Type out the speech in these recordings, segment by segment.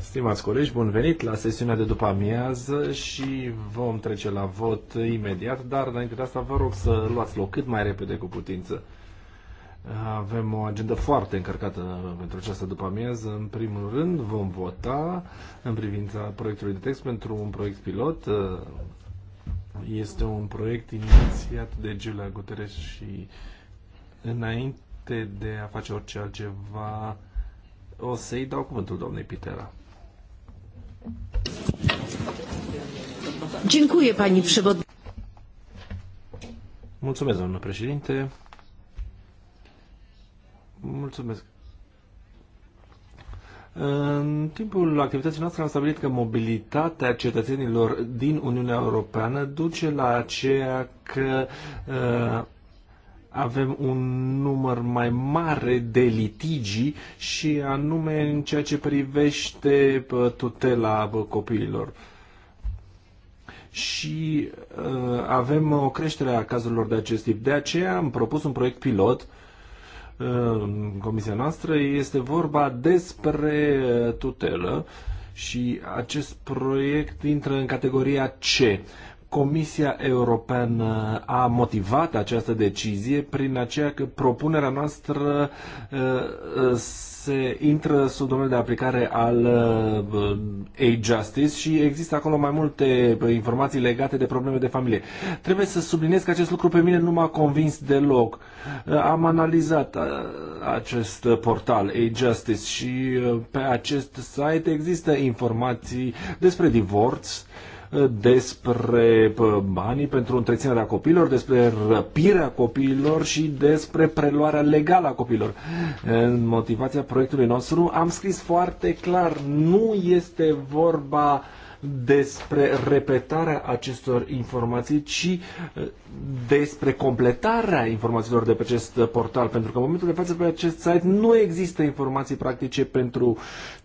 Stimați colegi, bun venit la sesiunea de după amiază și vom trece la vot imediat, dar înainte de asta vă rog să luați loc cât mai repede cu putință. Avem o agendă foarte încărcată pentru această după amiază. În primul rând vom vota în privința proiectului de text pentru un proiect pilot. Este un proiect inițiat de Giulia Guterres și uh, Înainte de a face orice altceva, o să-i dau cuvântul doamnei Pitera. Dziękuję pani przewod... Mulțumesc, doamnă președinte. Mulțumesc. În timpul activității noastre am stabilit că mobilitatea cetățenilor din Uniunea Europeană duce la aceea că uh, avem un număr mai mare de litigii și anume în ceea ce privește tutela copiilor. Și uh, avem o creștere a cazurilor de acest tip. De aceea am propus un proiect pilot ă, în uh, comisia noastră. Este vorba despre ă, tutelă și acest proiect intră în categoria C Comisia Europeană a motivat această decizie prin aceea că propunerea noastră uh, uh, se intră sub domeniul de aplicare al uh, A-Justice și există acolo mai multe informații legate de probleme de familie. Trebuie să subliniez că acest lucru pe mine nu m-a convins deloc. Am analizat acest portal A-Justice și pe acest site există informații despre divorț, despre banii pentru întreținerea copiilor, despre răpirea copiilor și despre preluarea legală a copiilor. În motivația proiectului nostru am scris foarte clar, nu este vorba despre repetarea acestor informații, ci ă, despre completarea informațiilor de pe acest portal, pentru că în momentul de față pe acest site nu există informații practice pentru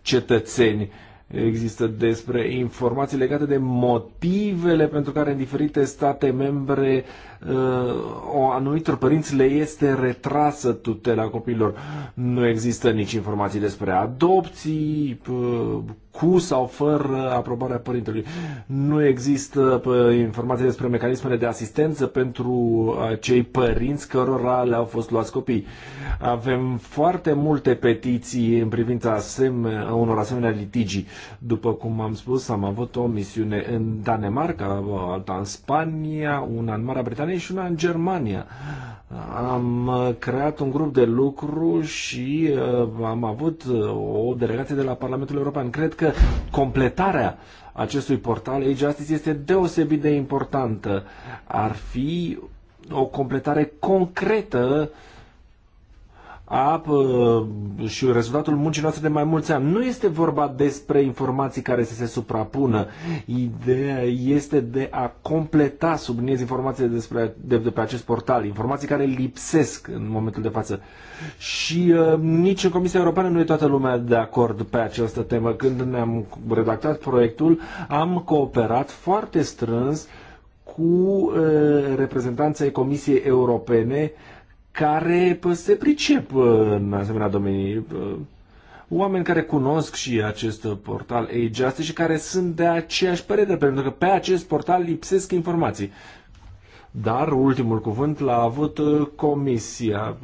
cetățeni există despre informații legate de motivele pentru care în diferite state membre Uh, o anumitor părinți le este retrasă tutela copiilor. Nu există nici informații despre adopții, uh, cu sau fără aprobarea părintelui. Nu există uh, informații despre mecanismele de asistență pentru cei părinți cărora le-au fost luați copii. Avem foarte multe petiții în privința asem- unor asemenea litigii. După cum am spus, am avut o misiune în Danemarca, alta în Spania, una în Marea Britanie Britaniei și una în Germania. Am uh, creat un grup de lucru și uh, am avut uh, o delegație de la Parlamentul European. Cred că completarea acestui portal Age justice este deosebit de importantă. Ar fi o completare concretă uh, a și rezultatul muncii noastre de mai mulți ani. Nu este vorba despre informații care să se suprapună. Ideea este de a completa, subliniez informații despre, de, de pe acest portal, informații care lipsesc în momentul de față. Și uh, nici în Comisia Europeană nu e toată lumea de acord pe această temă. Când ne-am redactat proiectul, am cooperat foarte strâns cu uh, reprezentanții Comisiei Europene uh, care se pricep în asemenea domenii, oameni care cunosc și acest portal e și care sunt de aceeași părere, pentru că pe acest portal lipsesc informații. Dar ultimul cuvânt l-a avut uh, comisia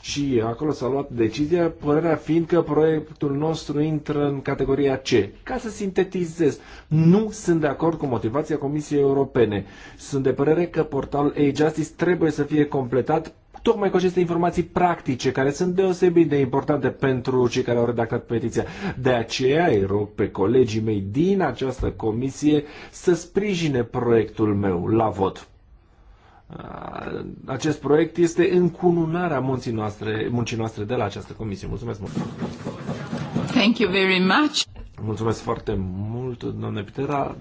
și acolo s-a luat decizia, părerea fiind că proiectul nostru intră în categoria C. Ca să sintetizez, nu sunt de acord cu motivația Comisiei Europene. Sunt de părere că portalul A-Justice trebuie să fie completat tocmai cu aceste informații practice, care sunt deosebit de importante pentru cei care au redactat petiția. De aceea îi rog pe colegii mei din această comisie să sprijine proiectul meu la vot. Acest proiect este încununarea munții noastre, muncii noastre de la această comisie. Mulțumesc mult! Thank you very much! Mulțumesc foarte mult, doamne Pitera.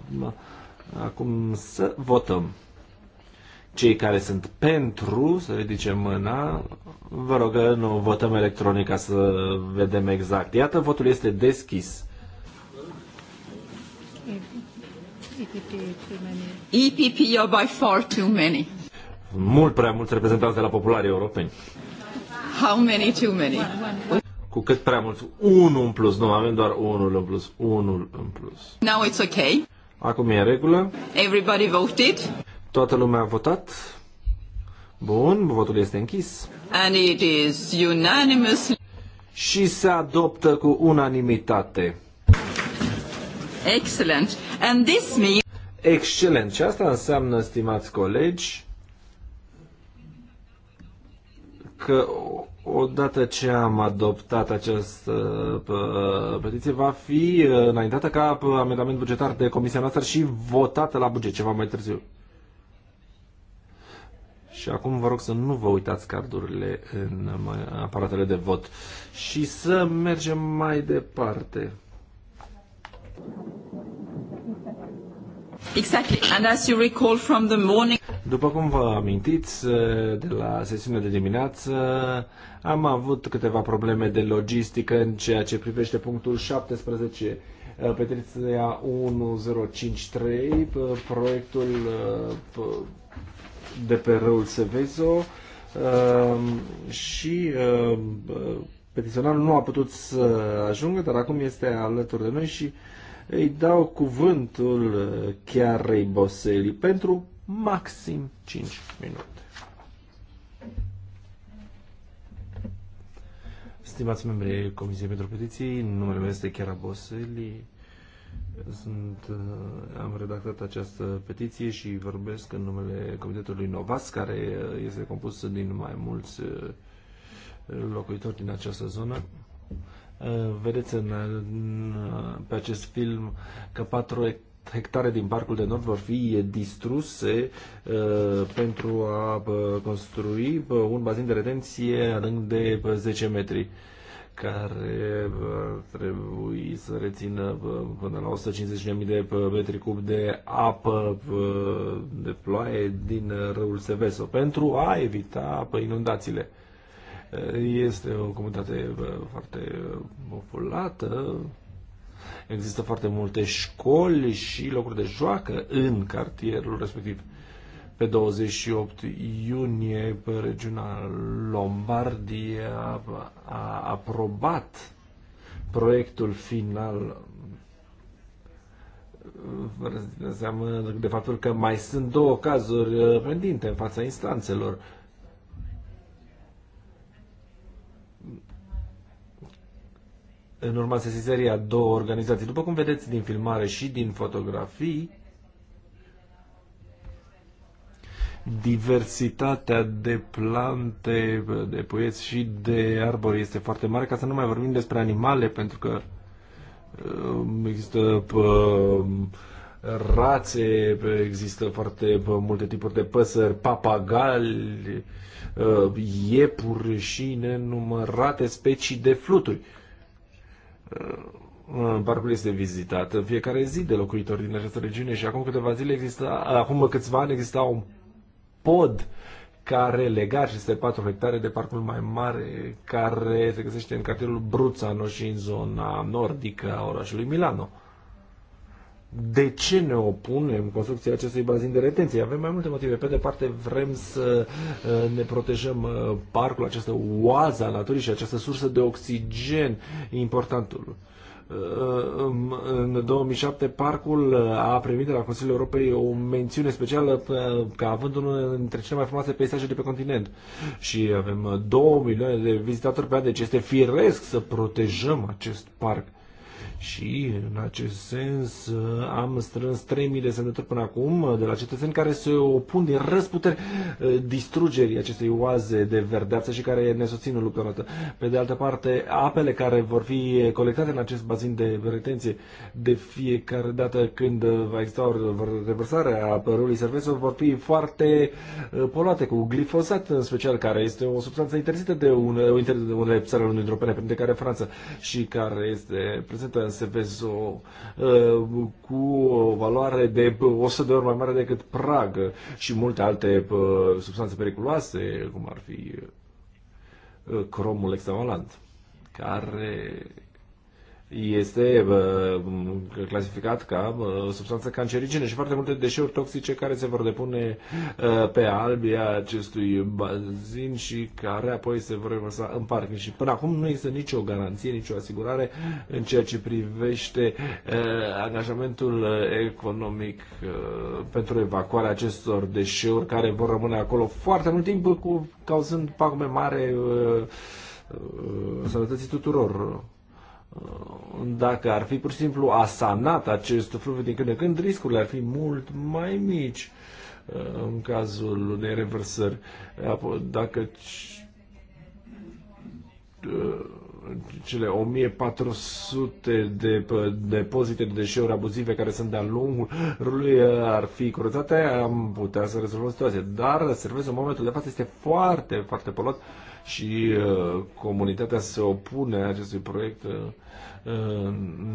Acum să votăm. Cei care sunt pentru, să ridice mâna, vă rog că nu votăm electronic ca să vedem exact. Iată, votul este deschis. EPP, are by far too many. Mult prea mulți reprezentanți de la populari europeni. How many too many? Cu cât prea mulți. Unul în plus. Nu, avem doar unul în plus. Unul în plus. Now it's okay. Acum e în regulă. Everybody voted. Toată lumea a votat. Bun, votul este închis. And it is unanimous. Și se adoptă cu unanimitate. Excellent. And this means... Excelent. Și asta înseamnă, stimați colegi, că odată ce am adoptat această petiție, va fi înaintată ca amendament bugetar de comisia noastră și votată la buget ceva mai târziu. Și acum vă rog să nu vă uitați cardurile în aparatele de vot și să mergem mai departe. Exactly. And as you recall from the morning... După cum vă amintiți, de la sesiunea de dimineață am avut câteva probleme de logistică în ceea ce privește punctul 17 uh, petiția 1053, uh, proiectul uh, de pe râul Sevezo um, și um, petiționarul nu a putut să ajungă, dar acum este alături de noi și îi dau cuvântul uh, Chiarei Boseli pentru maxim 5 minute. Stimați membrii Comisiei pentru Petiții, numele meu este Chiara Boseli sunt, uh, am redactat această petiție și vorbesc în numele Comitetului Novas, care uh, este compus din mai mulți uh, locuitori din această zonă. Vedeți în, în, pe acest film că patru hectare din Parcul de Nord vor fi distruse uh, pentru a construi un bazin de retenție adânc de 10 metri. Uh, care trebuie să rețină până la 150.000 de metri cub de apă de ploaie din râul Seveso pentru a evita inundațiile. Este o comunitate foarte populată, există foarte multe școli și locuri de joacă în cartierul respectiv. Pe 28 iunie, regiunea Lombardia a aprobat proiectul final înseamnă de faptul că mai sunt două cazuri uh, pendinte în fața instanțelor. În urma sesizării a două organizații. După cum vedeți din filmare și din fotografii, diversitatea de plante, de poieți și de arbori este foarte mare, ca să nu mai vorbim despre animale, pentru că um, există rațe, există foarte multe tipuri de păsări, papagali, ă, iepuri și nenumărate specii de fluturi. Ă, parcul este vizitat în fiecare zi de locuitori din această regiune și acum câteva zile exista, acum câțiva ani exista un pod care lega aceste 4 hectare de parcul mai mare care se găsește în cartierul Bruțano și în zona nordică a orașului Milano. De ce ne opunem construcției acestui bazin de retenție? Avem mai multe motive. Pe de parte vrem să uh, ne protejăm uh, parcul, această oază a naturii și această sursă de oxigen importantul în 2007, parcul a primit de la Consiliul Europei o mențiune specială ca având unul dintre cele mai frumoase peisaje de pe continent. Și avem 2 milioane de vizitatori pe an, deci este firesc să protejăm acest parc și în acest sens am strâns 3.000 de semnături până acum de la cetățeni care se opun din răsputeri eh, distrugerii acestei oaze de verdeață și care ne susțin în luptă noastră. Pe de altă parte, apele care vor fi colectate în acest bazin de retenție de fiecare dată când va exista o reversare a părului Serveso vor fi foarte eh, poluate cu glifosat în special, care este o substanță interzită de unele țări ale Uniunii Europene, printre care Franța, și care este prezentă o, cu o valoare de 100 de ori mai mare decât prag și multe alte substanțe periculoase, cum ar fi cromul extravalant, care este clasificat ca substanță cancerigenă și foarte multe deșeuri toxice care se vor depune ă, pe albia acestui bazin și care apoi se vor reversa în parc. Și până acum nu există nicio garanție, nicio asigurare în ceea ce privește ă, angajamentul economic ă, pentru evacuarea acestor deșeuri care vor rămâne acolo foarte mult timp cu, cauzând pagube mare sănătății tuturor dacă ar fi pur și simplu asanat acest fluviu din când în când, riscurile ar fi mult mai mici uh, în cazul unei revărsări. Dacă uh, cele 1400 de depozite de deșeuri abuzive care sunt de-a lungul rulului uh, ar fi curățate, am putea să rezolvăm situația. Dar servezul în momentul de față este foarte, foarte polot și uh, comunitatea se opune acestui proiect uh,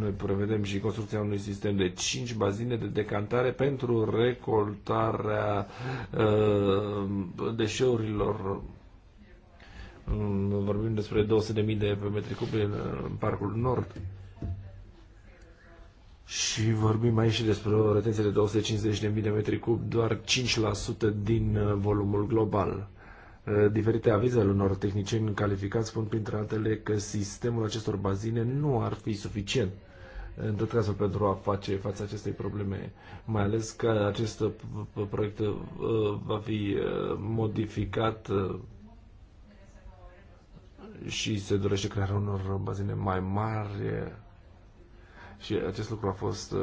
noi prevedem și construcția unui sistem de 5 bazine de decantare pentru recoltarea uh, deșeurilor mm, vorbim despre 200.000 de metri cubi în Parcul Nord. Și vorbim aici și despre o retenție de 250.000 de metri cub, doar 5% din uh, volumul global. Eh, diferite avize ale unor tehnicieni calificați spun printre altele că sistemul acestor bazine nu ar fi suficient în tot cazul pentru a face față acestei probleme, mai ales că acest proiect eh, va fi eh, modificat și se dorește crearea unor bazine mai mari și acest lucru a fost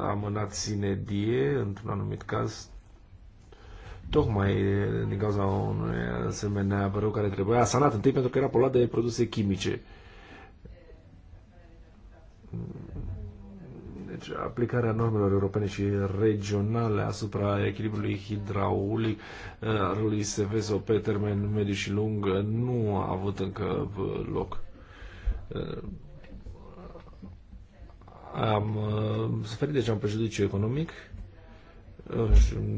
amânat sine die într-un anumit caz tocmai din cauza unui asemenea părău care trebuia asanat întâi pentru că era poluat de produse chimice. Deci aplicarea normelor europene și regionale asupra echilibrului hidraulic râului uh, Seveso pe termen mediu și lung uh, nu a avut încă uh, loc am suferit deja deci un prejudiciu economic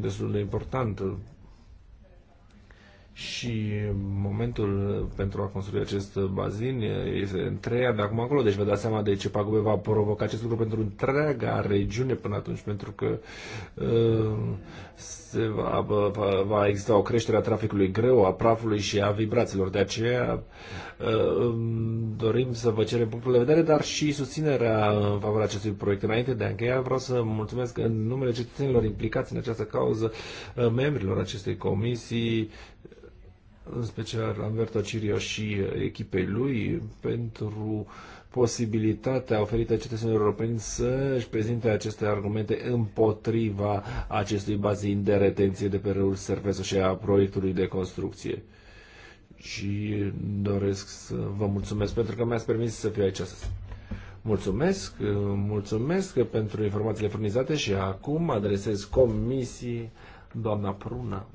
destul de important și momentul pentru a construi acest bazin este în de acum acolo, deci vă dați seama de ce pagube va provoca acest lucru pentru întreaga regiune până atunci, pentru că uh, se va, va, va exista o creștere a traficului greu, a prafului și a vibrațiilor. De aceea uh, dorim să vă cerem punctul de vedere, dar și susținerea în favoarea acestui proiect. Înainte de a încheia, vreau să mulțumesc în numele cetățenilor implicați în această cauză, uh, membrilor acestei comisii, în special Lamberto Cirio și uh, echipei lui, pentru posibilitatea oferită cetățenilor europeni să își prezinte aceste argumente împotriva acestui bazin de retenție de pe râul Serveso și a proiectului de construcție. Și doresc să vă mulțumesc pentru că mi-ați permis să fiu aici astăzi. Mulțumesc, mulțumesc pentru informațiile furnizate și acum adresez comisii doamna Pruna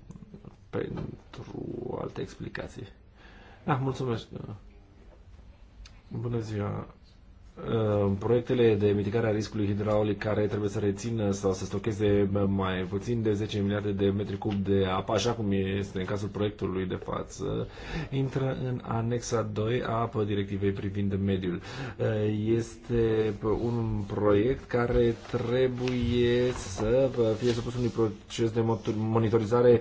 pentru alte explicații. Ah, mulțumesc! Bună ziua! Uh, proiectele de mitigare a riscului hidraulic care trebuie să rețină sau să stocheze mai puțin de 10 miliarde de metri cub de apă, așa cum este în cazul proiectului de față, intră în anexa 2 a apă directivei privind mediul. Uh, este un proiect care trebuie să fie supus unui proces de monitorizare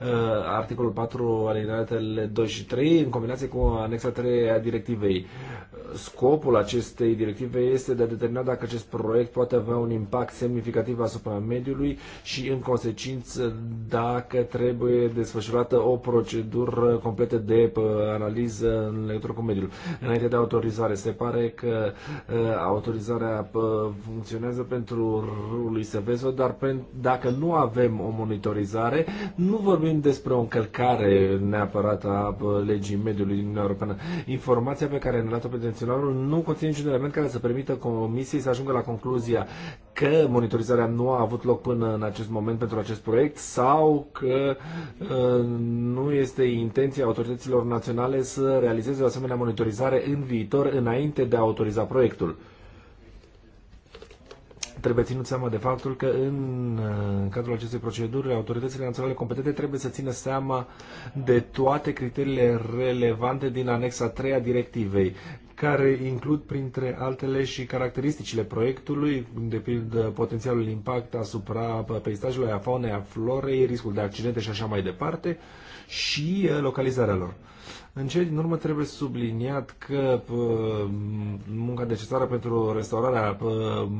uh, articolul 4 alineatele 2 și 3 în combinație cu anexa 3 a directivei. Scopul acestei directive este de a determina dacă acest proiect poate avea un impact semnificativ asupra mediului și, în consecință, dacă trebuie desfășurată o procedură completă de analiză în legătură cu mediul. Înainte de autorizare, se pare că ă, autorizarea funcționează pentru rulul Seveso, dar dacă nu avem o monitorizare, nu vorbim despre o încălcare neapărat a legii mediului din Uniunea Europeană. Informația pe care ne-a dat-o pretenționarul nu conține niciun element element care să permită comisiei să ajungă la concluzia că monitorizarea nu a avut loc până în acest moment pentru acest proiect sau că uh, nu este intenția autorităților naționale să realizeze o asemenea monitorizare în viitor înainte de a autoriza proiectul trebuie ținut seama de faptul că în uh, cadrul acestei proceduri autoritățile naționale competente trebuie să țină seama de toate criteriile relevante din anexa 3 a directivei, care includ printre altele și caracteristicile proiectului, de pildă potențialul impact asupra peisajului, a faunei, a florei, riscul de accidente și așa mai departe și uh, localizarea lor. În cele din urmă trebuie subliniat că uh, munca necesară pentru restaurarea uh,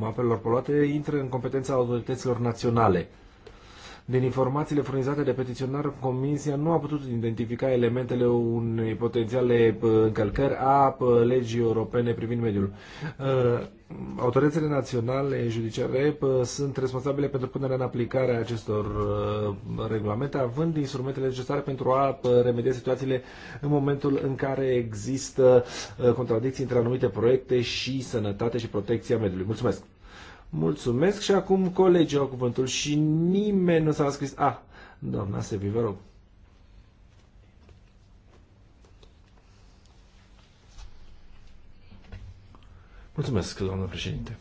apelor poluate intră în competența autorităților naționale din informațiile furnizate de petiționar, Comisia nu a putut identifica elementele unei potențiale uh, încălcări a uh, legii europene privind mediul. Uh, autoritățile naționale judiciare sunt responsabile pentru punerea în aplicare a acestor regulamente, având instrumentele necesare pentru a remedia situațiile în momentul în care există contradicții între anumite proiecte și sănătate și protecția mediului. Mulțumesc! Mulțumesc și acum colegii au cuvântul și nimeni nu s-a scris. Ah, doamna Sevi, vă rog. Mulțumesc, doamnă președinte.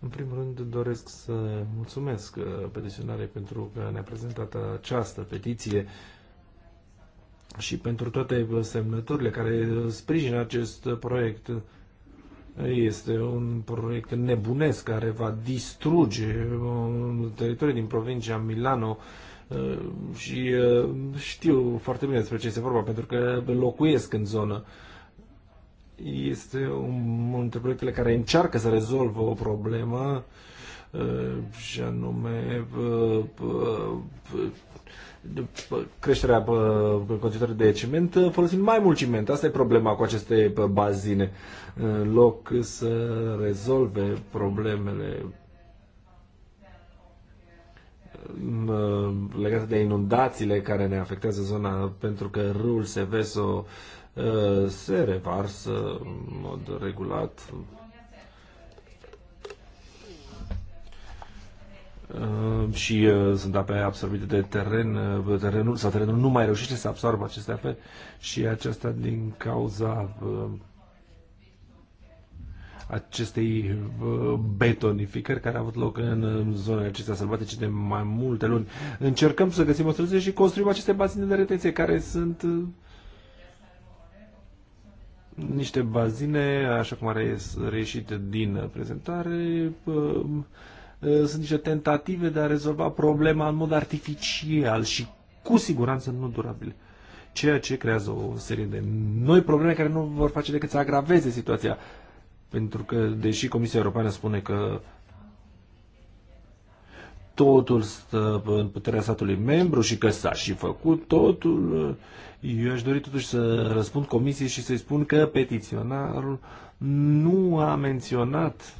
În primul rând doresc să mulțumesc uh, petiționare pentru că ne-a prezentat această petiție și pentru toate semnăturile care sprijină acest proiect. Este un proiect nebunesc care va distruge uh, teritoriul din provincia Milano uh, și uh, știu foarte bine despre ce este vorba, pentru că locuiesc în zonă. Este unul dintre proiectele care încearcă să rezolvă o problemă uh, Eh, și anume eh, eh, creșterea concentrării de ciment folosind mai mult ciment. Asta e problema cu aceste bazine. În loc să rezolve problemele legate de inundațiile care ne afectează zona pentru că râul Seveso se revarsă în mod regulat Uh, și uh, sunt ape absorbite de teren, uh, terenul sau terenul nu mai reușește să absorbă aceste ape și aceasta din cauza acestei betonificări care a avut loc în zonele acestea sălbatice de mai multe luni. Încercăm să găsim o soluție și construim aceste bazine de retenție care sunt niște bazine, așa cum a reieșit din prezentare, Eh, sunt niște tentative de a rezolva problema în mod artificial și cu siguranță nu durabile. Ceea ce creează o serie de noi probleme care nu vor face decât să agraveze situația. Pentru că, deși Comisia Europeană spune că totul stă în puterea statului membru și că s-a și făcut totul, eu aș dori totuși să răspund comisiei și să-i spun că petiționarul nu a menționat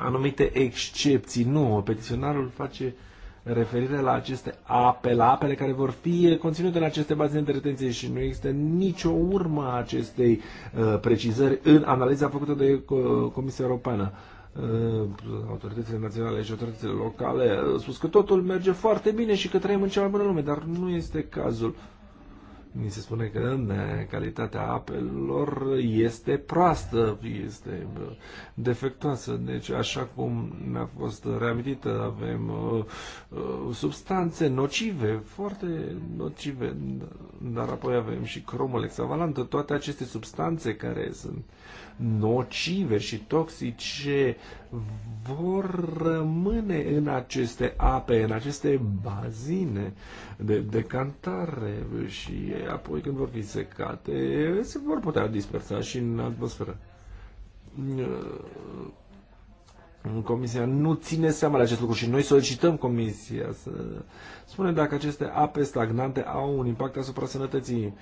anumite excepții. Nu, petiționarul face referire la aceste ape, la apele care vor fi conținute în aceste bazine de retenție și nu există nicio urmă a acestei uh, precizări în analiza făcută de uh, Comisia Europeană uh, autoritățile naționale și autoritățile locale, uh, au spus că totul merge foarte bine și că trăim în cea mai bună lume, dar nu este cazul. Ni se spune că calitatea apelor este proastă, este defectoasă. Deci, așa cum ne-a fost reamintită, avem uh, uh, substanțe nocive, foarte nocive, dar apoi avem și cromul exavalant, toate aceste substanțe care sunt uh, nocive și toxice vor rămâne în aceste ape, în aceste bazine de decantare și apoi când vor fi secate, se vor putea dispersa și în atmosferă. Comisia nu ține seama de acest lucru și noi solicităm Comisia să spune dacă aceste ape stagnante au un impact asupra sănătății.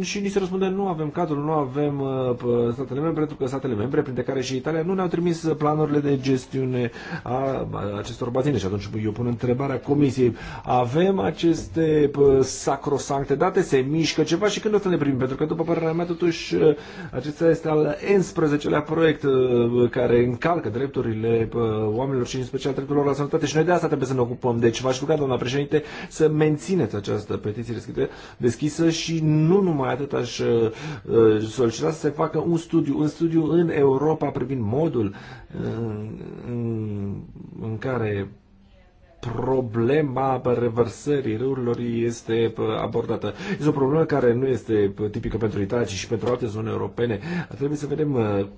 Și ni se răspunde, nu avem cadrul, nu avem uh, statele membre, pentru că statele membre, printre care și Italia, nu ne-au trimis planurile de gestiune a acestor bazine. Și atunci eu pun întrebarea comisiei, avem aceste sacrosancte date, se mișcă ceva și când o să ne primim? Pentru că, după părerea mea, totuși, uh, acesta este al 11-lea proiect uh, care încalcă drepturile oamenilor și în special drepturilor la sănătate și noi de asta trebuie să ne ocupăm. Deci v-aș ruga, doamna președinte, să mențineți această petiție deschisă și nu numai atât aș uh, solicita să se facă un studiu, un studiu în Europa privind modul uh, în, în care problema reversării râurilor este abordată. Este o problemă care nu este tipică pentru Italia, ci și pentru alte zone europene. Trebuie să vedem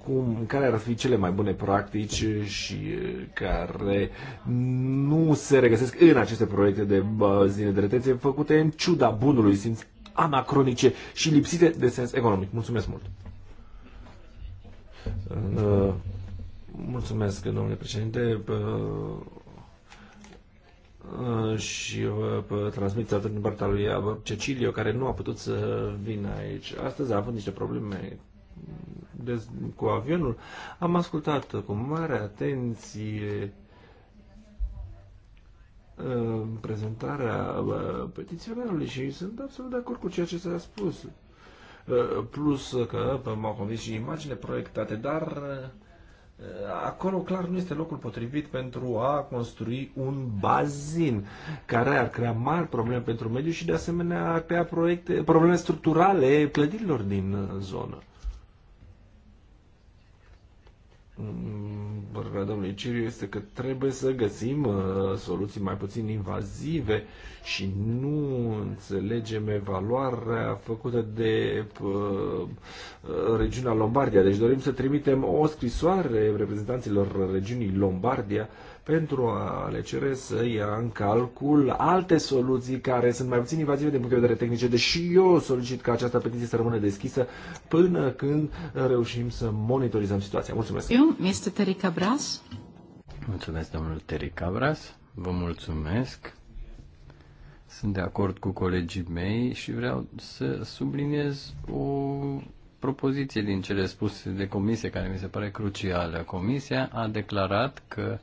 cum, care ar fi cele mai bune practici și care nu se regăsesc în aceste proiecte de zile de retenție făcute în ciuda bunului simț anacronice și lipsite de sens economic. Mulțumesc mult! Uh, mulțumesc, domnule președinte. Uh, și vă uh, transmit atât din partea lui uh, Cecilio, care nu a putut să vină aici. Astăzi a avut niște probleme cu avionul. Am ascultat cu mare atenție prezentarea petiționarului și sunt absolut de acord cu ceea ce s-a spus. Plus că m-au convins și imagine proiectate, dar Eh, acolo clar nu este locul potrivit pentru a construi un bazin care ar crea mari probleme pentru mediu și de asemenea ar crea proiecte, probleme structurale clădirilor din eh, zonă părerea mm, domnului Ciriu este că trebuie să găsim uh, soluții mai puțin invazive și nu înțelegem evaluarea făcută de uh, uh, regiunea Lombardia. Deci dorim să trimitem o scrisoare reprezentanților regiunii Lombardia pentru a le cere să ia în calcul alte soluții care sunt mai puțin invazive din punct de vedere tehnice, deși eu solicit ca această petiție să rămână deschisă până când reușim să monitorizăm situația. Mulțumesc! Eu, este Teric Cabras. Mulțumesc, domnul Teric Cabras. Vă mulțumesc. Sunt de acord cu colegii mei și vreau să subliniez o propoziție din cele spuse de comisie care mi se pare crucială. Comisia a declarat că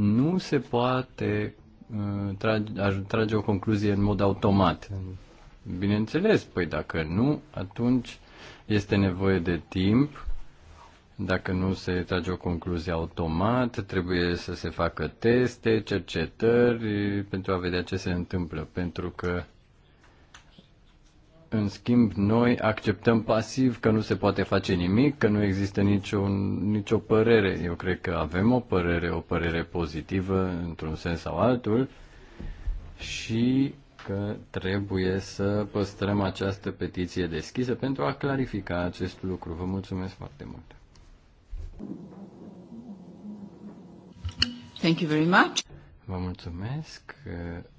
nu se poate uh, trage, trage o concluzie în mod automat. Bineînțeles, păi dacă nu, atunci este nevoie de timp. Dacă nu se trage o concluzie automat, trebuie să se facă teste, cercetări uh, pentru a vedea ce se întâmplă, pentru că în schimb, noi acceptăm pasiv că nu se poate face nimic, că nu există nicio, nicio părere. Eu cred că avem o părere, o părere pozitivă, într-un sens sau altul, și că trebuie să păstrăm această petiție deschisă pentru a clarifica acest lucru. Vă mulțumesc foarte mult! Thank you very much. Vă mulțumesc.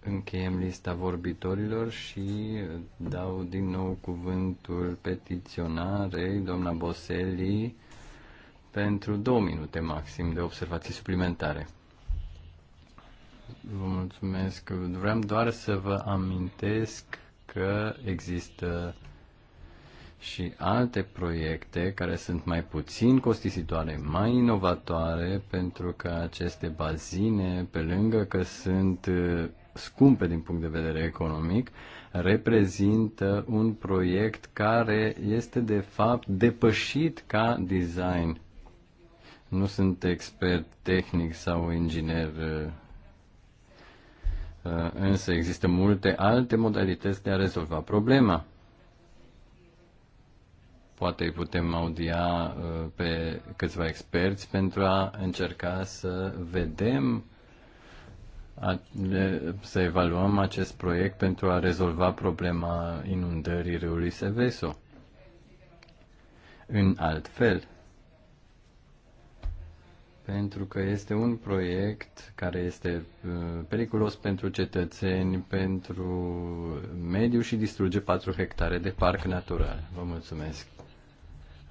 Încheiem lista vorbitorilor și dau din nou cuvântul petiționarei, doamna Boseli pentru două minute maxim de observații suplimentare. Vă mulțumesc. Vreau doar să vă amintesc că există și alte proiecte care sunt mai puțin costisitoare, mai inovatoare, pentru că aceste bazine, pe lângă că sunt uh, scumpe din punct de vedere economic, reprezintă un proiect care este de fapt depășit ca design. Nu sunt expert tehnic sau inginer, uh, uh, însă există multe alte modalități de a rezolva problema. Poate îi putem audia uh, pe câțiva experți pentru a încerca să vedem, să evaluăm acest proiect pentru a rezolva problema inundării râului Seveso. În alt fel, pentru că este un proiect care este uh, periculos pentru cetățeni, pentru mediu și distruge 4 hectare de parc natural. Vă mulțumesc.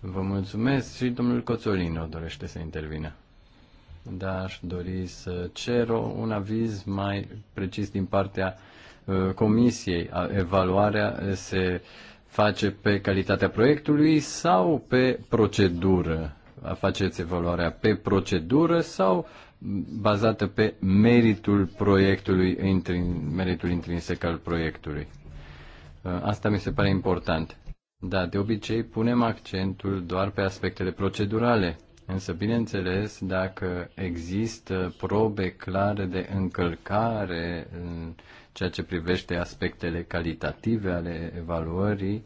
Vă mulțumesc și domnul Coțolino dorește să intervină. Da, aș dori să cer un aviz mai precis din partea uh, comisiei. Evaluarea uh, se face pe calitatea proiectului sau pe procedură? Faceți evaluarea pe procedură sau bazată pe meritul proiectului, meritul intrinsec al proiectului? Uh, asta mi se pare important. Da, de obicei punem accentul doar pe aspectele procedurale, însă bineînțeles dacă există probe clare de încălcare în ceea ce privește aspectele calitative ale evaluării,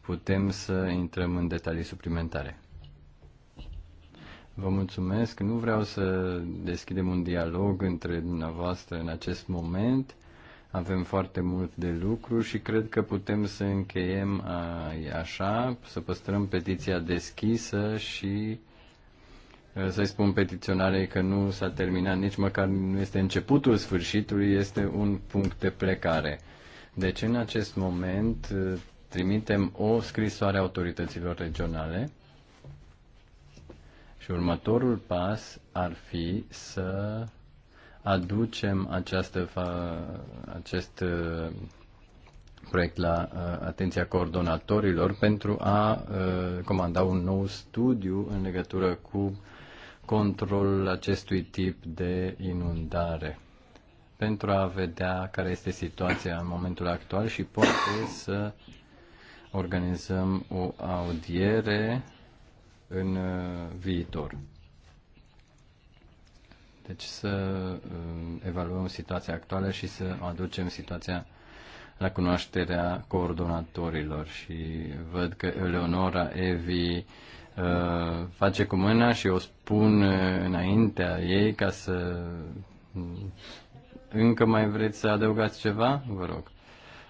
putem să intrăm în detalii suplimentare. Vă mulțumesc. Nu vreau să deschidem un dialog între dumneavoastră în acest moment. Avem foarte mult de lucru și cred că putem să încheiem așa, să păstrăm petiția deschisă și să-i spun petiționarei că nu s-a terminat, nici măcar nu este începutul sfârșitului, este un punct de plecare. Deci în acest moment trimitem o scrisoare autorităților regionale și următorul pas ar fi să aducem această, acest uh, proiect la uh, atenția coordonatorilor pentru a uh, comanda un nou studiu în legătură cu controlul acestui tip de inundare pentru a vedea care este situația în momentul actual și poate să organizăm o audiere în viitor. Deci să um, evaluăm situația actuală și să aducem situația la cunoașterea coordonatorilor și văd că Eleonora Evi uh, face cu mâna și o spun uh, înaintea ei ca să mm, încă mai vreți să adăugați ceva? Vă rog.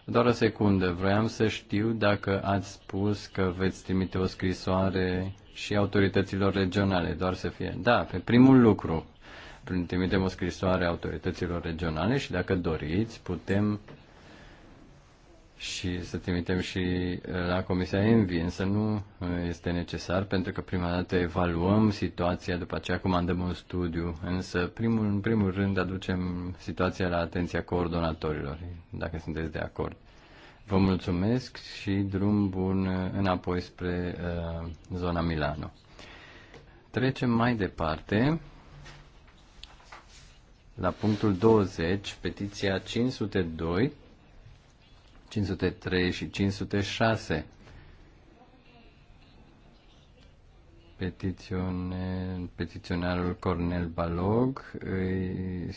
Doar o secundă. Vroiam să știu dacă ați spus că veți trimite o scrisoare și autorităților regionale, doar să fie. Da, pe primul lucru trimitem o scrisoare autorităților regionale și dacă doriți, putem și să trimitem și uh, la Comisia Envi, însă nu uh, este necesar pentru că prima dată evaluăm situația, după aceea comandăm un studiu, însă primul, în primul rând aducem situația la atenția coordonatorilor, dacă sunteți de acord. Vă mulțumesc și drum bun uh, înapoi spre uh, zona Milano. Trecem mai departe la punctul 20, petiția 502, 503 și 506. Petițione, petiționarul Cornel Balog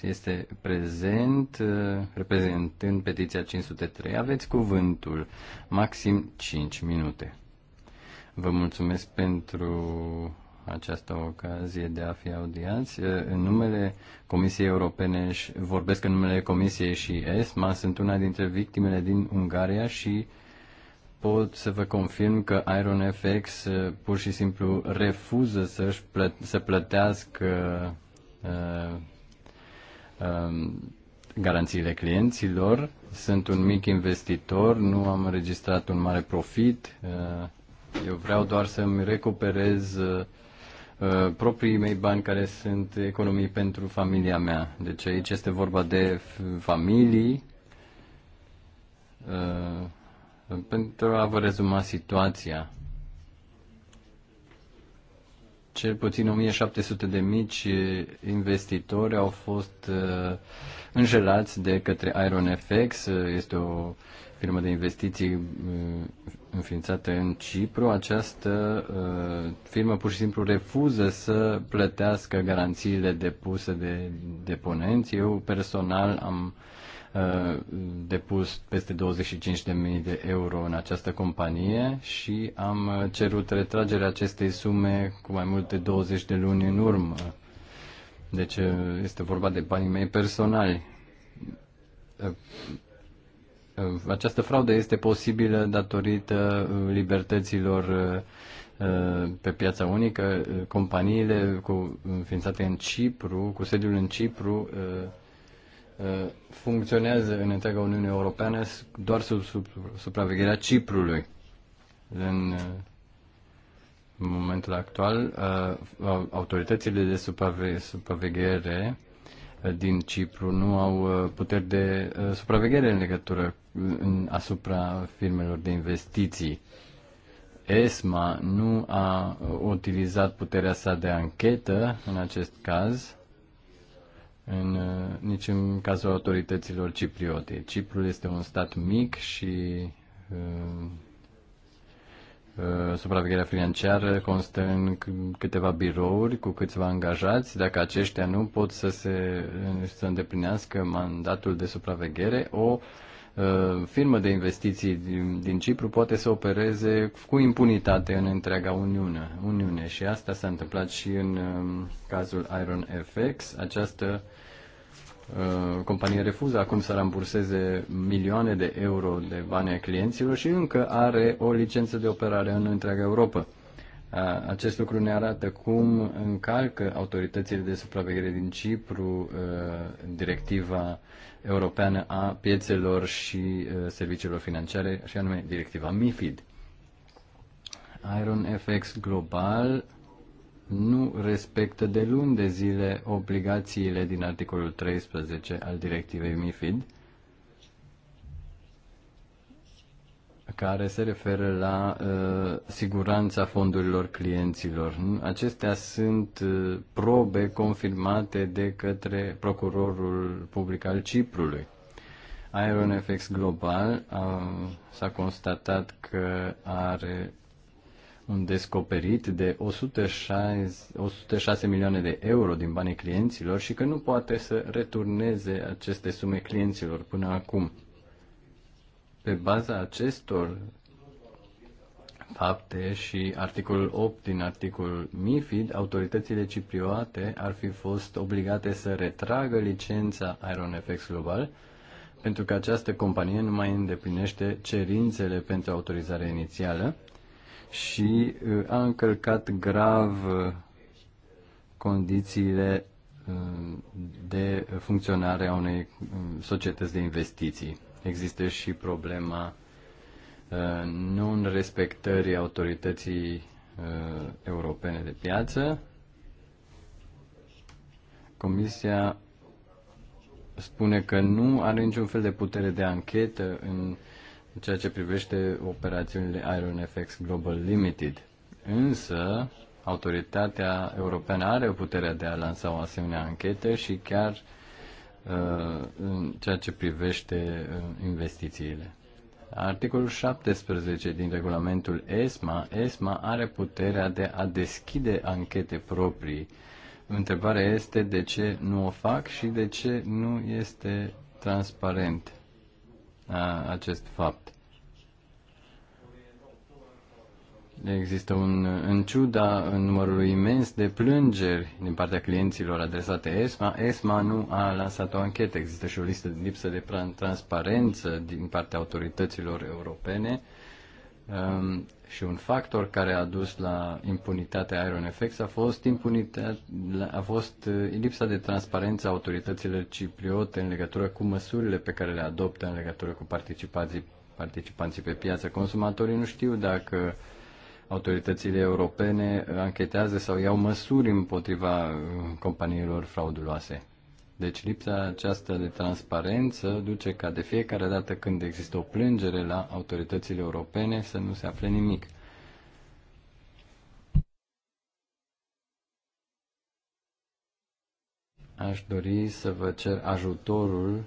este prezent, reprezentând petiția 503. Aveți cuvântul, maxim 5 minute. Vă mulțumesc pentru această ocazie de a fi audiați. În numele Comisiei Europene, vorbesc în numele Comisiei și ESMA, sunt una dintre victimele din Ungaria și pot să vă confirm că IronFX uh, pur și simplu refuză să-și plă- să plătească uh, uh, garanțiile clienților. Sunt un mic investitor, nu am înregistrat un mare profit. Uh, eu vreau doar să-mi recuperez uh, Uh, proprii mei bani care sunt economii pentru familia mea. Deci aici este vorba de familii. Uh, pentru a vă rezuma situația, cel puțin 1700 de mici investitori au fost uh, înjelați de către Iron FX. Este o firmă de investiții înființată în Cipru, această uh, firmă pur și simplu refuză să plătească garanțiile depuse de deponenți. Eu personal am uh, depus peste 25.000 de euro în această companie și am cerut retragerea acestei sume cu mai multe 20 de luni în urmă. Deci uh, este vorba de banii mei personali. Uh, această fraudă este posibilă datorită uh, libertăților uh, uh, pe piața unică. Companiile cu, înființate în Cipru, cu sediul în Cipru, funcționează în întreaga Uniune Europeană doar sub, sub supravegherea Ciprului. În momentul actual, autoritățile de supraveghere din Cipru nu au uh, puteri de uh, supraveghere în legătură în, asupra firmelor de investiții. ESMA nu a utilizat puterea sa de anchetă în acest caz, în, uh, nici în cazul autorităților cipriote. Cipru este un stat mic și Uh, supravegherea financiară constă în câteva birouri cu câțiva angajați. Dacă aceștia nu pot să, se, uh, să îndeplinească mandatul de supraveghere, o uh, firmă de investiții din, din Cipru poate să opereze cu impunitate în întreaga Uniune. Uniune. Și asta s-a întâmplat și în um, cazul Iron FX. Această uh, Uh, compania refuză acum să ramburseze milioane de euro de bani a clienților și încă are o licență de operare în întreaga Europa. Uh, acest lucru ne arată cum încalcă autoritățile de supraveghere din Cipru uh, directiva europeană a piețelor și serviciilor financiare, și anume directiva MIFID. Iron FX Global nu respectă de luni de zile obligațiile din articolul 13 al directivei MIFID, care se referă la uh, siguranța fondurilor clienților. Acestea sunt uh, probe confirmate de către procurorul public al Ciprului. Iron FX Global uh, s-a constatat că are un descoperit de 106, 106 milioane de euro din banii clienților și că nu poate să returneze aceste sume clienților până acum. Pe baza acestor fapte și articolul 8 din articolul MIFID, autoritățile cipriote ar fi fost obligate să retragă licența IronFX Global pentru că această companie nu mai îndeplinește cerințele pentru autorizare inițială și uh, a încălcat grav uh, condițiile uh, de funcționare a unei um, societăți de investiții. Există și problema non-respectării autorității europene de piață. Comisia spune că nu are niciun fel de putere de anchetă în în ceea ce privește operațiunile Iron FX Global Limited. Însă, autoritatea europeană are puterea de a lansa o asemenea anchetă și chiar uh, în ceea ce privește uh, investițiile. Articolul 17 din regulamentul ESMA, ESMA are puterea de a deschide anchete proprii. Întrebarea este de ce nu o fac și de ce nu este transparent acest fapt. Există un, în ciuda în numărului imens de plângeri din partea clienților adresate ESMA, ESMA nu a lansat o anchetă. Există și o listă de lipsă de transparență din partea autorităților europene um, și un factor care a dus la impunitatea Iron Effects a fost, a fost uh, lipsa de transparență a autorităților cipriote în legătură cu măsurile pe care le adoptă în legătură cu participații, participanții pe piață. Consumatorii nu știu dacă autoritățile europene uh, anchetează sau iau măsuri împotriva uh, companiilor frauduloase. Deci lipsa aceasta de transparență duce ca de fiecare dată când există o plângere la autoritățile europene să nu se afle nimic. Aș dori să vă cer ajutorul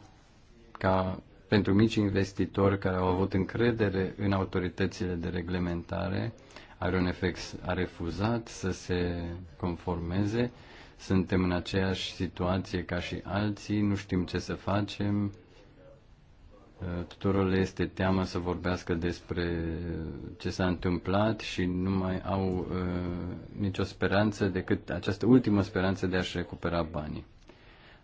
ca pentru mici investitori care au avut încredere în autoritățile de reglementare, are un efect a refuzat să se conformeze suntem în aceeași situație ca și alții, nu știm ce să facem. Uh, tuturor le este teamă să vorbească despre ce s-a întâmplat și nu mai au uh, nicio speranță decât această ultimă speranță de a-și recupera banii.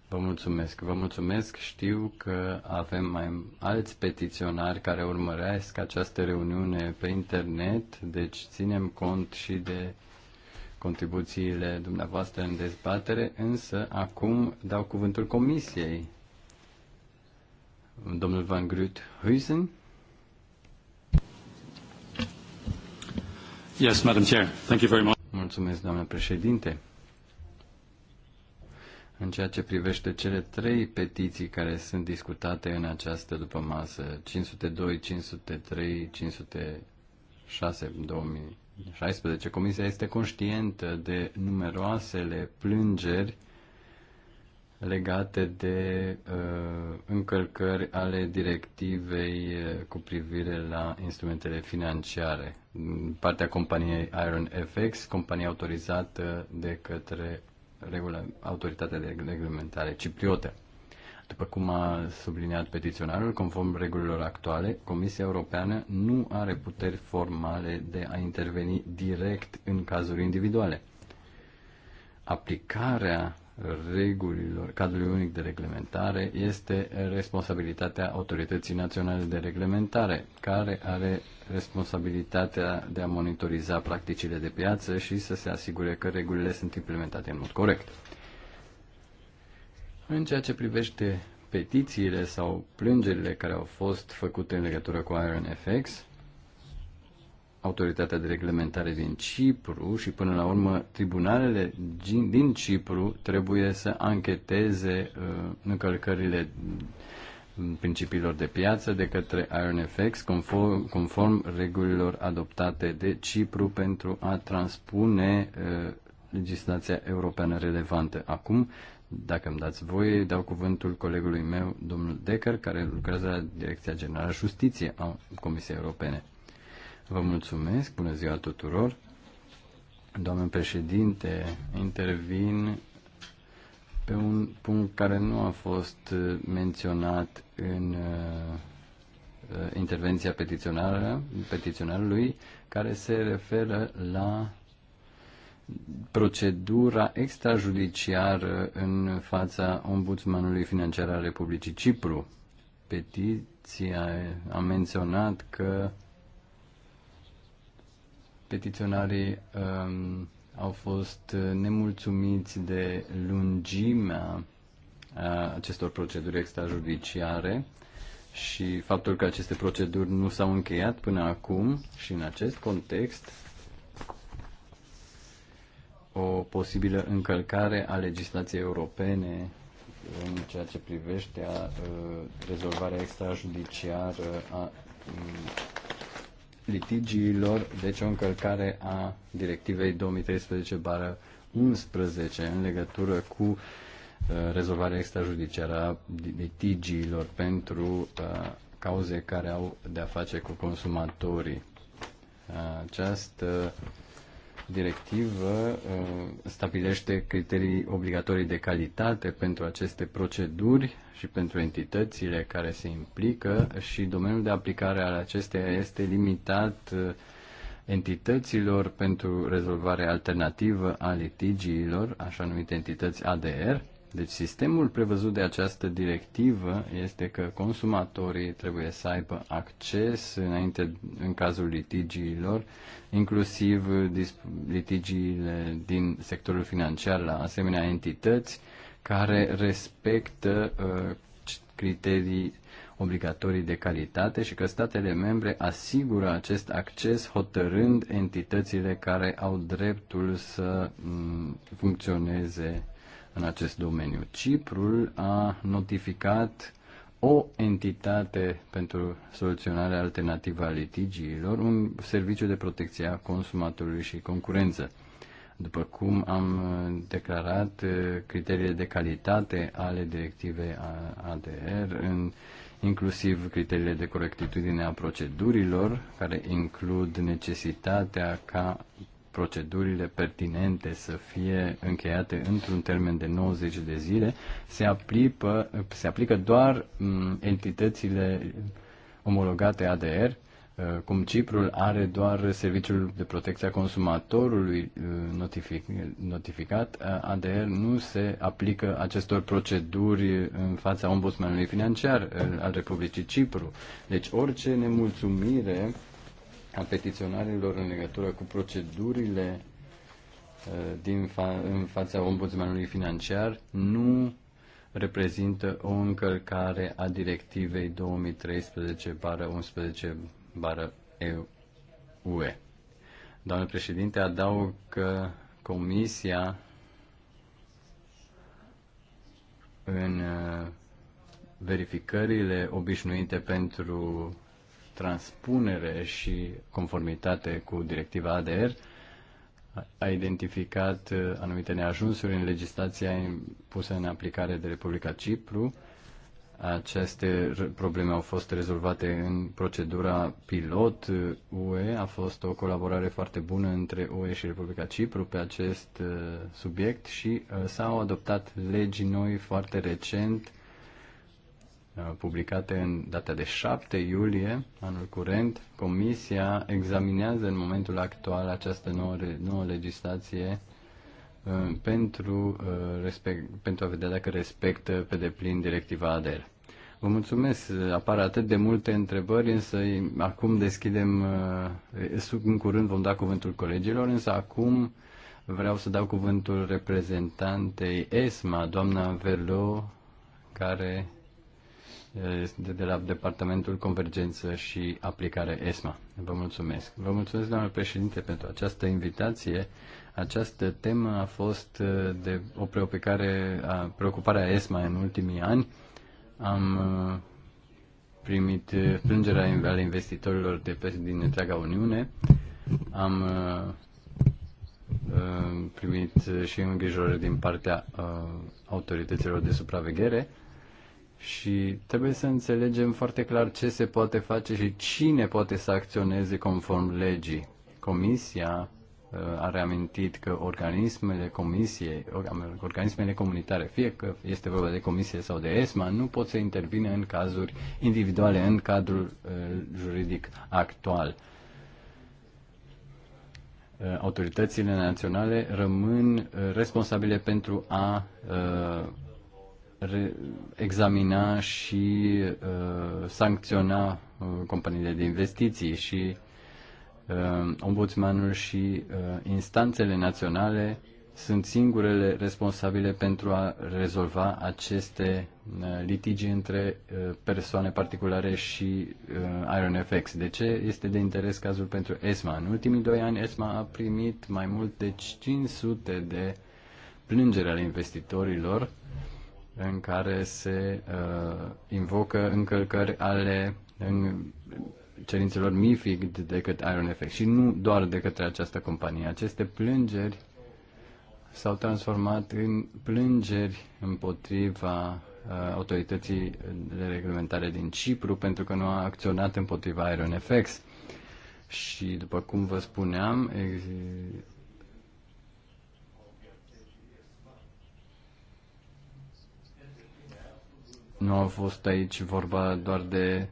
Vă mulțumesc, vă mulțumesc. Știu că avem mai alți petiționari care urmăresc această reuniune pe internet, deci ținem cont și de contribuțiile dumneavoastră în dezbatere, însă acum dau cuvântul comisiei. Domnul Van Grut Huysen. Yes, Madam Chair. Thank you very much. Mulțumesc, doamnă președinte. În ceea ce privește cele trei petiții care sunt discutate în această după masă, 502, 503, 506, 2000, 16. Comisia este conștientă de numeroasele plângeri legate de uh, încălcări ale directivei uh, cu privire la instrumentele financiare. partea companiei Iron FX, companie autorizată de către regula, autoritatea de reglementare cipriotă. După cum a subliniat petiționarul, conform regulilor actuale, Comisia Europeană nu are puteri formale de a interveni direct în cazuri individuale. Aplicarea regulilor cadrului unic de reglementare este responsabilitatea Autorității Naționale de Reglementare, care are responsabilitatea de a monitoriza practicile de piață și să se asigure că regulile sunt implementate în mod corect. În ceea ce privește petițiile sau plângerile care au fost făcute în legătură cu IronFX, autoritatea de reglementare din Cipru și până la urmă tribunalele din Cipru trebuie să ancheteze uh, încălcările principiilor de piață de către IronFX conform, conform regulilor adoptate de Cipru pentru a transpune uh, legislația europeană relevantă. Acum dacă îmi dați voie, dau cuvântul colegului meu, domnul Decker, care lucrează la Direcția Generală Justiție a Comisiei Europene. Vă mulțumesc, bună ziua tuturor. Doamne președinte, intervin pe un punct care nu a fost menționat în uh, intervenția petiționară, petiționarului, care se referă la procedura extrajudiciară în fața Ombudsmanului Financiar al Republicii Cipru. Petiția a menționat că petiționarii um, au fost nemulțumiți de lungimea acestor proceduri extrajudiciare și faptul că aceste proceduri nu s-au încheiat până acum și în acest context o posibilă încălcare a legislației europene în ceea ce privește a, uh, rezolvarea extrajudiciară a mm, litigiilor, deci o încălcare a directivei 2013-11 în legătură cu uh, rezolvarea extrajudiciară a litigiilor pentru uh, cauze care au de-a face cu consumatorii. Această a, directivă uh, stabilește criterii obligatorii de calitate pentru aceste proceduri și pentru entitățile care se implică și domeniul de aplicare al acesteia este limitat uh, entităților pentru rezolvare alternativă a litigiilor, așa numite entități ADR, deci sistemul prevăzut de această directivă este că consumatorii trebuie să aibă acces înainte în cazul litigiilor, inclusiv litigiile din sectorul financiar la asemenea entități care respectă uh, criterii obligatorii de calitate și că statele membre asigură acest acces hotărând entitățile care au dreptul să mm, funcționeze în acest domeniu. Ciprul a notificat o entitate pentru soluționarea alternativă a litigiilor, un serviciu de protecție a consumatorului și concurență. După cum am declarat, eh, criteriile de calitate ale directivei ADR, în, inclusiv criteriile de corectitudine a procedurilor, care includ necesitatea ca procedurile pertinente să fie încheiate într-un termen de 90 de zile, se, aplică, se aplică doar entitățile omologate ADR, uh, cum Ciprul are doar serviciul de protecție a consumatorului uh, notific, notificat, uh, ADR nu se aplică acestor proceduri în fața ombudsmanului financiar al Republicii Cipru. Deci orice nemulțumire a petiționarilor în legătură cu procedurile uh, din fa- în fața ombudsmanului financiar nu reprezintă o încălcare a directivei 2013-11-UE. Doamne președinte, adaug că Comisia în uh, verificările obișnuite pentru transpunere și conformitate cu directiva ADR, a identificat uh, anumite neajunsuri în legislația pusă în aplicare de Republica Cipru. Aceste probleme au fost rezolvate în procedura pilot UE. Uh, a fost o colaborare foarte bună între UE și Republica Cipru pe acest uh, subiect și s-au adoptat legi noi foarte recent Uh, publicate în data de 7 iulie anul curent, Comisia examinează în momentul actual această nouă, nouă legislație uh, pentru, uh, respect, pentru a vedea dacă respectă pe deplin directiva ADER. Vă mulțumesc, apar atât de multe întrebări, însă acum deschidem, în curând vom da cuvântul colegilor, însă acum vreau să dau cuvântul reprezentantei ESMA, doamna Verlo, care Eh, este de la Departamentul Convergență și Aplicare ESMA. Vă mulțumesc. Vă mulțumesc, doamnă președinte, pentru această invitație. Această temă a fost eh, de o preocupare a, preocuparea ESMA în ultimii ani. Am eh, primit plângerea ale investitorilor de pe, din întreaga Uniune. Am primit și îngrijorări din partea autorităților de supraveghere și trebuie să înțelegem foarte clar ce se poate face și cine poate să acționeze conform legii. Comisia uh, a reamintit că organismele comisiei, organismele comunitare, fie că este vorba de comisie sau de ESMA, nu pot să intervine în cazuri individuale în cadrul uh, juridic actual. Uh, autoritățile naționale rămân responsabile pentru a examina și uh, sancționa uh, companiile de investiții și uh, ombudsmanul și uh, instanțele naționale sunt singurele responsabile pentru a rezolva aceste uh, litigi între uh, persoane particulare și uh, IronFX. De ce este de interes cazul pentru ESMA? În ultimii doi ani ESMA a primit mai mult de 500 de plângeri ale investitorilor uh, în care se uh, invocă încălcări ale în cerințelor de către Iron Effect și nu doar de către această companie. Aceste plângeri s-au transformat în plângeri împotriva uh, autorității de reglementare din Cipru pentru că nu a acționat împotriva Iron Effects. Și după cum vă spuneam, nu a fost aici vorba doar de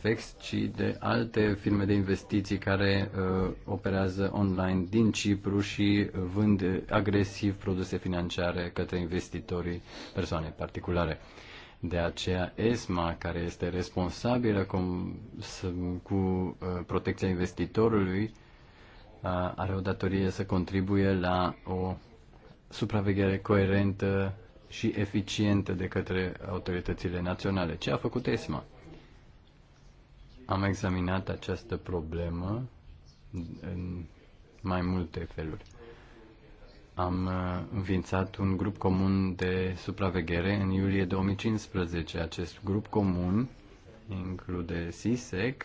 FX, ci de alte firme de investiții care uh, operează online din Cipru și vând agresiv produse financiare către investitorii persoane particulare. De aceea ESMA, care este responsabilă cu, cu uh, protecția investitorului, uh, are o datorie să contribuie la o supraveghere coerentă și eficientă de către autoritățile naționale. Ce a făcut ESMA? Am examinat această problemă în mai multe feluri. Am uh, înființat un grup comun de supraveghere în iulie 2015. Acest grup comun include SISEC,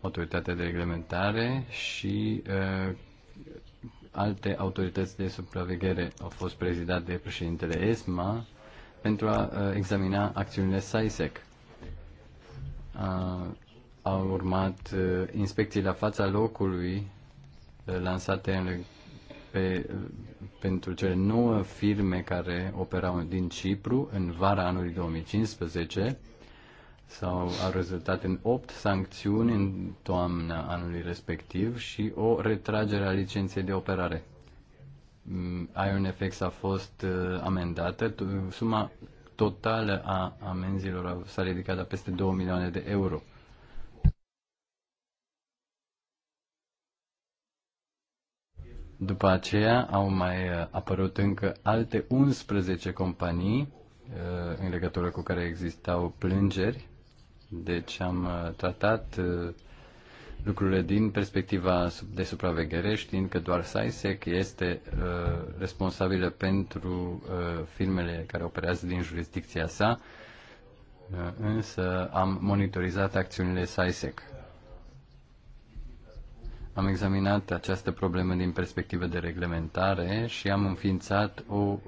Autoritatea de Reglementare și uh, alte autorități de supraveghere au fost prezidat de președintele ESMA pentru a uh, examina acțiunile SAISEC. Au urmat uh, inspecții la fața locului uh, lansate în, pe, pentru cele nouă firme care operau din Cipru în vara anului 2015 sau au rezultat în 8 sancțiuni în toamna anului respectiv și o retragere a licenței de operare. Mm, IronFX a fost uh, amendată, suma totală a amenzilor s-a ridicat la peste 2 milioane de euro. După aceea au mai uh, apărut încă alte 11 companii uh, în legătură cu care existau plângeri deci am uh, tratat uh, lucrurile din perspectiva de supraveghere, știind că doar SISEC este uh, responsabilă pentru firmele filmele care operează din jurisdicția sa, însă am monitorizat acțiunile SISEC. Am examinat această problemă din perspectivă de reglementare și am înființat o,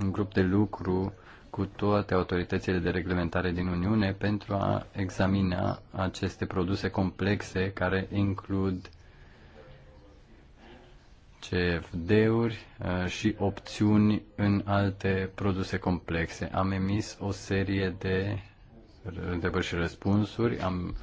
un grup de lucru cu toate autoritățile de reglementare din Uniune pentru a examina aceste produse complexe care includ CFD-uri uh, și opțiuni în alte produse complexe. Am emis o serie de întrebări și răspunsuri, am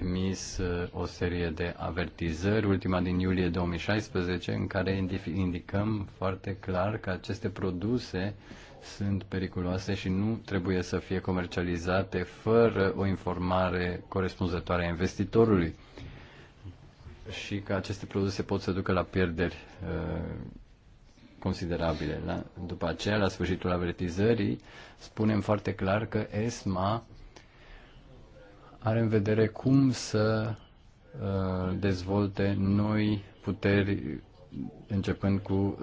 emis uh, o serie de avertizări, ultima din iulie 2016, în care indicăm foarte clar că aceste produse uh, sunt periculoase și nu trebuie să fie comercializate fără o informare corespunzătoare a investitorului și că aceste produse pot să ducă la pierderi uh, considerabile. La, după aceea, la sfârșitul avertizării, spunem foarte clar că ESMA are în vedere cum să uh, dezvolte noi puteri începând cu uh,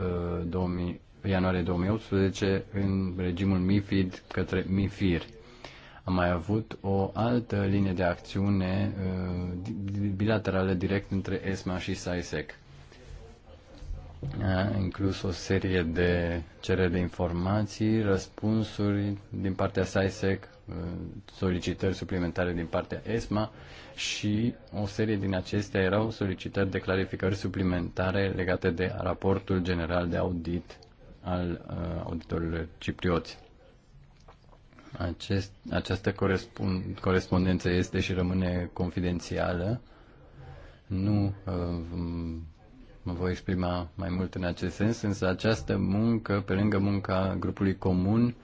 2000 ianuarie 2018 în regimul MIFID către MIFIR. Am mai avut o altă linie de acțiune uh, bilaterală direct între ESMA și SAISEC. A inclus o serie de cereri de informații, răspunsuri din partea SAISEC, uh, solicitări suplimentare din partea ESMA și o serie din acestea erau solicitări de clarificări suplimentare legate de raportul general de audit al uh, auditorilor ciprioți. Acest, această corespund, corespondență este și rămâne confidențială. Nu uh, mă voi exprima mai mult în acest sens, însă această muncă, pe lângă munca grupului comun,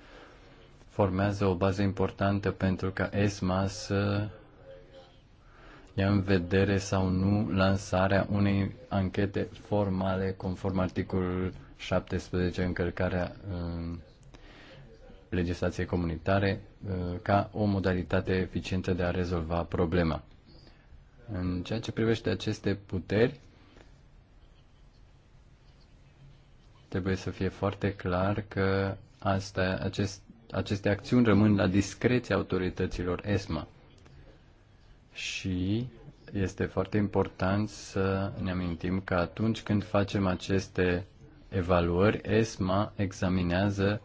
formează o bază importantă pentru ca ESMA să ia în vedere sau nu lansarea unei anchete formale conform articolului 17 încălcarea um, legislației comunitare uh, ca o modalitate eficientă de a rezolva problema. În ceea ce privește aceste puteri, trebuie să fie foarte clar că asta, acest, aceste acțiuni rămân la discreția autorităților ESMA. Și este foarte important să ne amintim că atunci când facem aceste evaluări, ESMA examinează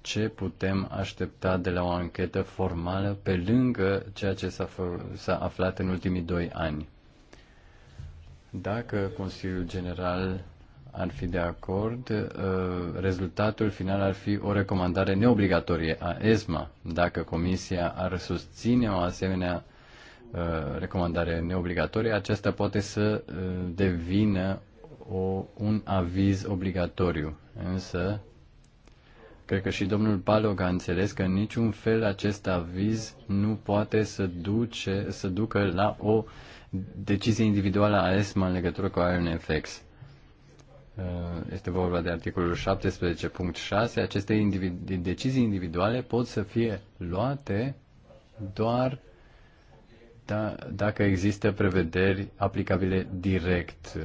ce putem aștepta de la o anchetă formală pe lângă ceea ce s-a, aflat în ultimii doi ani. Dacă Consiliul General ar fi de acord, uh, rezultatul final ar fi o recomandare neobligatorie a ESMA. Dacă Comisia ar susține o asemenea uh, recomandare neobligatorie, aceasta poate să uh, devină o, un aviz obligatoriu, însă cred că și domnul Palog a înțeles că în niciun fel acest aviz nu poate să, duce, să ducă la o decizie individuală a ESMA în legătură cu IronFX. Uh, este vorba de articolul 17.6. Aceste individu- decizii individuale pot să fie luate doar da, dacă există prevederi aplicabile direct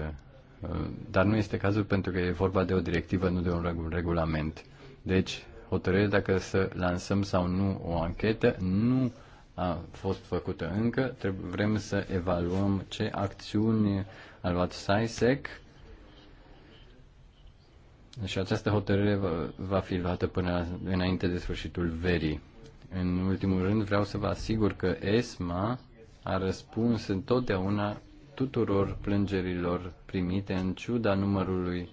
Eh, dar nu este cazul pentru că e vorba de o directivă, nu de un regulament. Deci, hotărârea dacă să lansăm sau nu o anchetă nu a fost făcută încă. Vrem să evaluăm ce acțiuni a luat SISEC și această hotărâre va, va fi luată până la, înainte de sfârșitul verii. În ultimul rând vreau să vă asigur că ESMA a răspuns întotdeauna tuturor plângerilor primite, în ciuda numărului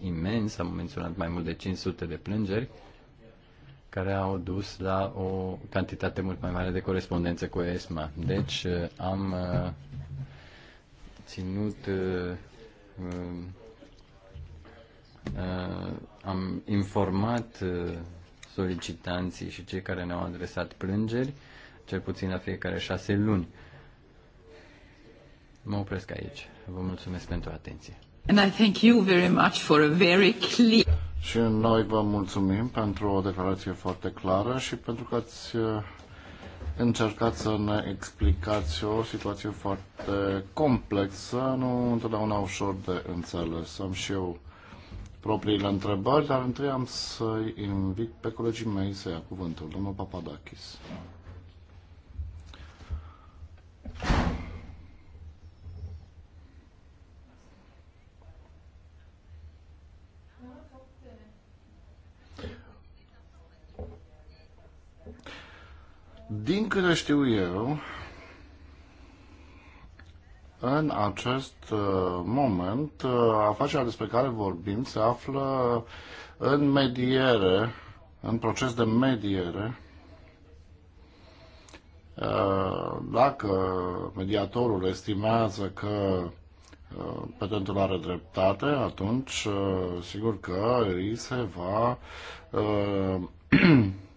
imens, am menționat mai mult de 500 de plângeri, care au dus la o cantitate mult mai mare de corespondență cu ESMA. Deci uh, am uh, ținut, uh, am informat solicitanții și cei care ne-au adresat plângeri, cel puțin la fiecare șase luni. Mă opresc aici. Vă mulțumesc pentru atenție. And I thank you very much for a very clear... Și noi vă mulțumim pentru o declarație foarte clară și pentru că ați uh, încercat să ne explicați o situație foarte complexă, nu întotdeauna ușor de înțeles. Am și eu propriile întrebări, dar întâi am să-i invit pe colegii mei să ia cuvântul. Domnul Papadakis. câte știu eu, în acest uh, moment, uh, afacerea despre care vorbim se află în mediere, în proces de mediere. Uh, dacă mediatorul estimează că petentul are dreptate, atunci sigur că îi se va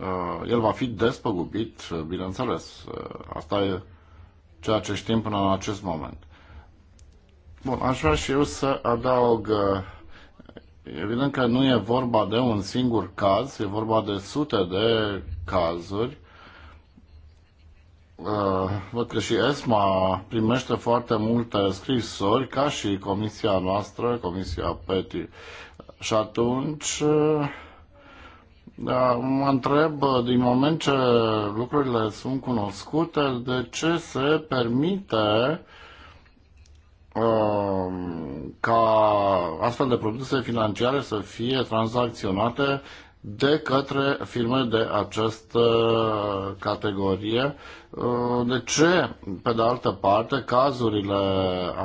Uh, el va fi despăgubit, uh, bineînțeles. Uh, asta e ceea ce știm până în acest moment. Bun, aș vrea și eu să adaug, evident că nu e vorba de un singur caz, e vorba de sute de cazuri. Văd că și ESMA primește foarte multe scrisori, ca și comisia noastră, comisia PETI. Și atunci, da, mă întreb, uh, din moment ce lucrurile sunt cunoscute, de ce se permite uh, ca astfel de produse financiare să fie tranzacționate de către firme de această categorie. Uh, de ce, pe de altă parte, cazurile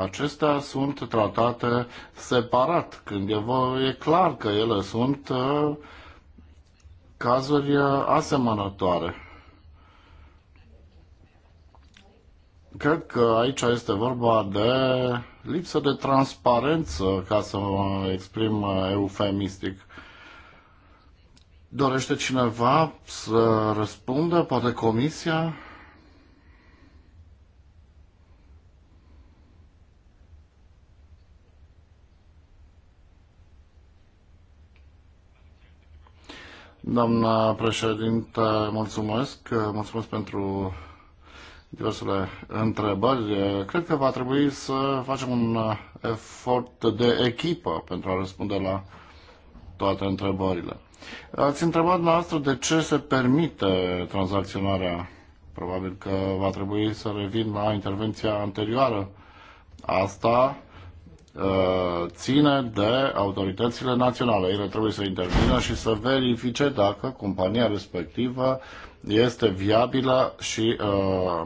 acestea sunt tratate separat, când e, e clar că ele sunt uh, cazuri uh, asemănătoare. Cred că aici este vorba de lipsă de transparență, ca să mă exprim uh, eufemistic. Dorește cineva să răspundă? Poate comisia? Doamna președintă, mulțumesc. Mulțumesc pentru diversele întrebări. Cred că va trebui să facem un efort de echipă pentru a răspunde la toate întrebările. Ați întrebat noastră de ce se permite tranzacționarea. Probabil că va trebui să revin la intervenția anterioară. Asta Uh, ține de autoritățile naționale. Ele trebuie să intervină și să verifice dacă compania respectivă este viabilă și uh,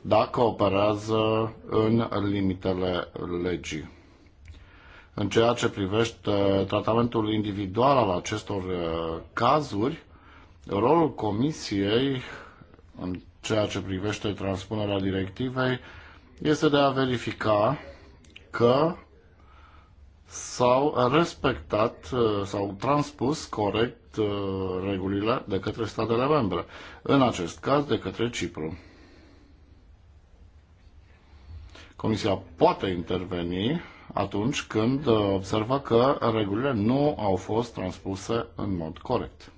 dacă operează în limitele legii. În ceea ce privește tratamentul individual al acestor uh, cazuri, rolul Comisiei în ceea ce privește transpunerea directivei este de a verifica că s-au respectat, uh, s-au transpus corect uh, regulile de către statele membre, în acest caz de către Cipru. Comisia poate interveni atunci când uh, observă că regulile nu au fost transpuse în mod corect.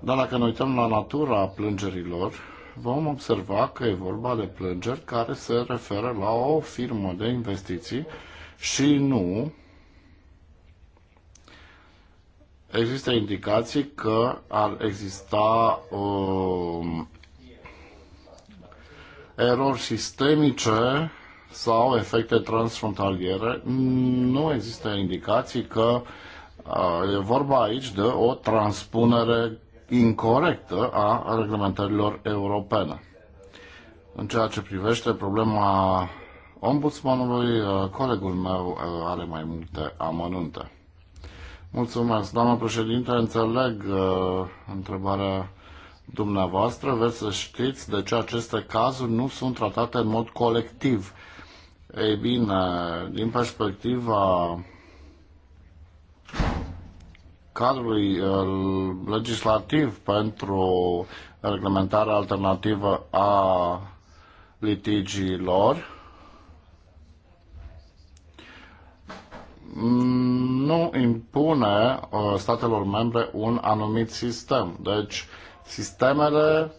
Dar dacă ne uităm la natura plângerilor, vom observa că e vorba de plângeri care se referă la o firmă de investiții și nu există indicații că ar exista um, erori sistemice sau efecte transfrontaliere. Nu există indicații că uh, e vorba aici de o transpunere incorrectă a reglementărilor europene. În ceea ce privește problema ombudsmanului. Uh, colegul meu uh, are mai multe amănunte. Mulțumesc, doamnă președinte, înțeleg uh, întrebarea dumneavoastră. Vreți să știți de ce aceste cazuri nu sunt tratate în mod colectiv. Ei bine, din perspectiva cadrului legislativ pentru reglementarea alternativă a litigiilor, nu impune uh, statelor membre un anumit sistem. Deci, sistemele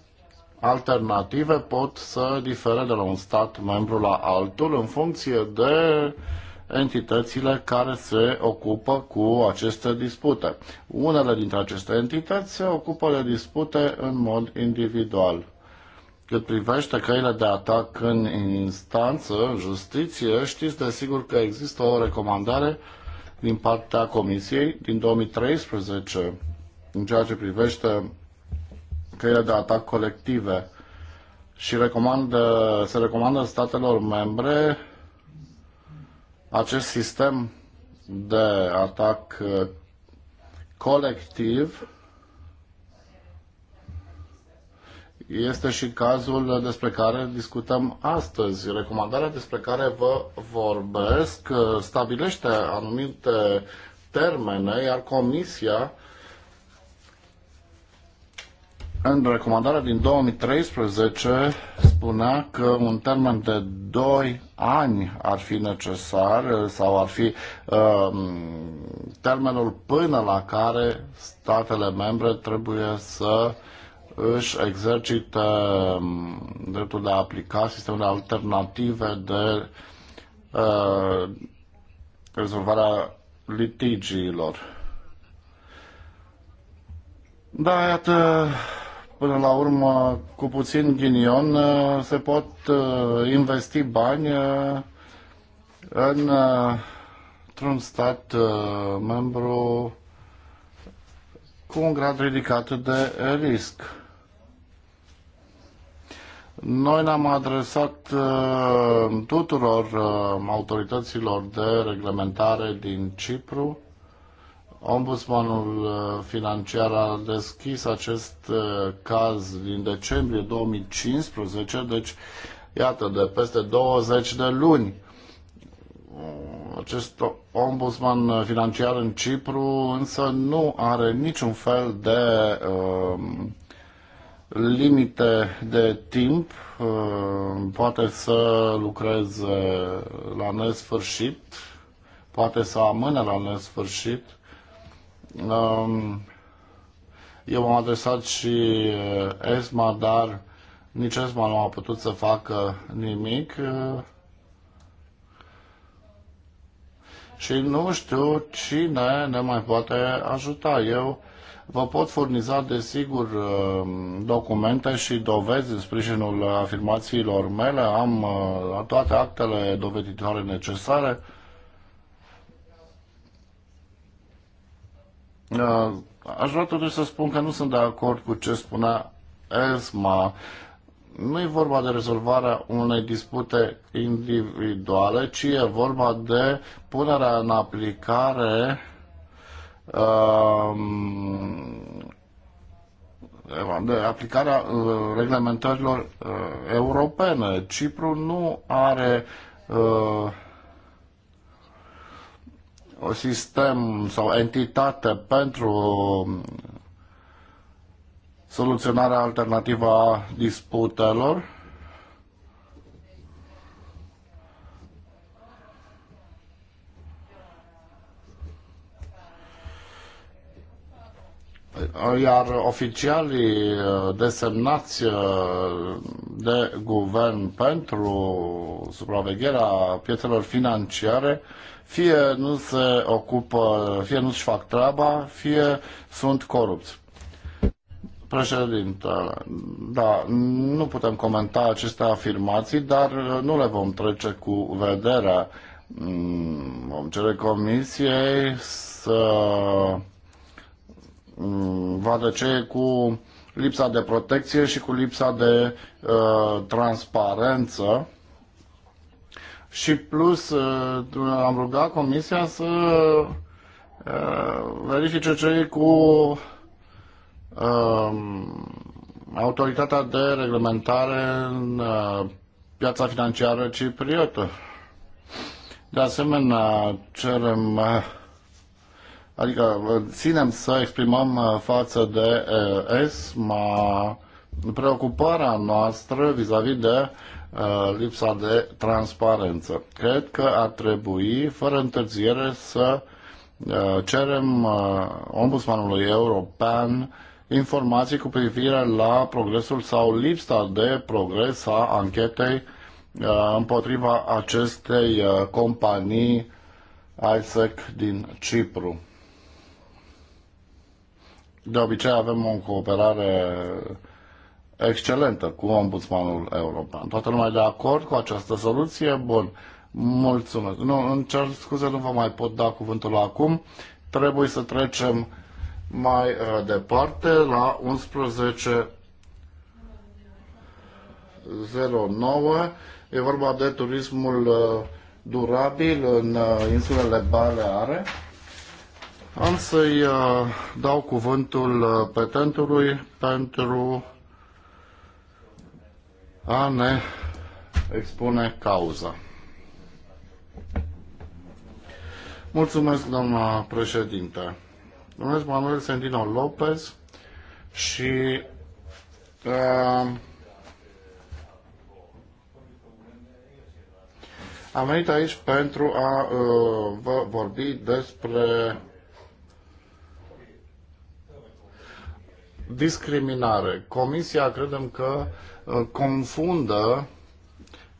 alternative pot să difere de la un stat membru la altul în funcție de entitățile care se ocupă cu aceste dispute. Unele dintre aceste entități se ocupă de dispute în mod individual. Cât privește căile de atac în instanță, în justiție, știți de sigur că există o recomandare din partea Comisiei din 2013 în ceea ce privește căile de atac colective și recomandă, se recomandă statelor membre acest sistem de atac colectiv este și cazul despre care discutăm astăzi. Recomandarea despre care vă vorbesc uh, stabilește anumite termene, iar Comisia în recomandarea din 2013 spunea că un termen de 2 ani ar fi necesar uh, sau ar fi um, termenul până la care statele membre trebuie să uh, își exercită um, dreptul de a aplica sistemele alternative de uh, rezolvarea litigiilor. Da, iată, până la urmă, cu puțin ghinion, uh, se pot uh, investi bani uh, în, într-un stat membru cu un grad ridicat de risc. Noi ne-am adresat uh, tuturor uh, autorităților de reglementare din Cipru. Ombudsmanul uh, financiar a deschis acest caz din decembrie 2015, deci iată, de peste 20 de luni. Acest ombudsman financiar în Cipru însă nu are niciun fel de uh, limite de timp, uh, poate să lucreze la nesfârșit, poate să amâne la nesfârșit. Um, eu m-am adresat și uh, ESMA, dar nici ESMA nu a putut să facă nimic. Și nu știu cine ne mai poate ajuta. Eu vă pot furniza, desigur, uh, documente și dovezi în sprijinul afirmațiilor mele. Am uh, toate actele doveditoare necesare. Uh, aș vrea totuși să spun că nu sunt de acord cu ce spunea ESMA. Nu e vorba de rezolvarea unei dispute individuale, ci e vorba de punerea în aplicare um, de aplicarea uh, reglementărilor uh, europene. Cipru nu are uh, o sistem sau entitate pentru um, soluționarea alternativă a disputelor iar oficialii uh, desemnați uh, de guvern pentru supravegherea piețelor financiare fie nu se ocupă, fie nu-și fac treaba, fie sunt corupți. Președinte, da, nu putem comenta aceste afirmații, dar uh, nu le vom trece cu vederea. Mm, vom cere comisiei să Mm, va de cu lipsa de protecție și cu lipsa de uh, transparență. Și plus, uh, am rugat Comisia să uh, verifice cei cu uh, autoritatea de reglementare în uh, piața financiară cipriotă. De asemenea, cerem uh, Adică ținem să exprimăm uh, față de uh, ESMA preocuparea noastră vis-a-vis -vis de uh, lipsa de transparență. Cred că ar trebui, fără întârziere, să cerem ombudsmanului european informații cu privire la progresul sau lipsa de progres a anchetei împotriva acestei companii ISEC din Cipru. De obicei avem o cooperare excelentă cu Ombudsmanul European. Toată lumea e de acord cu această soluție? Bun. Mulțumesc. Nu, în cer scuze, nu vă mai pot da cuvântul acum. Trebuie să trecem mai uh, departe la 11.09. E vorba de turismul uh, durabil în uh, insulele Baleare. Am să-i uh, dau cuvântul uh, petentului pentru a ne expune cauza. Mulțumesc, doamna președinte. Numesc Manuel Sendino Lopez și uh, am venit aici pentru a uh, vă vorbi despre discriminare. Comisia credem că uh, confundă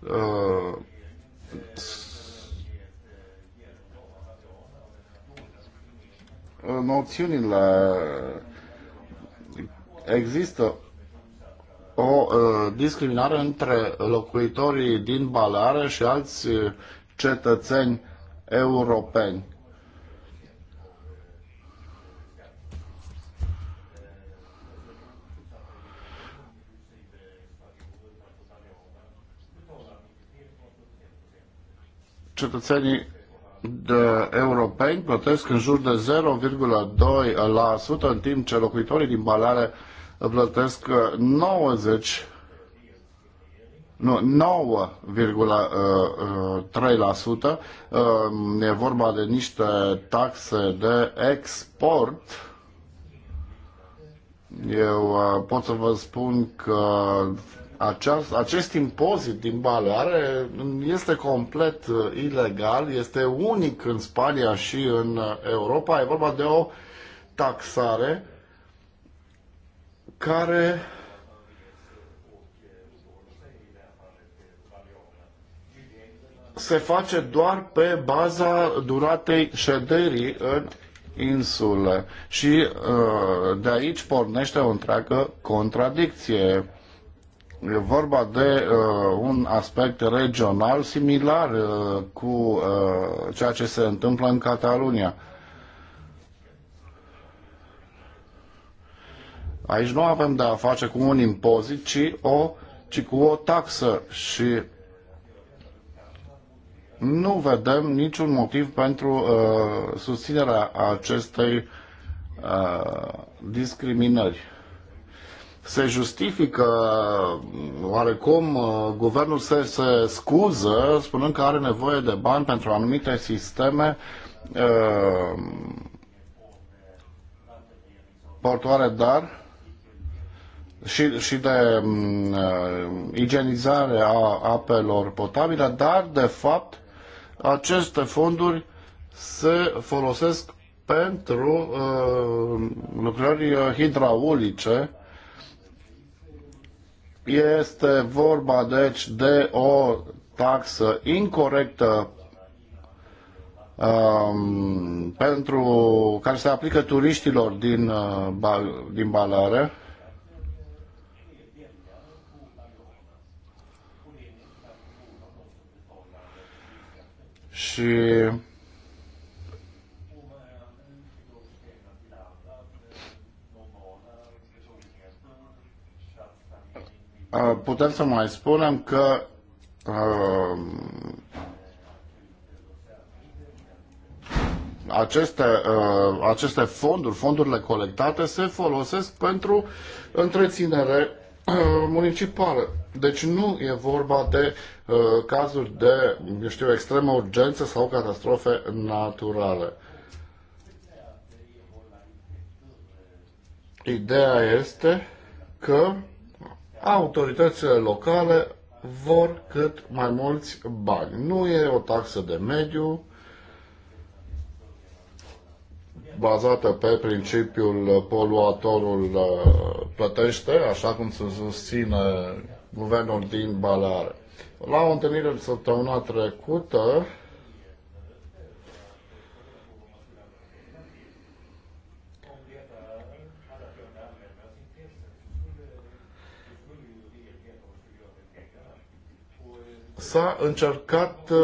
uh, noțiunile. Există o uh, discriminare între locuitorii din Baleare și alți uh, cetățeni europeni cetățenii de europeni plătesc în jur de 0,2% în timp ce locuitorii din Balare plătesc 90 uh, nu, 9,3%. Uh, uh, um, e vorba de niște taxe de export eu uh, pot să vă spun că aceast, acest impozit din valoare este complet uh, ilegal, este unic în Spania și în uh, Europa. E vorba de o taxare care se face doar pe baza duratei șederii în insulă Și uh, de aici pornește o întreagă contradicție. E vorba de uh, un aspect regional similar uh, cu ceea ce se întâmplă în Catalunia. Aici nu avem de a face cu un impozit, ci, o, ci cu o taxă și nu vedem niciun motiv pentru uh, susținerea acestei uh, discriminări. Se justifică uh, oarecum uh, guvernul se, se scuză spunând că are nevoie de bani pentru anumite sisteme uh, portoare, dar și, și de uh, igienizare a apelor potabile, dar de fapt aceste fonduri se folosesc pentru uh, lucrări hidraulice. Este vorba deci de o taxă incorrectă um, pentru care se aplică turiștilor din, uh, din Balare. și putem să mai spunem că uh, aceste, uh, aceste fonduri, fondurile colectate, se folosesc pentru întreținere uh, municipală. Deci nu e vorba de uh, cazuri de, eu știu, extremă urgență sau catastrofe naturale. Ideea este că autoritățile locale vor cât mai mulți bani. Nu e o taxă de mediu bazată pe principiul poluatorul uh, plătește, așa cum se susține guvernul din Baleare. La o întâlnire săptămâna trecută, s-a încercat uh,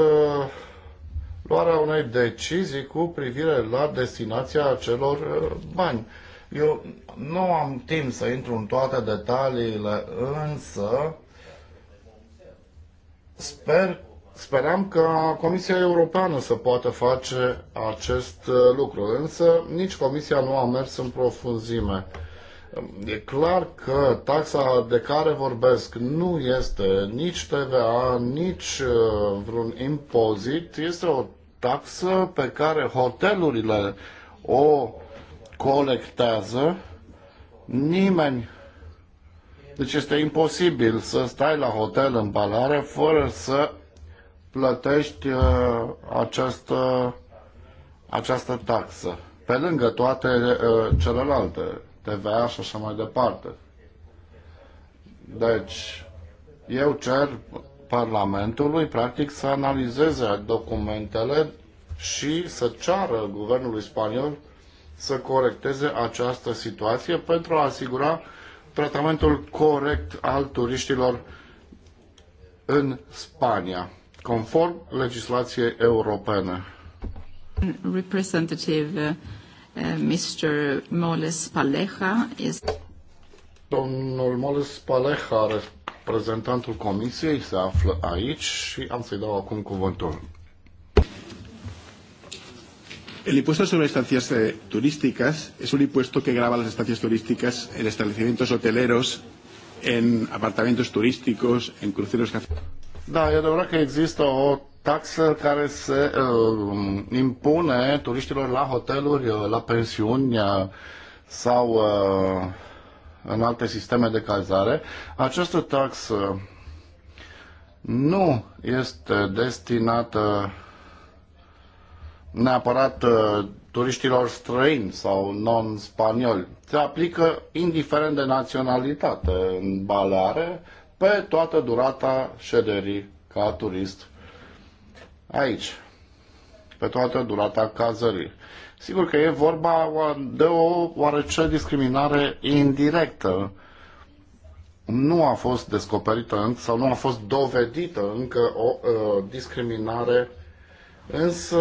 luarea unei decizii cu privire la destinația acelor uh, bani. Eu nu am timp să intru în toate detaliile, însă sper, speram că Comisia Europeană să poată face acest uh, lucru, însă nici Comisia nu a mers în profunzime. E clar că taxa de care vorbesc nu este nici TVA, nici uh, vreun impozit, este o taxă pe care hotelurile o colectează, nimeni. Deci este imposibil să stai la hotel în Balare fără să plătești uh, această, această taxă, pe lângă toate uh, celelalte, TVA și așa mai departe. Deci, eu cer Parlamentului, practic, să analizeze documentele și să ceară guvernului spaniol să corecteze această situație pentru a asigura tratamentul corect al turiștilor în Spania, conform legislației europene. Representative uh, Mr. Moles Paleja este... Domnul Moles Paleja, reprezentantul Comisiei, se află aici și am să-i dau acum cuvântul. El impuesto sobre estancias eh, turísticas es un impuesto que grava las estancias turísticas en establecimientos hoteleros, în apartamentos turísticos, în cruceros. Da, e adevărat că există o taxă care se uh, impune turiștilor la hoteluri, uh, la pensiuni uh, sau uh, în alte sisteme de cazare. Această taxă nu este destinată neapărat uh, turiștilor străini sau non-spanioli. Se aplică indiferent de naționalitate în Baleare pe toată durata șederii ca turist aici, pe toată durata cazării. Sigur că e vorba de o oarece discriminare indirectă. Nu a fost descoperită sau nu a fost dovedită încă o uh, discriminare însă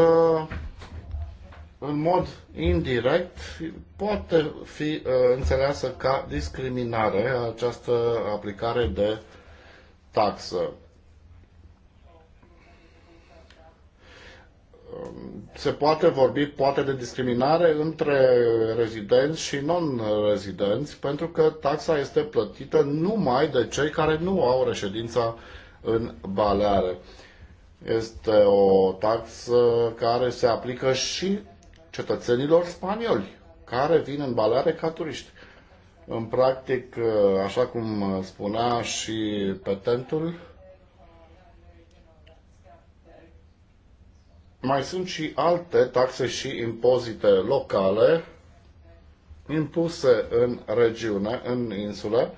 în mod indirect poate fi uh, înțeleasă ca discriminare această aplicare de taxă. Se poate vorbi poate de discriminare între rezidenți și non-rezidenți, pentru că taxa este plătită numai de cei care nu au reședința în Baleare. Este o taxă care se aplică și cetățenilor spanioli care vin în Baleare ca turiști. În practic, așa cum spunea și petentul, mai sunt și alte taxe și impozite locale impuse în regiune, în insulă.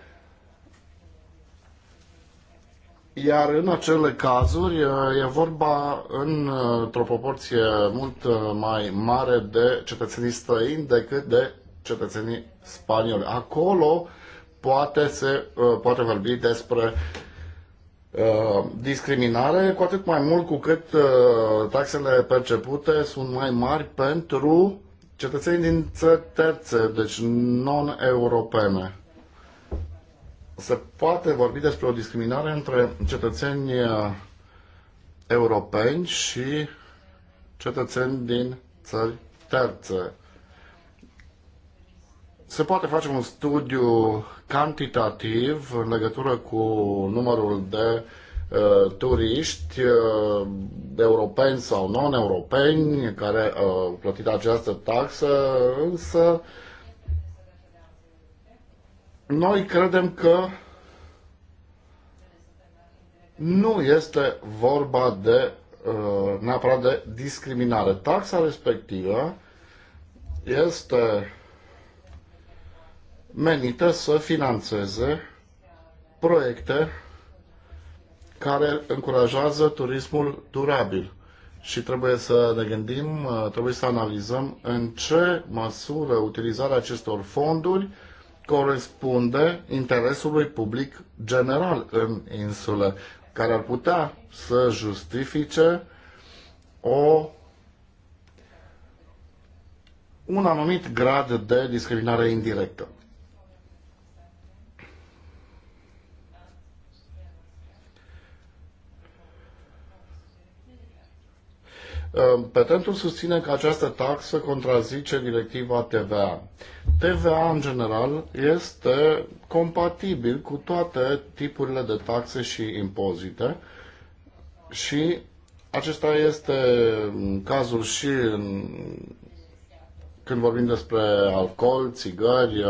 Iar în acele cazuri e vorba într-o proporție mult uh, mai mare de cetățenii străini decât de cetățenii spanioli. Acolo poate se uh, poate vorbi despre uh, discriminare, cu atât mai mult cu cât taxele percepute sunt mai mari pentru cetățenii din țări terțe, deci non-europene se poate vorbi despre o discriminare între cetățeni uh, europeni și cetățeni din țări terțe. Se poate face un studiu cantitativ în legătură cu numărul de uh, turiști uh, europeni sau non-europeni care au uh, plătit această taxă, însă uh, noi credem că nu este vorba de uh, neapărat de discriminare. Taxa respectivă este menită să financeze proiecte care încurajează turismul durabil. Și trebuie să ne gândim, uh, trebuie să analizăm în ce măsură utilizarea acestor fonduri corespunde interesului public general în insulă, care ar putea să justifice o, un anumit grad de discriminare indirectă. Ehm, Petentul susține că această taxă contrazice directiva TVA. TVA, în general, este compatibil cu toate tipurile de taxe și impozite și acesta este mm, cazul și în, când vorbim despre alcool, țigări,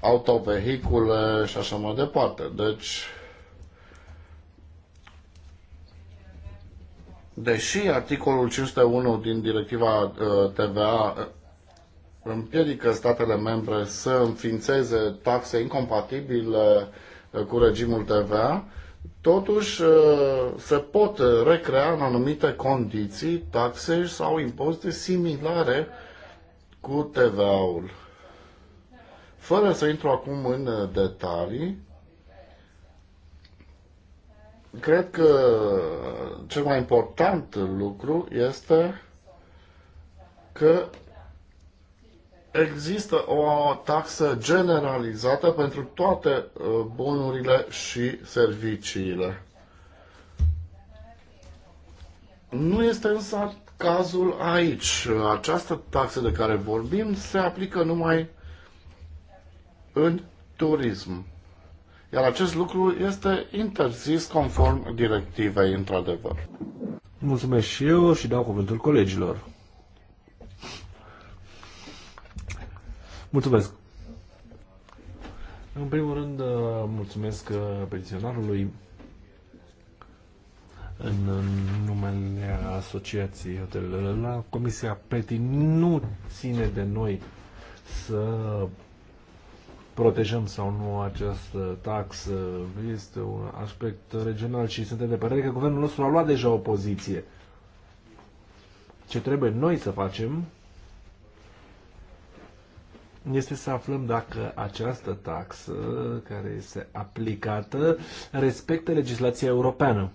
autovehicule și așa mai departe. Deci, deși articolul 501 din directiva uh, TVA uh, împiedică statele membre să înființeze taxe incompatibile uh, cu regimul TVA, totuși se pot recrea în anumite condiții taxe sau impozite similare cu TVA-ul. Fără să intru acum în detalii, Cred că cel mai important lucru este că există o taxă generalizată pentru toate uh, bunurile și serviciile. Nu este însă cazul aici. Această taxă de care vorbim se aplică numai în turism. Iar acest lucru este interzis conform directivei, într-adevăr. Mulțumesc și eu și dau cuvântul colegilor. Mulțumesc. În primul rând, uh, mulțumesc uh, pensionarului în numele Asociației Hotelelor la Comisia PETI. Nu ține de noi să protejăm sau nu această taxă. Este un aspect regional și suntem de părere că guvernul nostru a luat deja o poziție. Ce trebuie noi să facem este să aflăm dacă această taxă care este aplicată respectă legislația europeană.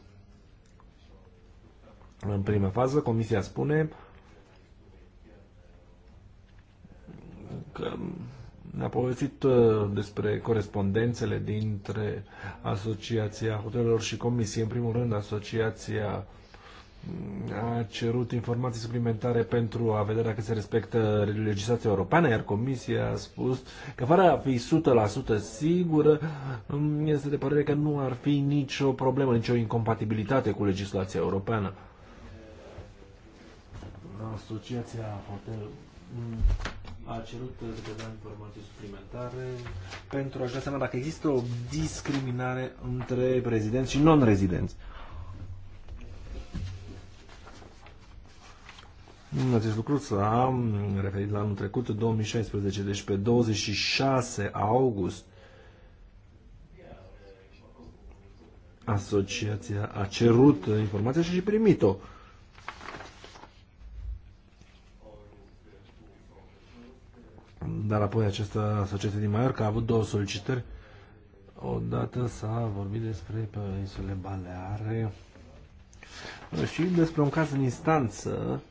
În prima fază, Comisia spune că a povestit uh, despre corespondențele dintre Asociația Hotelelor și Comisie. În primul rând, Asociația mm, a cerut informații suplimentare pentru a vedea dacă se respectă legislația europeană, iar Comisia a spus că fără a fi 100% sigură, mm, este de părere că nu ar fi nicio problemă, nicio incompatibilitate cu legislația europeană. Asociația Hotel a cerut data uh, informații suplimentare pentru a-și da seama dacă există o discriminare între rezidenți și non-rezidenți. În acest lucru s-a referit la anul trecut, 2016, deci pe 26 august asociația a cerut uh, informația și a primit-o. Dar apoi această societate din Mallorca a avut două solicitări. Odată s-a vorbit despre insule Baleare și despre un caz în instanță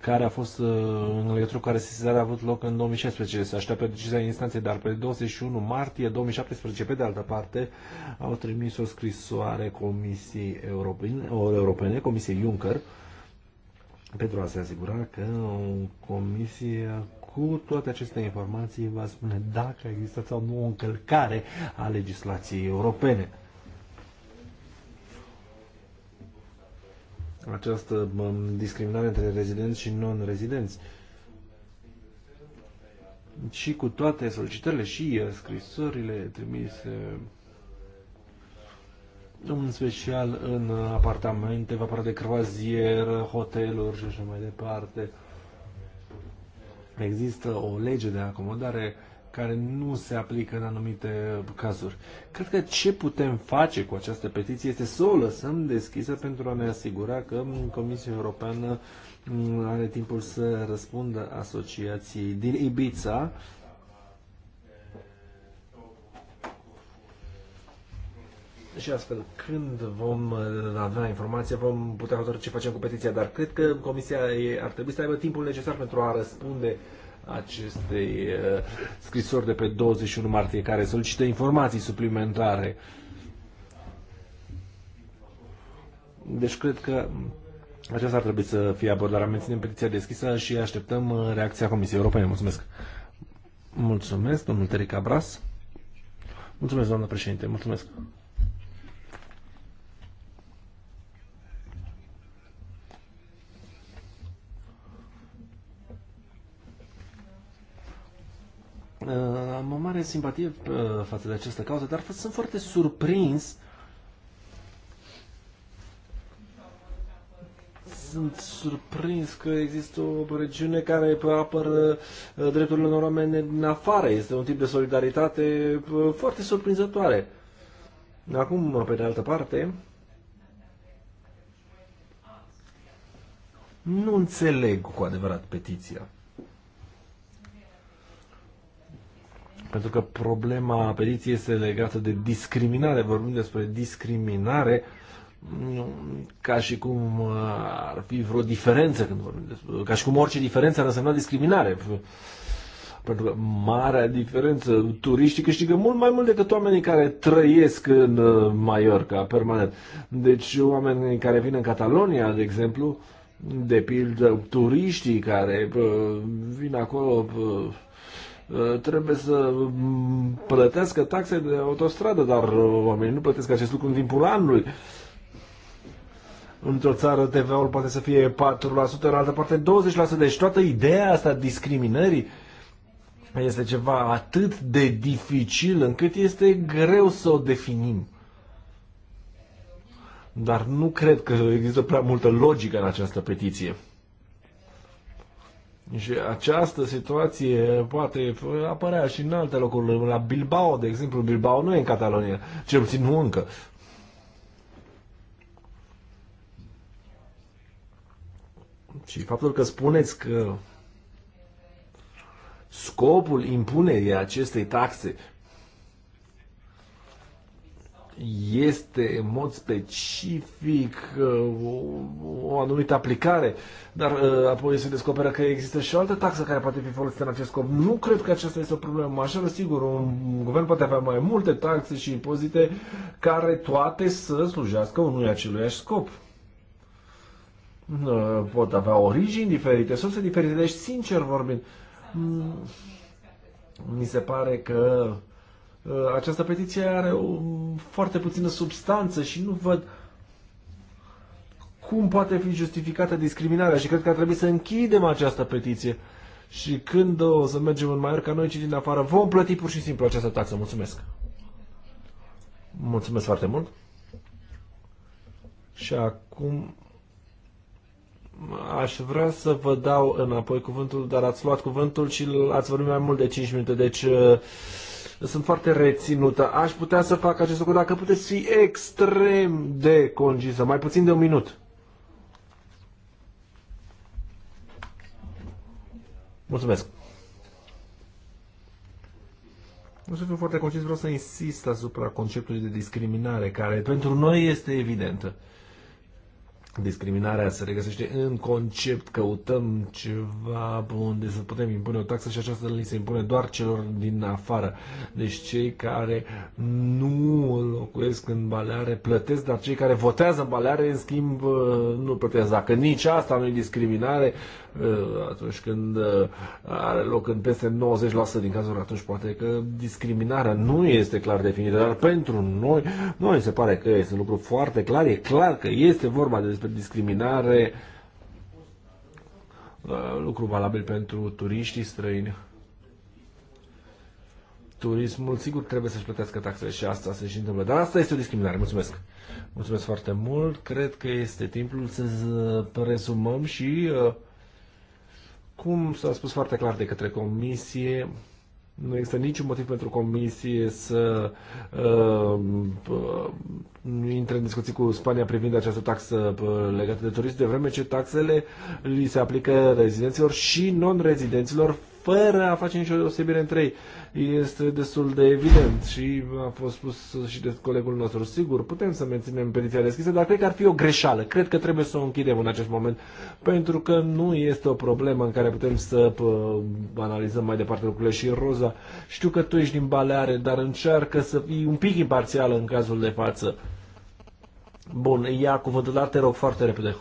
care a fost în legătură cu care sesizarea a avut loc în 2016. Se așteaptă decizia instanței, dar pe 21 martie 2017, pe de altă parte, au trimis o scrisoare Comisiei Europene, Comisiei Juncker, pentru a se asigura că o comisie cu toate aceste informații va spune dacă există sau nu o încălcare a legislației europene. Această um, discriminare între rezidenți și non-rezidenți și cu toate solicitările și uh, scrisorile trimise în special în apartamente, vapoare de croazieră, hoteluri și așa mai departe. Există o lege de acomodare care nu se aplică în anumite cazuri. Cred că ce putem face cu această petiție este să o lăsăm deschisă pentru a ne asigura că Comisia Europeană are timpul să răspundă asociației din Ibiza Și astfel, când vom uh, avea informație, vom putea hotărâ ce facem cu petiția, dar cred că Comisia ar trebui să aibă timpul necesar pentru a răspunde acestei uh, scrisori de pe 21 martie, care solicită informații suplimentare. Deci cred că aceasta ar trebui să fie abordarea. Menținem petiția deschisă și așteptăm uh, reacția Comisiei Europene. Mulțumesc! Mulțumesc, domnul Teric Abras. Mulțumesc, doamnă președinte. Mulțumesc. Uh, am o mare simpatie uh, față de această cauză, dar sunt foarte surprins sunt surprins că există o regiune care apără uh, drepturile unor oameni în afară. Este un tip de solidaritate foarte surprinzătoare. Acum, pe de altă parte, nu înțeleg cu adevărat petiția. Pentru că problema petiției este legată de discriminare, vorbim despre discriminare, ca și cum uh, ar fi vreo diferență când vorbim despre, ca și cum orice diferență ar însemna discriminare. Pentru că marea diferență, turiștii câștigă mult mai mult decât oamenii care trăiesc în uh, Mallorca permanent. Deci oamenii care vin în Catalonia, de exemplu, de pildă, turiștii care uh, vin acolo uh, Uh, trebuie să mm, plătească taxe de autostradă, dar uh, oamenii nu plătesc acest lucru în timpul anului. Într-o țară TVA-ul poate să fie 4%, în altă parte 20%. Deci toată ideea asta discriminării este ceva atât de dificil încât este greu să o definim. Dar nu cred că există prea multă logică în această petiție. Și această situație poate apărea și în alte locuri. La Bilbao, de exemplu, Bilbao nu e în Catalonia, cel puțin nu încă. Și faptul că spuneți că scopul impunerii acestei taxe este în mod specific o, uh, o anumită aplicare, dar uh, apoi se descoperă că există și o altă taxă care poate fi folosită în acest scop. Nu cred că aceasta este o problemă. Așa, sigur, un guvern poate avea mai multe taxe și impozite care toate să slujească unui aceluiași scop uh, pot avea origini diferite, surse diferite, deci sincer vorbind, mm, mi se pare că Uh, această petiție are o foarte puțină substanță și nu văd cum poate fi justificată discriminarea și cred că ar trebui să închidem această petiție. Și când o să mergem în Maiorca, noi cei din afară vom plăti pur și simplu această taxă. Mulțumesc! Mulțumesc foarte mult! Și acum aș vrea să vă dau înapoi cuvântul, dar ați luat cuvântul și ați vorbit mai mult de 5 minute, deci uh, sunt foarte reținută. Aș putea să fac acest lucru dacă puteți fi extrem de concisă, mai puțin de un minut. Mulțumesc. Nu să fiu foarte concis, vreau să insist asupra conceptului de discriminare, care pentru noi este evidentă. Uh, Discriminarea se regăsește în concept, căutăm ceva unde să putem impune o taxă și aceasta li se impune doar celor din afară. Deci cei care nu locuiesc în Baleare plătesc, dar cei care votează în Baleare, în schimb, nu plătesc. Dacă nici asta nu e discriminare, Eh, atunci când eh, are loc în peste 90% din cazuri, atunci poate că discriminarea nu este clar definită, dar pentru noi, noi se pare că este un lucru foarte clar, e clar că este vorba despre discriminare, eh, lucru valabil pentru turiștii străini turismul, sigur trebuie să-și plătească taxele și asta se și întâmplă. Dar asta este o discriminare. Mulțumesc. Mulțumesc foarte mult. Cred că este timpul să rezumăm și uh, cum s-a spus foarte clar de către comisie, nu există niciun motiv pentru comisie să uh, uh, intre în discuții cu Spania privind această taxă uh, legată de turism, de vreme ce taxele li se aplică rezidenților și non-rezidenților fără a face nicio deosebire între ei. Este destul de evident și a fost spus și de colegul nostru. Sigur, putem să menținem petiția deschisă, dar cred că ar fi o greșeală. Cred că trebuie să o închidem în acest moment, pentru că nu este o problemă în care putem să analizăm mai departe lucrurile. Și Roza, știu că tu ești din Baleare, dar încearcă să fii un pic imparțială în cazul de față. Bun, ia cuvântul, dar te rog foarte repede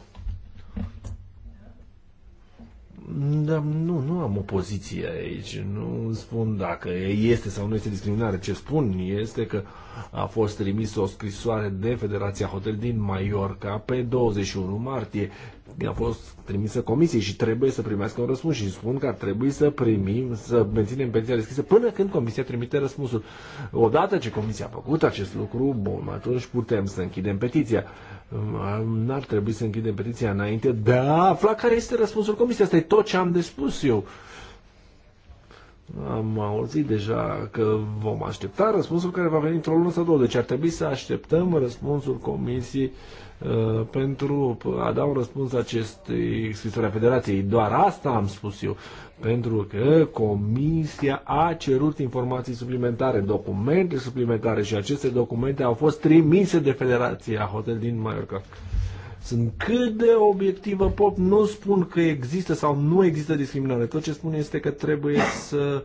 da nu, nu am o poziție aici. Nu spun dacă este sau nu este discriminare. Ce spun este că a fost trimisă o scrisoare de Federația Hotel din Mallorca pe 21 martie a fost trimisă comisiei și trebuie să primească un răspuns și spun că ar trebui să primim, să menținem petiția deschisă până când comisia trimite răspunsul. Odată ce comisia a făcut acest lucru, bun, atunci putem să închidem petiția. N-ar trebui să închidem petiția înainte de a afla care este răspunsul comisiei. Asta e tot ce am de spus eu. Am auzit deja că vom aștepta răspunsul care va veni într-o lună sau două, deci ar trebui să așteptăm răspunsul comisiei uh, Uh, pentru a da un răspuns acestei scrisori a Federației. Doar asta am spus eu, pentru că Comisia a cerut informații suplimentare, documente suplimentare și aceste documente au fost trimise de Federația Hotel din Mallorca. Sunt cât de obiectivă pop, nu spun că există sau nu există discriminare. Tot ce spun este că trebuie să...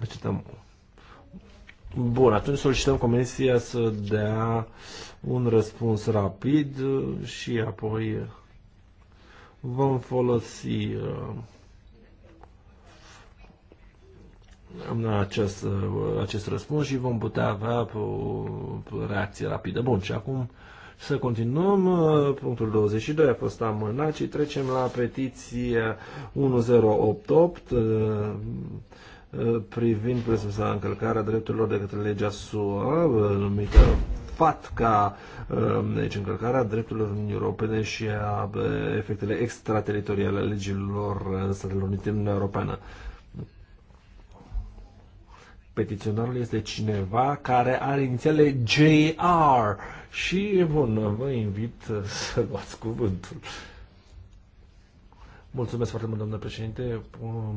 Așteptăm. Bun, atunci solicităm Comisia să dea uh, un răspuns rapid uh, și apoi uh, vom folosi uh, acest, acest răspuns și vom putea avea o reacție rapidă. Bun, și acum să continuăm. Punctul 22 a fost amânat și trecem la petiție 1088 privind presupusa încălcarea drepturilor de către legea SUA, numită ca um, deci încălcarea drepturilor Uniunii Europene și a uh, efectele extrateritoriale ale legilor uh, Statelor Unite în Uniunea Europeană petiționarul este cineva care are inițiale JR și, bun, vă invit uh, să luați cuvântul. Mulțumesc foarte mult, domnule președinte.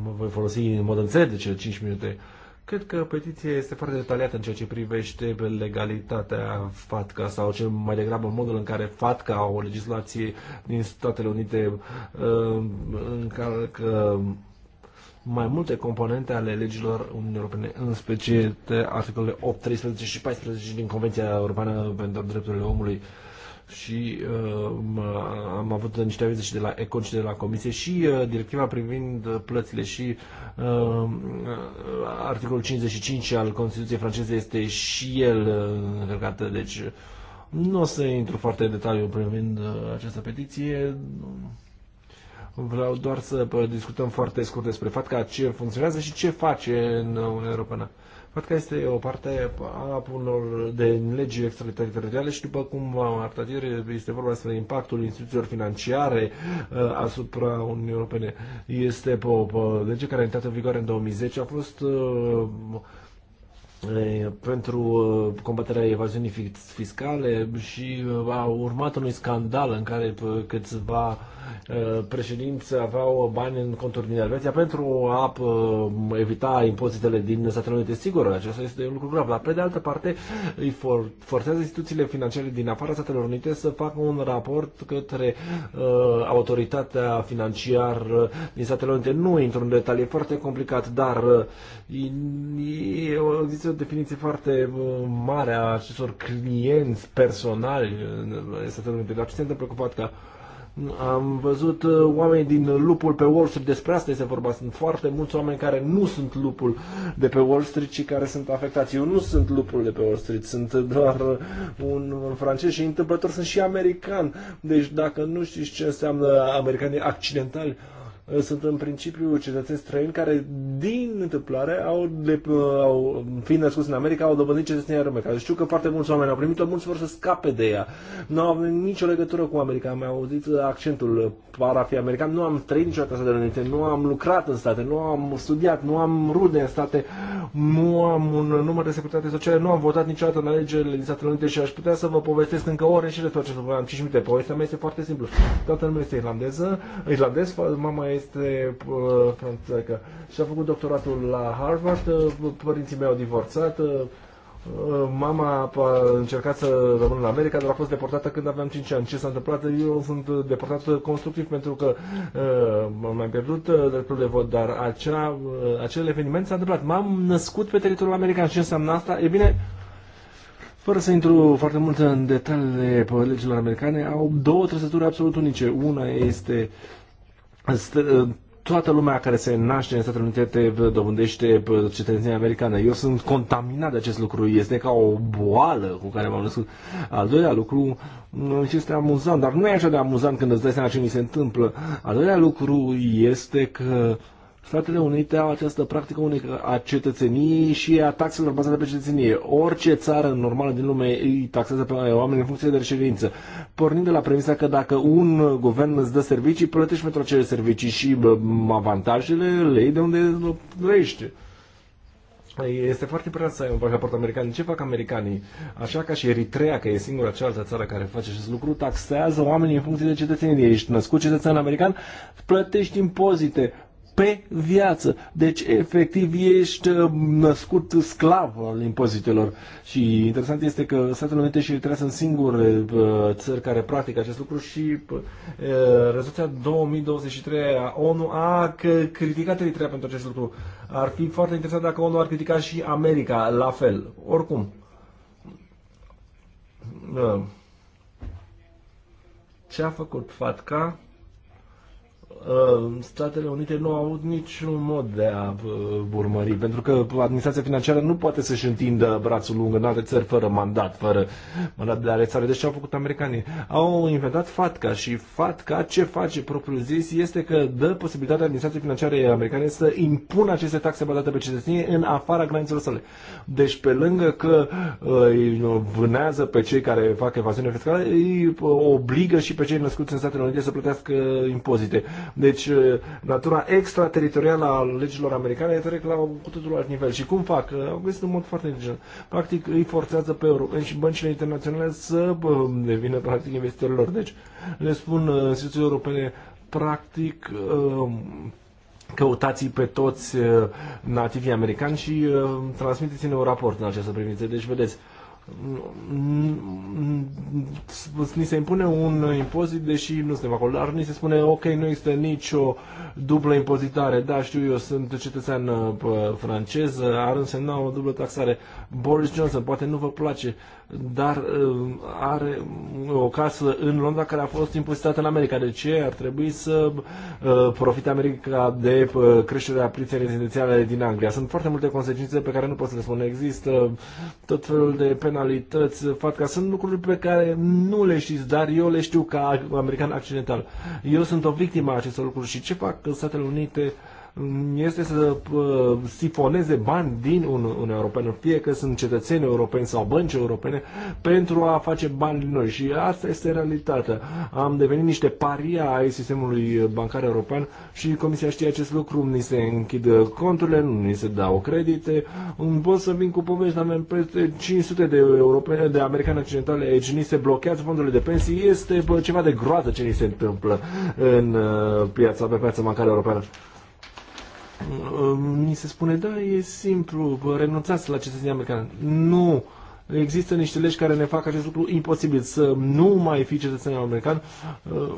Mă voi folosi în mod înțeleg de cele 5 minute Cred că petiția este foarte detaliată în ceea ce privește legalitatea FATCA sau cel mai degrabă modul în care FATCA, o legislație din Statele Unite, uh, încalcă mai multe componente ale legilor Uniunii Europene, în special articolele 8, 13 și 14 din Convenția Europeană pentru Drepturile Omului. Uh, și uh, am avut niște avize și de la Econ și de la Comisie și uh, directiva privind uh, plățile și uh, articolul 55 al Constituției franceze este și el uh, încărcat, deci nu o să intru foarte în detaliu privind uh, această petiție. Vreau doar să uh, discutăm foarte scurt despre fapt ca ce funcționează și ce face în Uniunea Europeană. Văd că este o parte a unor de legi extraterritoriale și după cum am arătat ieri, este vorba despre impactul instituțiilor financiare uh, asupra Uniunii Europene. Este o lege care a intrat în vigoare în 2010, a fost uh, pentru uh, combaterea evaziunii fiscale și uh, a urmat unui scandal în care uh, câțiva președinți aveau bani în conturi din Elveția pentru a evita impozitele din Statele Unite. Sigur, acesta este un lucru grav, dar pe de altă parte îi for- forțează instituțiile financiare din afara Statelor Unite să facă un raport către uh, autoritatea financiară din Statele Unite. Nu intru în detalii, e foarte complicat, dar uh, există definiție foarte uh, mare a acestor clienți personali în Statele Unite. Dar ce se întâmplă cu că am văzut uh, oameni din lupul pe Wall Street, despre asta este vorba. Sunt foarte mulți oameni care nu sunt lupul de pe Wall Street, ci care sunt afectați. Eu nu sunt lupul de pe Wall Street, sunt doar uh, un francez și întâmplător sunt și american. Deci dacă nu știți ce înseamnă americanii accidentali, uh, Eh, sunt în principiu cetățeni străini care, din întâmplare, au, de, eh, au fiind născuți în America, au dobândit cetățenia română. Știu că foarte mulți oameni au primit-o, mulți vor să scape de ea. Nu au nicio legătură cu America. Am auzit eh, accentul parafii american. Nu am trăit niciodată să de Unite, nu am lucrat în state, nu am studiat, nu am rude în state, nu am un număr de securitate sociale, nu am votat niciodată în alegerile din Statele Unite și aș putea să vă povestesc încă ore și de tot ce vă am 5 minute. Povestea mea este foarte simplă. Toată lumea este irlandeză, irlandez, mama e este uh, și a făcut doctoratul la Harvard, uh, părinții mei au divorțat, uh, uh, Mama a încercat să rămână în America, dar a fost deportată când aveam 5 ani. Ce s-a întâmplat? Eu sunt deportat constructiv pentru că uh, m-am pierdut dreptul de vot, dar acea, uh, acel eveniment s-a întâmplat. M-am născut pe teritoriul american. Ce înseamnă asta? E bine, fără să intru foarte mult în detaliile legilor americane, au două trăsături absolut unice. Una este uh, Uh, toată lumea care se naște în Statele Unite dobândește uh, cetățenia americană. Eu sunt contaminat de acest lucru. Este ca o boală cu care m-am născut. Al doilea lucru mm, este amuzant, dar nu e așa de amuzant când îți dai seama ce mi se întâmplă. Al doilea lucru este că uh, Statele Unite au această practică unică a cetățeniei și a taxelor bazate pe cetățenie. Orice țară normală din lume îi taxează pe oameni în funcție de reședință. Pornind de la premisa că dacă un guvern îți dă servicii, plătești pentru acele servicii și avantajele le de unde trăiește. Este foarte important să ai un pașaport american. Ce fac americanii? Așa ca și Eritrea, că e singura cealaltă țară care face acest lucru, taxează oamenii în funcție de cetățenie. Ești născut cetățean american, plătești impozite, pe viață. Deci, efectiv, ești uh, născut sclav al impozitelor. Și interesant este că Statele Unite și Eritrea sunt singure uh, țări care practică acest lucru și uh, rezoluția 2023 a ONU a criticat Eritrea pentru acest lucru. Ar fi foarte interesant dacă ONU ar critica și America la fel. Oricum. Ce a făcut FATCA? Uh, Statele Unite nu au avut niciun mod de a uh, urmări, pentru că administrația financiară nu poate să-și întindă brațul lung în alte țări fără mandat, fără mandat de arestare. Deci ce au făcut americanii? Au inventat FATCA și FATCA ce face propriu zis este că dă posibilitatea administrației financiare americane să impună aceste taxe bazate pe cetățenie în afara granițelor sale. Deci pe lângă că uh, îi vânează pe cei care fac evaziune fiscală, îi obligă și pe cei născuți în Statele Unite să plătească impozite. Deci, uh, natura extrateritorială a legilor americane trec la cu totul alt nivel. Și cum fac? Uh, au găsit un mod foarte inteligent. Practic, îi forțează pe euro și băncile internaționale să devină practic investitorilor. Deci, le spun uh, instituțiile europene, practic, căutați pe toți nativii americani și transmiteți-ne un raport în această privință. Deci, vedeți, ni se impune un impozit, deși nu suntem acolo, dar ni se spune, ok, nu există nicio dublă impozitare. Da, știu, eu sunt cetățean uh, francez, uh, ar însemna o dublă taxare. Boris Johnson, poate nu vă place dar uh, are o casă în Londra care a fost impozitată în America. De deci ce ar trebui să uh, profite America de uh, creșterea priței rezidențiale din Anglia? Sunt foarte multe consecințe pe care nu pot să le spun. Există tot felul de penalități, fapt că sunt lucruri pe care nu le știți, dar eu le știu ca american accidental. Eu sunt o victimă a acestor lucruri și ce fac Statele Unite uh, este să uh, sifoneze bani din Uniunea Europeană, fie că sunt cetățeni europeni sau bănci europene, pentru a face bani din noi. Și asta este realitatea. Am devenit niște paria ai sistemului bancar european și Comisia știe acest lucru, ni se închid conturile, nu ni se dau credite. Un pot să vin cu povești, avem peste 500 de europene, de americani occidentale, aici, ni se blochează fondurile de pensii, este ceva de groază ce ni se întâmplă în uh, piața, pe piața bancară europeană. Ni se spune, da, e simplu, renunțați la cetățenia americană. Nu! Există niște legi care ne fac acest lucru imposibil. Să nu mai fi cetățenia american uh,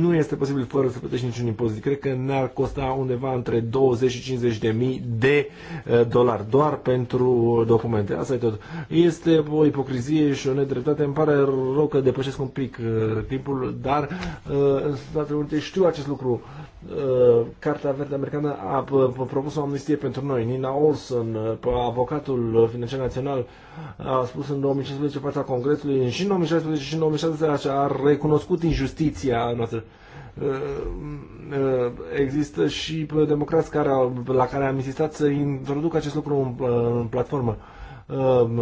nu este posibil fără să plătești niciun impozit. Cred că ne-ar costa undeva între 20 și 50 de mii de uh, dolari doar pentru documente. Asta e tot. Este o ipocrizie și o nedreptate. Îmi pare rău că depășesc un pic uh, timpul, dar uh, Statele Unite știu acest lucru Uh, Cartea Verde Americană a uh, propus o amnistie pentru noi. Nina Olson, uh, avocatul financiar național, a spus în 2015 fața Congresului, și în 2016 și în 2016 a recunoscut injustiția noastră. Există și democrați care, la care am insistat să introduc acest lucru în, în platformă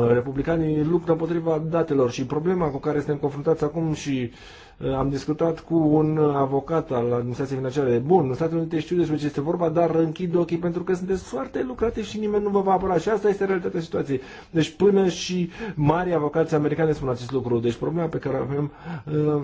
republicanii luptă împotriva datelor și problema cu care suntem confruntați acum și Eh, am discutat cu un avocat al administrației financiare. Bun, în Statele Unite știu despre ce este vorba, dar închid ochii pentru că sunteți foarte lucrate și nimeni nu vă va apăra. Și asta este realitatea situației. Deci până și mari avocați americani spun acest lucru. Deci problema pe care avem eh,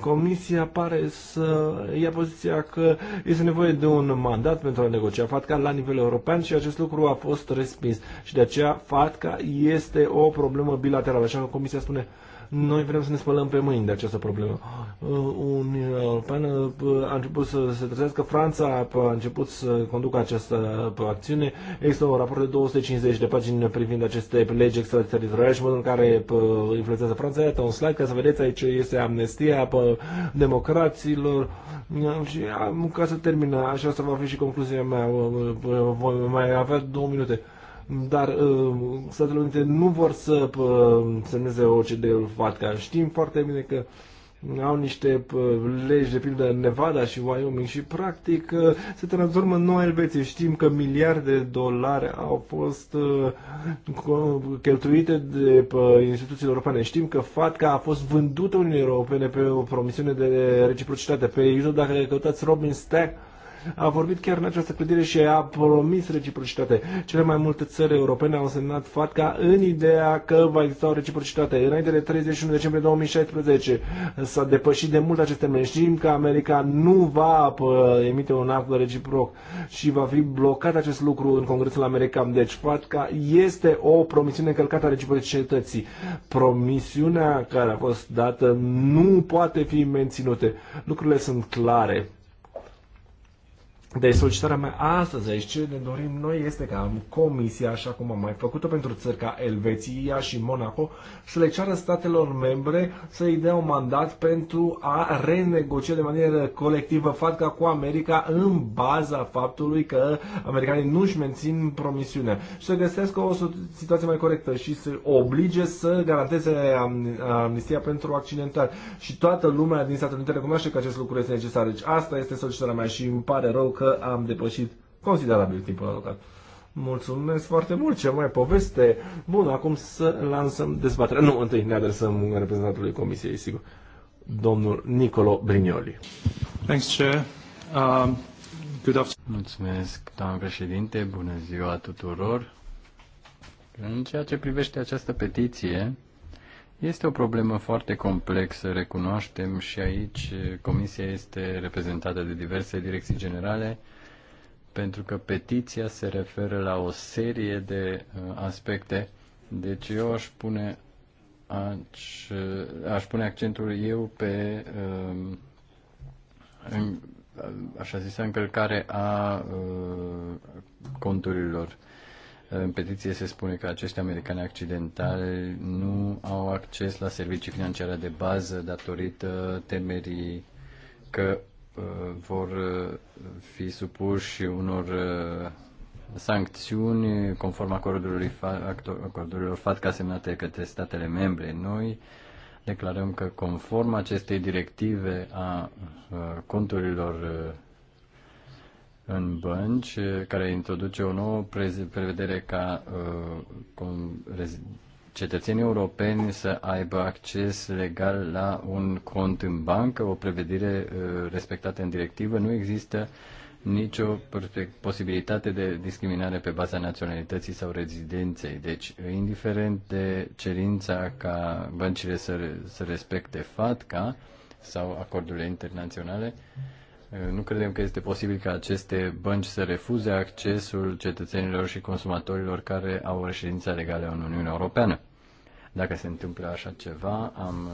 Comisia pare să ia poziția că este nevoie de un mandat pentru a negocia FATCA la nivel european și acest lucru a fost respins. Și de aceea FATCA este o problemă bilaterală, așa că Comisia spune uh, noi vrem să ne spălăm pe mâini de această problemă. Uh, un uh, european uh, a început să se trezească, Franța a început să conducă această acțiune. Există un raport de 250 de pagini privind aceste legi extraterritoriale, și modul în care influențează Franța. Iată un slide ca să vedeți aici este amnestia democraților. Și ca să termin, așa asta va fi și concluzia mea. Voi mai avea două minute dar uh, Statele Unite nu vor să uh, semneze OCD-ul FATCA. Știm foarte bine că au niște uh, legi, de pildă Nevada și Wyoming și practic se transformă în noua Elveție. Știm că miliarde de dolari au fost cheltuite de instituțiile europene. Știm că FATCA a fost vândută Uniunii Europene pe o promisiune de reciprocitate. Pe YouTube, dacă căutați Robin Stack, a vorbit chiar în această clădire și a promis reciprocitate. Cele mai multe țări europene au semnat FATCA în ideea că va exista o reciprocitate. Înainte de 31 decembrie 2016 s-a depășit de mult aceste termen. Știm că America nu va uh, emite un act reciproc și va fi blocat acest lucru în Congresul American. Deci FATCA este o promisiune încălcată a reciprocității. Promisiunea care a fost dată nu poate fi menținute. Lucrurile sunt clare. Deci solicitarea mea astăzi aici, ce ne dorim noi este ca Comisia, așa cum am mai făcut-o pentru țări ca Elveția și Monaco, să le ceară statelor membre să-i dea un mandat pentru a renegocia de manieră colectivă fatca cu America în baza faptului că americanii nu-și mențin promisiunea și să găsească o situație mai corectă și să oblige să garanteze amnistia pentru accidental. Și toată lumea din Statele Unite recunoaște că acest lucru este necesar. Deci asta este solicitarea mea și îmi pare rău că am depășit considerabil timpul alocat. Mulțumesc foarte mult, ce mai poveste! Bun, acum să lansăm dezbaterea. Nu, întâi ne adresăm reprezentantului Comisiei, sigur. Domnul Nicolo Brignoli. Thanks, Chair. Um, good afternoon. Mulțumesc, doamnă președinte, bună ziua tuturor. În ceea ce privește această petiție, este o problemă foarte complexă, recunoaștem și aici comisia este reprezentată de diverse direcții generale, pentru că petiția se referă la o serie de uh, aspecte. Deci eu aș pune, aș, aș pune accentul eu pe um, așa zis încălcare a uh, conturilor în petiție se spune că acești americani accidentali nu au acces la servicii financiare de bază datorită temerii că uh, vor uh, fi supuși unor uh, sancțiuni conform acordului, acordurilor FATCA semnate către statele membre. Noi declarăm că conform acestei directive a conturilor în bănci, care introduce o nouă prevedere ca uh, cetățenii europeni să aibă acces legal la un cont în bancă, o prevedere uh, respectată în directivă. Nu există nicio posibilitate de discriminare pe baza naționalității sau rezidenței. Deci, indiferent de cerința ca băncile să, să respecte FATCA sau acordurile internaționale, uh, Eh, nu credem că este posibil ca aceste bănci să refuze accesul cetățenilor și consumatorilor care au reședința legală în Uniunea Europeană. Dacă se întâmplă așa ceva, am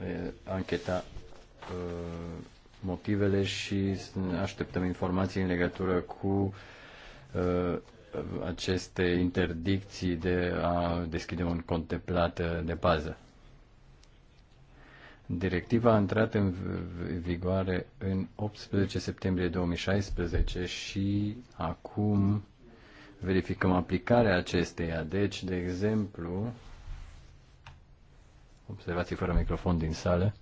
uh, ancheta uh, motivele și așteptăm informații în legătură cu uh, aceste interdicții de a deschide un cont de plată de bază. Directiva a intrat în vigoare în 18 septembrie 2016 și acum verificăm aplicarea acesteia. Deci, de exemplu, observații fără microfon din sală.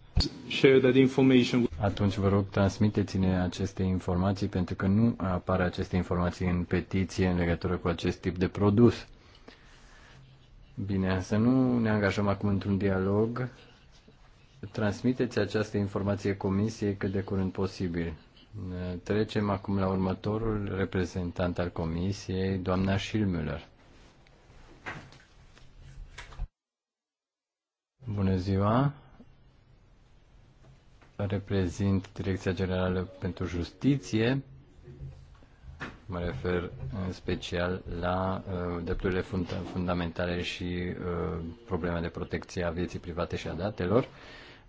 Share that information. Atunci vă rog, transmiteți-ne aceste informații pentru că nu apare aceste informații în petiție în legătură cu acest tip de produs. Bine, să nu ne angajăm acum într-un dialog transmiteți această informație comisiei cât de curând posibil. Trecem acum la următorul reprezentant al comisiei, doamna Schilmüller. Bună ziua! Reprezint Direcția Generală pentru Justiție. Mă refer în special la uh, drepturile fund- fundamentale și uh, problema de protecție a vieții private și a datelor. Uh,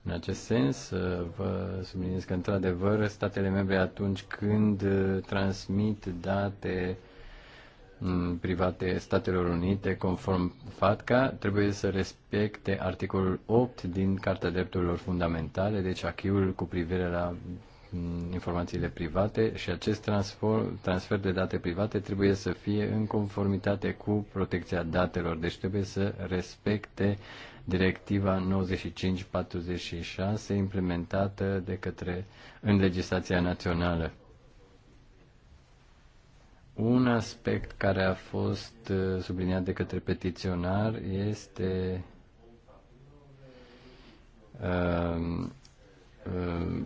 în acest sens, uh, vă subliniez că, într-adevăr, statele membre, atunci când uh, transmit date mm, private Statelor Unite, conform FATCA, trebuie să respecte articolul 8 din Carta Drepturilor Fundamentale, deci achiul cu privire la mm, informațiile private și acest transfer, transfer de date private trebuie să fie în conformitate cu protecția datelor, deci trebuie să respecte Directiva 9546 implementată de către în legislația națională. Un aspect care a fost uh, subliniat de către petiționar este um, um,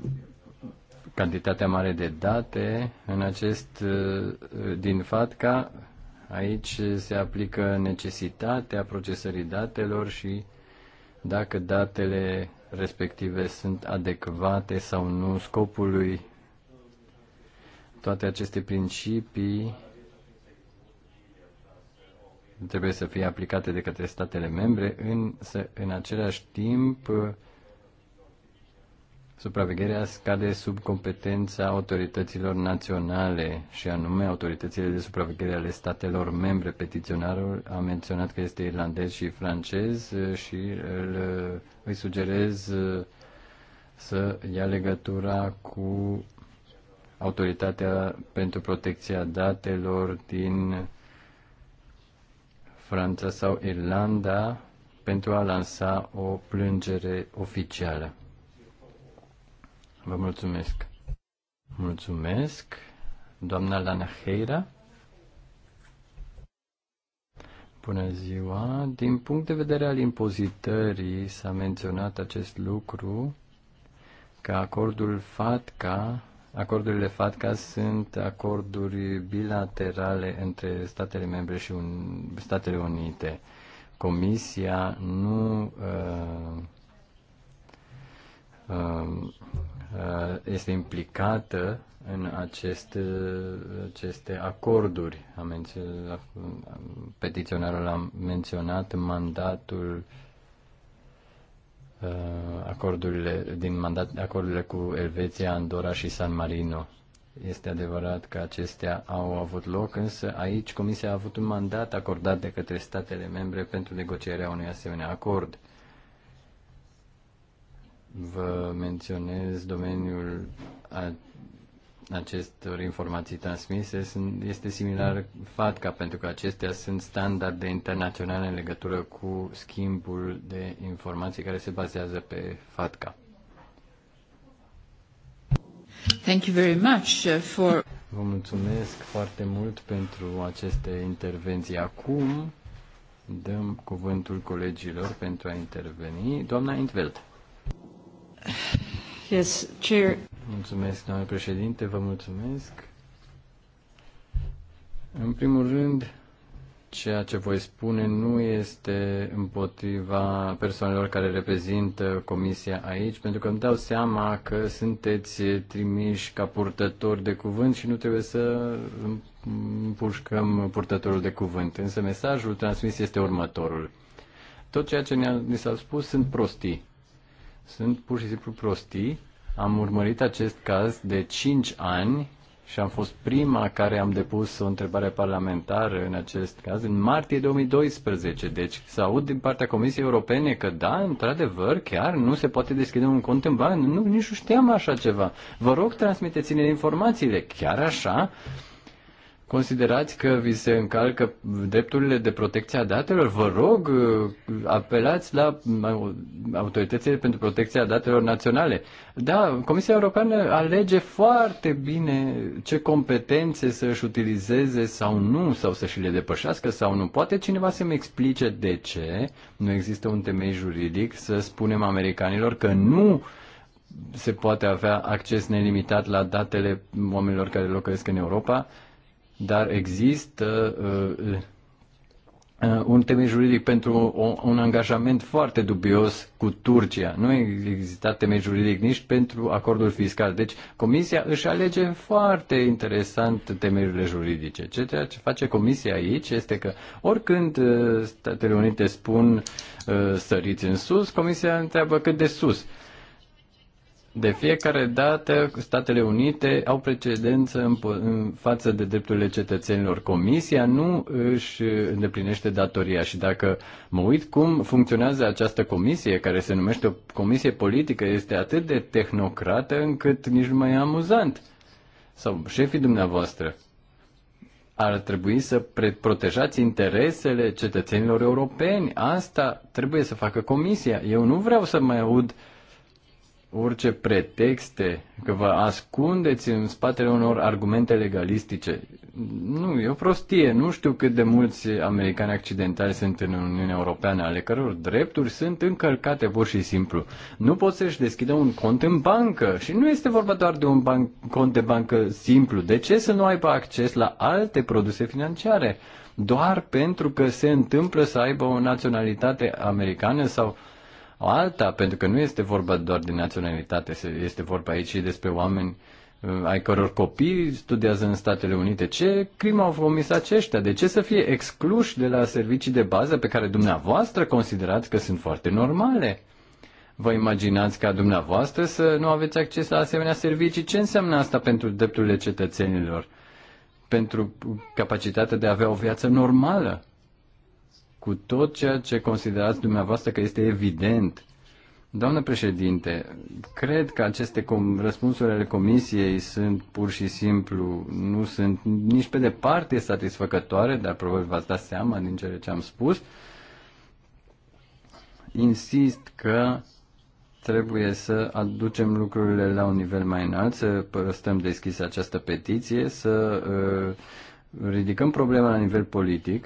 cantitatea mare de date în acest uh, din FATCA Aici se aplică necesitatea procesării datelor și uh, dacă datele respective sunt adecvate sau nu scopului. Toate aceste principii trebuie să fie aplicate de către statele membre, însă în același timp Supravegherea scade sub competența autorităților naționale și anume autoritățile de supraveghere ale statelor membre. Petiționarul a menționat că este irlandez și francez uh, și îl, uh, îi sugerez uh, să ia legătura cu Autoritatea pentru Protecția Datelor din Franța sau Irlanda pentru a lansa o plângere oficială. Vă mulțumesc. Mulțumesc, doamna Heira. Bună ziua! Din punct de vedere al impozitării s-a menționat acest lucru că acordul FATCA, acordurile FATCA sunt acorduri bilaterale între statele membre și un, Statele Unite. Comisia nu uh, uh, Uh, este implicată în aceste, uh, aceste acorduri. A menționat, petiționarul a menționat mandatul uh, acordurile din mandat, acordurile cu Elveția, Andorra și San Marino. Este adevărat că acestea au avut loc, însă aici Comisia a avut un mandat acordat de către statele membre pentru negocierea unui asemenea acord vă menționez domeniul a acestor informații transmise sunt, este similar FATCA, pentru că acestea sunt standarde internaționale în legătură cu schimbul de informații care se bazează pe FATCA. Thank you very much uh, for... Vă mulțumesc foarte mult pentru aceste intervenții. Acum dăm cuvântul colegilor pentru a interveni. Doamna Intveld. Yes, chair. Mulțumesc, doamne președinte, vă mulțumesc. În primul rând, ceea ce voi spune nu este împotriva persoanelor care reprezintă comisia aici, pentru că îmi dau seama că sunteți trimiși ca purtători de cuvânt și nu trebuie să împușcăm purtătorul de cuvânt. Însă mesajul transmis este următorul. Tot ceea ce ne ni s-a spus sunt prostii sunt pur și simplu prostii. Am urmărit acest caz de 5 ani și am fost prima care am depus o întrebare parlamentară în acest caz în martie 2012. Deci să aud din partea Comisiei Europene că da, într-adevăr, chiar nu se poate deschide un cont în bani. Nu, nici nu știam așa ceva. Vă rog, transmiteți-ne informațiile. Chiar așa? considerați că vi se încalcă drepturile de protecție a datelor, vă rog, uh, apelați la uh, autoritățile pentru protecția datelor naționale. Da, Comisia Europeană alege foarte bine ce competențe să își utilizeze sau nu, sau să și le depășească sau nu. Poate cineva să-mi explice de ce nu există un temei juridic să spunem americanilor că nu se poate avea acces nelimitat la datele oamenilor care locuiesc în Europa, dar există uh, uh, un temei juridic pentru un angajament foarte dubios cu Turcia. Nu există temei juridic nici pentru acordul fiscal. Deci Comisia își alege foarte interesant temeiurile juridice. Ceea ce face Comisia aici este că oricând uh, Statele Unite spun săriți în sus, Comisia întreabă cât de sus. De fiecare dată, Statele Unite au precedență în, în față de drepturile cetățenilor. Comisia nu își îndeplinește datoria și dacă mă uit cum funcționează această comisie, care se numește o comisie politică, este atât de tehnocrată încât nici nu mai e amuzant. Sau șefii dumneavoastră ar trebui să protejați interesele cetățenilor europeni. Asta trebuie să facă comisia. Eu nu vreau să mai aud uh, orice pretexte că vă ascundeți în spatele unor argumente legalistice. Nu, e o prostie. Nu știu cât de mulți americani accidentali sunt în Uniunea Europeană, ale căror drepturi sunt încălcate pur și simplu. Nu poți să-și deschidă un cont în bancă și nu este vorba doar de un ban- cont de bancă simplu. De ce să nu aibă acces la alte produse financiare? Doar pentru că se întâmplă să aibă o naționalitate americană sau uh, o alta, pentru că nu este vorba doar de naționalitate, este vorba aici și despre oameni uh, ai căror copii studiază în Statele Unite. Ce crimă au comis aceștia? De ce să fie excluși de la servicii de bază pe care dumneavoastră considerați că sunt foarte normale? Vă imaginați ca dumneavoastră să nu aveți acces la asemenea servicii? Ce înseamnă asta pentru drepturile cetățenilor? Pentru capacitatea de a avea o viață normală? cu tot ceea ce considerați dumneavoastră că este evident. Doamnă președinte, cred că aceste com- răspunsuri ale comisiei sunt pur și simplu, nu sunt nici pe departe satisfăcătoare, dar probabil v-ați dat seama din cele ce am spus. Insist că trebuie să aducem lucrurile la un nivel mai înalt, să păstrăm deschis această petiție, să uh, ridicăm problema la nivel politic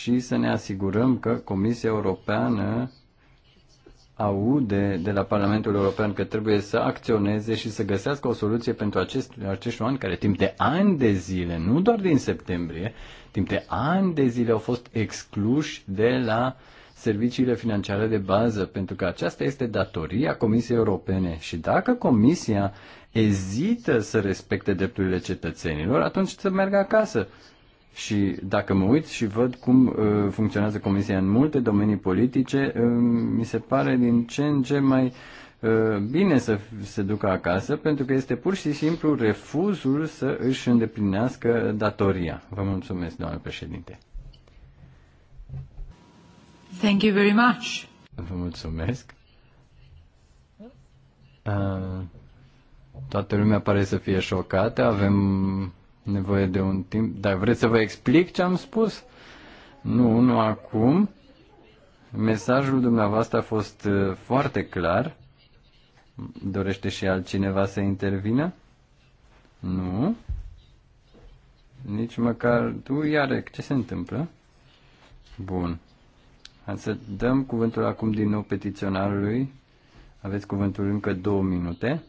și să ne asigurăm că Comisia Europeană aude de la Parlamentul European că trebuie să acționeze și să găsească o soluție pentru acest, acești oameni care timp de ani de zile, nu doar din septembrie, timp de ani de zile au fost excluși de la serviciile financiare de bază, pentru că aceasta este datoria Comisiei Europene și dacă Comisia ezită să respecte drepturile cetățenilor, atunci să meargă acasă. Și dacă mă uit și văd cum uh, funcționează Comisia în multe domenii politice, uh, mi se pare din ce în ce mai uh, bine să se ducă acasă, pentru că este pur și simplu refuzul să își îndeplinească datoria. Vă mulțumesc, doamnă președinte. Thank you very much. Vă mulțumesc. Uh, toată lumea pare să fie șocată. Avem nevoie de un timp. Dar vreți să vă explic ce am spus? Nu, nu acum. Mesajul dumneavoastră a fost uh, foarte clar. Dorește și altcineva să intervină? Nu. Nici măcar tu, Iarec, ce se întâmplă? Bun. Hai să dăm cuvântul acum din nou petiționarului. Aveți cuvântul încă două minute.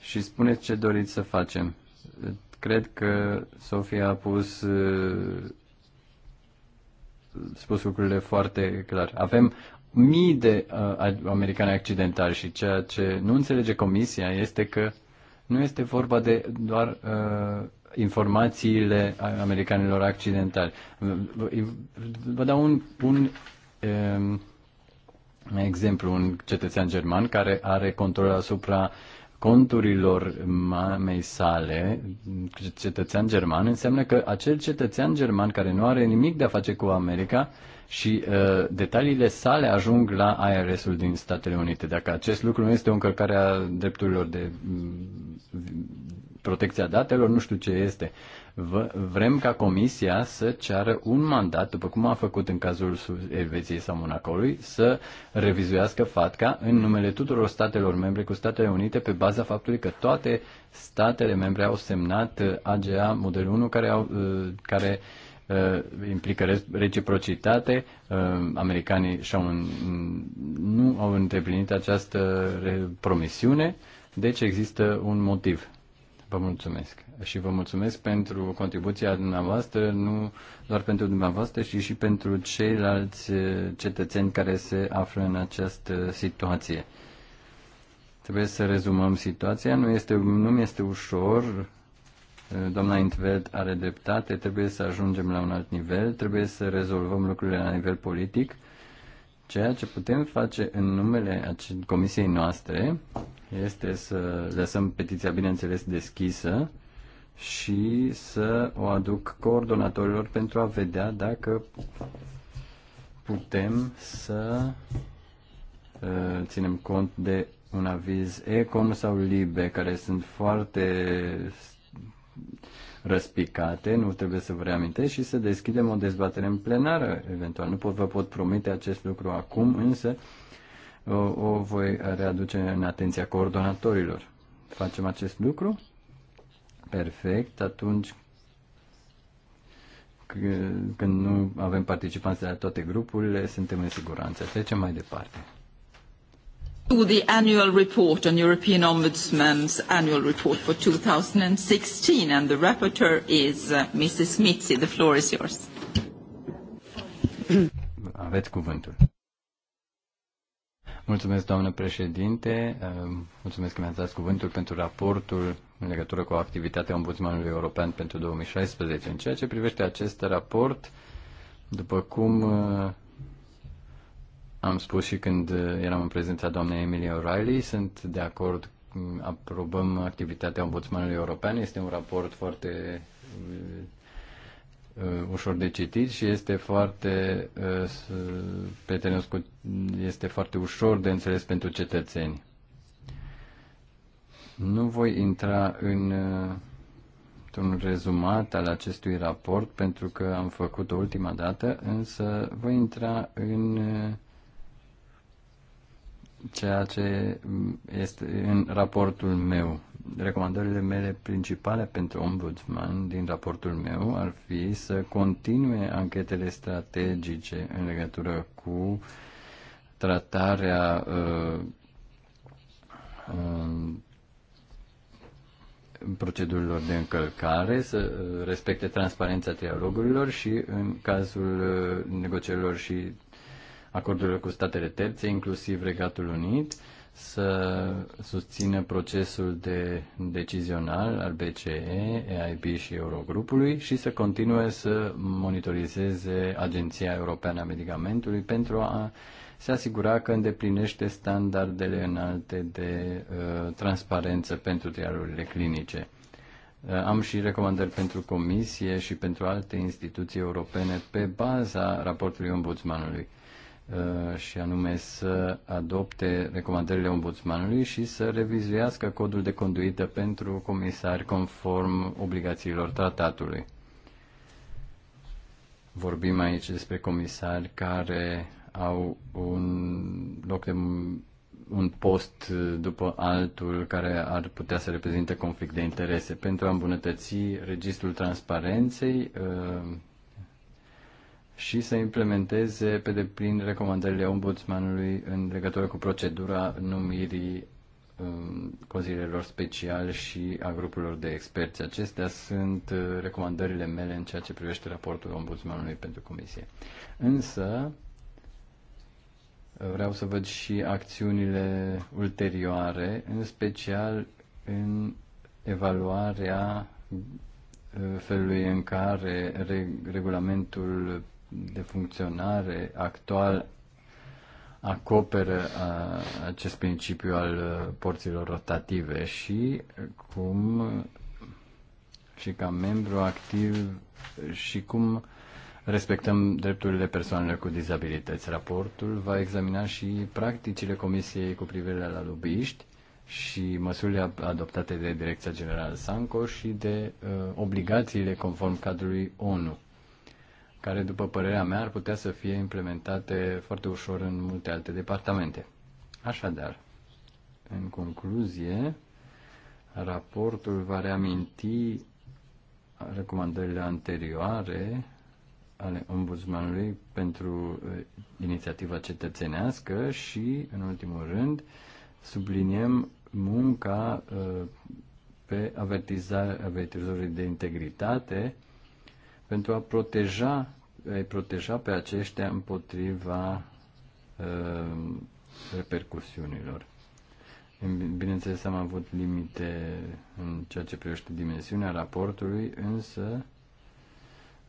Și spuneți ce doriți să facem cred că Sofia a pus uh, spus lucrurile foarte clar. Avem mii de uh, americani accidentali și ceea ce nu înțelege comisia este că nu este vorba de doar uh, informațiile americanilor accidentali. Vă dau un, un um, exemplu, un cetățean german care are control asupra uh, conturilor mamei sale, cetățean german, înseamnă că acel cetățean german care nu are nimic de a face cu America și uh, detaliile sale ajung la IRS-ul din Statele Unite. Dacă acest lucru nu este o încălcare a drepturilor de mm, protecția datelor, nu știu ce este vrem ca Comisia să ceară un mandat, după cum a făcut în cazul Elveției sau Monacoului, să revizuiască FATCA în numele tuturor statelor membre cu Statele Unite pe baza faptului că toate statele membre au semnat uh, AGA Model 1 care, au, uh, care uh, implică reciprocitate. Americanii și-au, nu au îndeplinit această promisiune, deci există un motiv. Vă mulțumesc și vă mulțumesc pentru contribuția dumneavoastră, nu doar pentru dumneavoastră, ci și pentru ceilalți eh, cetățeni care se află în această situație. Trebuie să rezumăm situația, nu, este, nu mi este ușor, eh, doamna Intveld are dreptate, trebuie să ajungem la un alt nivel, trebuie să rezolvăm lucrurile la nivel politic. Ceea ce putem face în numele comisiei noastre este să lăsăm petiția, bineînțeles, deschisă și să o aduc coordonatorilor pentru a vedea dacă putem să uh, ținem cont de un aviz Econ sau Libe, care sunt foarte răspicate, nu trebuie să vă reamintesc, și să deschidem o dezbatere în plenară, eventual. Nu pot, vă pot promite acest lucru acum, însă o, o voi readuce în atenția coordonatorilor. Facem acest lucru? Perfect, atunci când nu avem participanți la toate grupurile, suntem în siguranță. Trecem mai departe. To the annual report on European Ombudsman's annual report for 2016 and the rapporteur is uh, Mrs. Mitzi. The floor is yours. Aveți cuvântul. Mulțumesc, doamnă președinte. Uh, mulțumesc că mi-ați dat cuvântul pentru raportul în legătură cu activitatea Ombudsmanului European pentru 2016. În ceea ce privește acest raport, după cum uh, am spus și când uh, eram în prezența doamnei Emilie O'Reilly, sunt de acord, mm, aprobăm activitatea Ombudsmanului European, este un raport foarte uh, ușor de citit și este foarte pe teren, este foarte ușor de înțeles pentru cetățeni. Nu voi intra în uh, un rezumat al acestui raport pentru că am făcut o ultima dată, însă voi intra în uh, ceea ce este în raportul meu. Recomandările mele principale pentru ombudsman din raportul meu ar fi să continue anchetele strategice în legătură cu tratarea uh, uh, procedurilor de încălcare, să uh, respecte transparența trialogurilor și în cazul uh, negocierilor și acordurilor cu statele terțe, inclusiv Regatul Unit, să susțină procesul de decizional al BCE, EIB și Eurogrupului și să continue să monitorizeze Agenția Europeană a Medicamentului pentru a se asigura că îndeplinește standardele înalte de uh, transparență pentru triarurile clinice. Uh, am și recomandări pentru Comisie și pentru alte instituții europene pe baza raportului ombudsmanului uh, și anume să adopte recomandările ombudsmanului și să revizuiască codul de conduită pentru comisari conform obligațiilor tratatului vorbim aici despre comisari care au un loc de un post după altul care ar putea să reprezinte conflict de interese. Pentru a îmbunătăți registrul transparenței uh, și să implementeze pe deplin recomandările ombudsmanului în legătură cu procedura numirii um, consilierilor speciale și a grupurilor de experți. Acestea sunt uh, recomandările mele în ceea ce privește raportul ombudsmanului pentru comisie. Însă, Vreau să văd și acțiunile ulterioare, în special în evaluarea uh, felului în care regulamentul de funcționare actual acoperă uh, acest principiu al uh, porților rotative și cum și ca membru activ și cum respectăm drepturile persoanelor cu dizabilități. Raportul va examina și practicile Comisiei cu privire la lobbyiști și măsurile adoptate de Direcția Generală Sanco și de uh, obligațiile conform cadrului ONU, care, după părerea mea, ar putea să fie implementate foarte ușor în multe alte departamente. Așadar, în concluzie, raportul va reaminti recomandările anterioare ale ombudsmanului pentru eh, inițiativa cetățenească și, în ultimul rând, subliniem munca eh, pe avertizorii de integritate pentru a proteja, a proteja pe aceștia împotriva eh, repercusiunilor. Bineînțeles, am avut limite în ceea ce privește dimensiunea raportului, însă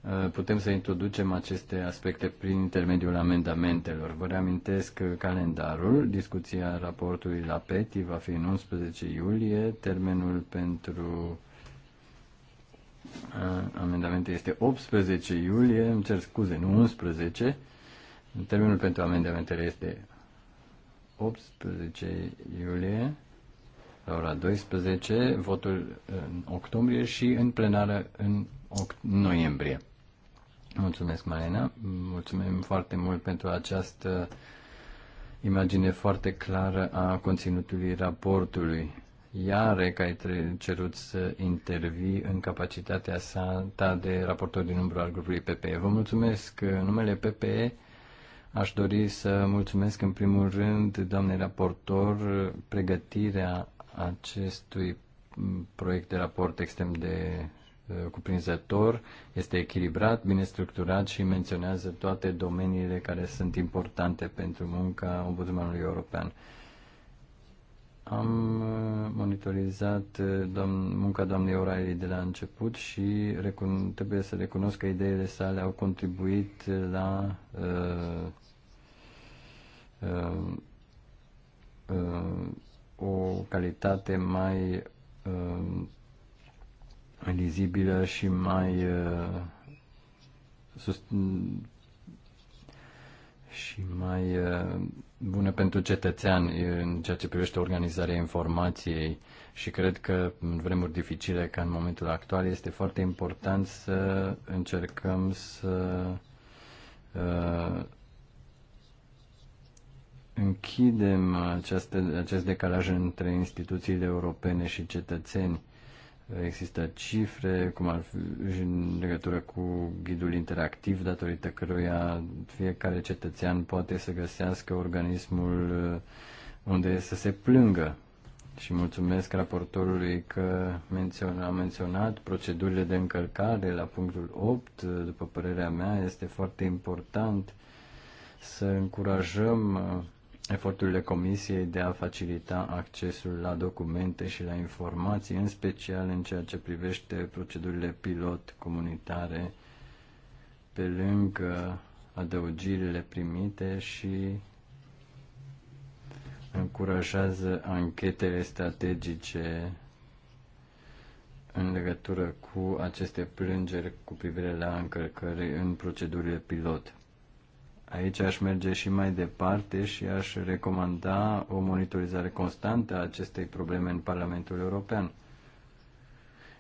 Uh, putem să introducem aceste aspecte prin intermediul amendamentelor. Vă reamintesc calendarul. Discuția raportului la PETI va fi în 11 iulie. Termenul pentru uh, amendamente este 18 iulie. Îmi cer scuze, nu 11. Termenul pentru amendamentele este 18 iulie la ora 12, votul în octombrie și în plenară în noiembrie. Mulțumesc, Marina. Mulțumim foarte mult pentru această imagine foarte clară a conținutului raportului. Iare că ai cerut să intervii în capacitatea sa ta de raportor din umbră al grupului PPE. Vă mulțumesc. În numele PPE aș dori să mulțumesc în primul rând, doamne raportor, pregătirea acestui proiect de raport extrem de Uh, cuprinzător, este echilibrat, bine structurat și menționează toate domeniile care sunt importante pentru munca ombudsmanului european. Am uh, monitorizat uh, doamn, munca doamnei O'Reilly de la început și recun, trebuie să recunosc că ideile sale au contribuit la uh, uh, uh, o calitate mai uh, lizibilă și mai uh, și mai uh, bună pentru cetățean în ceea ce privește organizarea informației și cred că în vremuri dificile ca în momentul actual este foarte important să încercăm să uh, închidem această, acest decalaj între instituțiile europene și cetățeni Există cifre, cum ar fi în legătură cu ghidul interactiv, datorită căruia fiecare cetățean poate să găsească organismul uh, unde să se plângă. Și mulțumesc raportorului că menționa, a menționat procedurile de încălcare la punctul 8. Uh, după părerea mea, este foarte important să încurajăm uh, eforturile Comisiei de a facilita accesul la documente și la informații, în special în ceea ce privește procedurile pilot comunitare, pe lângă adăugirile primite și încurajează anchetele strategice în legătură cu aceste plângeri cu privire la încărcări în procedurile pilot. Aici aș merge și mai departe și aș recomanda o monitorizare constantă a acestei probleme în Parlamentul European.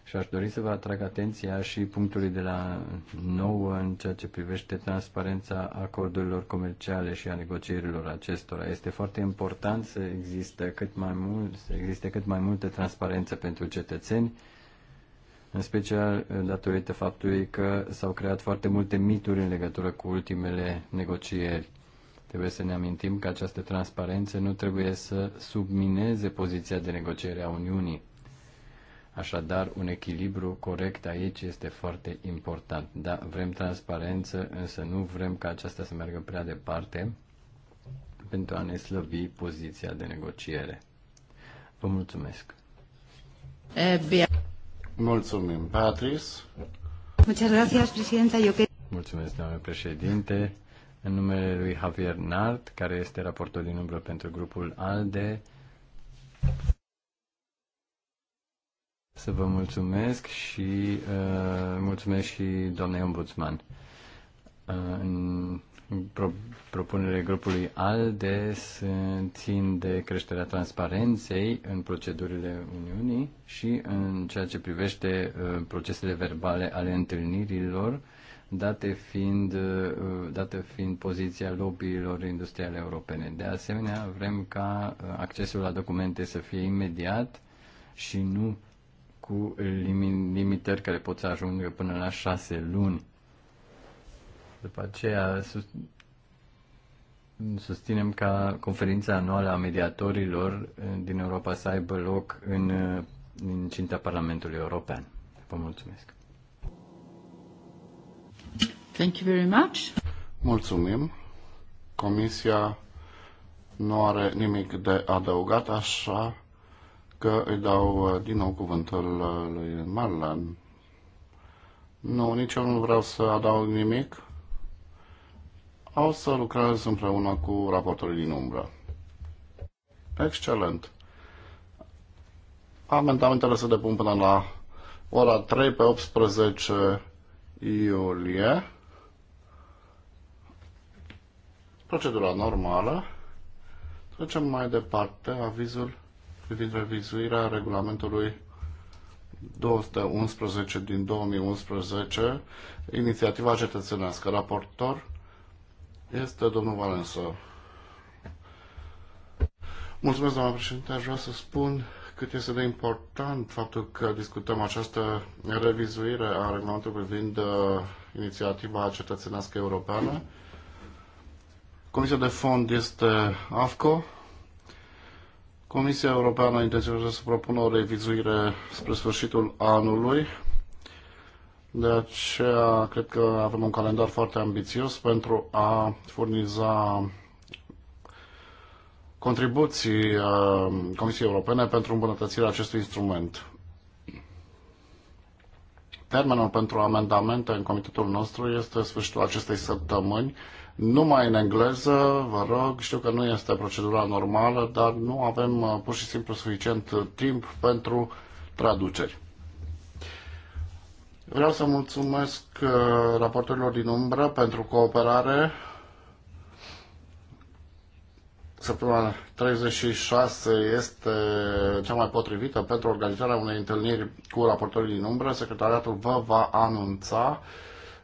Și aș dori să vă atrag atenția și punctului de la nou în ceea ce privește transparența acordurilor comerciale și a negocierilor acestora. Este foarte important să existe cât mai, mult, să existe cât mai multă transparență pentru cetățeni în special eh, datorită faptului că s-au creat foarte multe mituri în legătură cu ultimele negocieri. Trebuie să ne amintim că această transparență nu trebuie să submineze poziția de negociere a Uniunii. Așadar, un echilibru corect aici este foarte important. Da, vrem transparență, însă nu vrem ca aceasta să meargă prea departe pentru a ne slăbi poziția de negociere. Vă mulțumesc! E, bine. Mulțumim, Patris. Muchas gracias, presidenta. Mulțumesc, doamne președinte. În numele lui Javier Nart, care este raportor din umbră pentru grupul ALDE, să vă mulțumesc și uh, mulțumesc și doamnei ombudsman. Uh, în pro, propunerile grupului ALDE țin de creșterea transparenței în procedurile Uniunii și în ceea ce privește uh, procesele verbale ale întâlnirilor, date fiind, uh, date fiind poziția lobbyilor industriale europene. De asemenea, vrem ca uh, accesul la documente să fie imediat și nu cu limitări care pot să ajungă până la șase luni după aceea susținem ca conferința anuală a mediatorilor eh, din Europa să aibă loc în, în eh, cinta Parlamentului European. Vă mulțumesc. Thank you very much. Mulțumim. Comisia nu are nimic de adăugat, așa că îi dau eh, din nou cuvântul lui Marlan. Nu, nici eu nu vreau să adaug nimic. Au să lucrez împreună cu raportorii din umbră. Excelent. Amendamentele se depun până la ora 3 pe 18 iulie. Procedura normală. Trecem mai departe avizul privind revizuirea regulamentului 211 din 2011, inițiativa cetățenească. Raportor este domnul Valensa. Mulțumesc, doamna președinte. Aș vrea să spun cât este de important faptul că discutăm această revizuire a regulamentului privind uh, inițiativa cetățenească europeană. Comisia de fond este AFCO. Comisia Europeană intenționează să propună o revizuire spre sfârșitul anului de aceea, cred că avem un calendar foarte ambițios pentru a furniza contribuții uh, Comisiei Europene pentru îmbunătățirea acestui instrument. Termenul pentru amendamente în comitetul nostru este sfârșitul acestei săptămâni, numai în engleză, vă rog, știu că nu este procedura normală, dar nu avem uh, pur și simplu suficient timp pentru traduceri. Vreau să mulțumesc uh, raportorilor din umbră pentru cooperare. Săptămâna 36 este cea mai potrivită pentru organizarea unei întâlniri cu raportorii din umbră. Secretariatul vă va anunța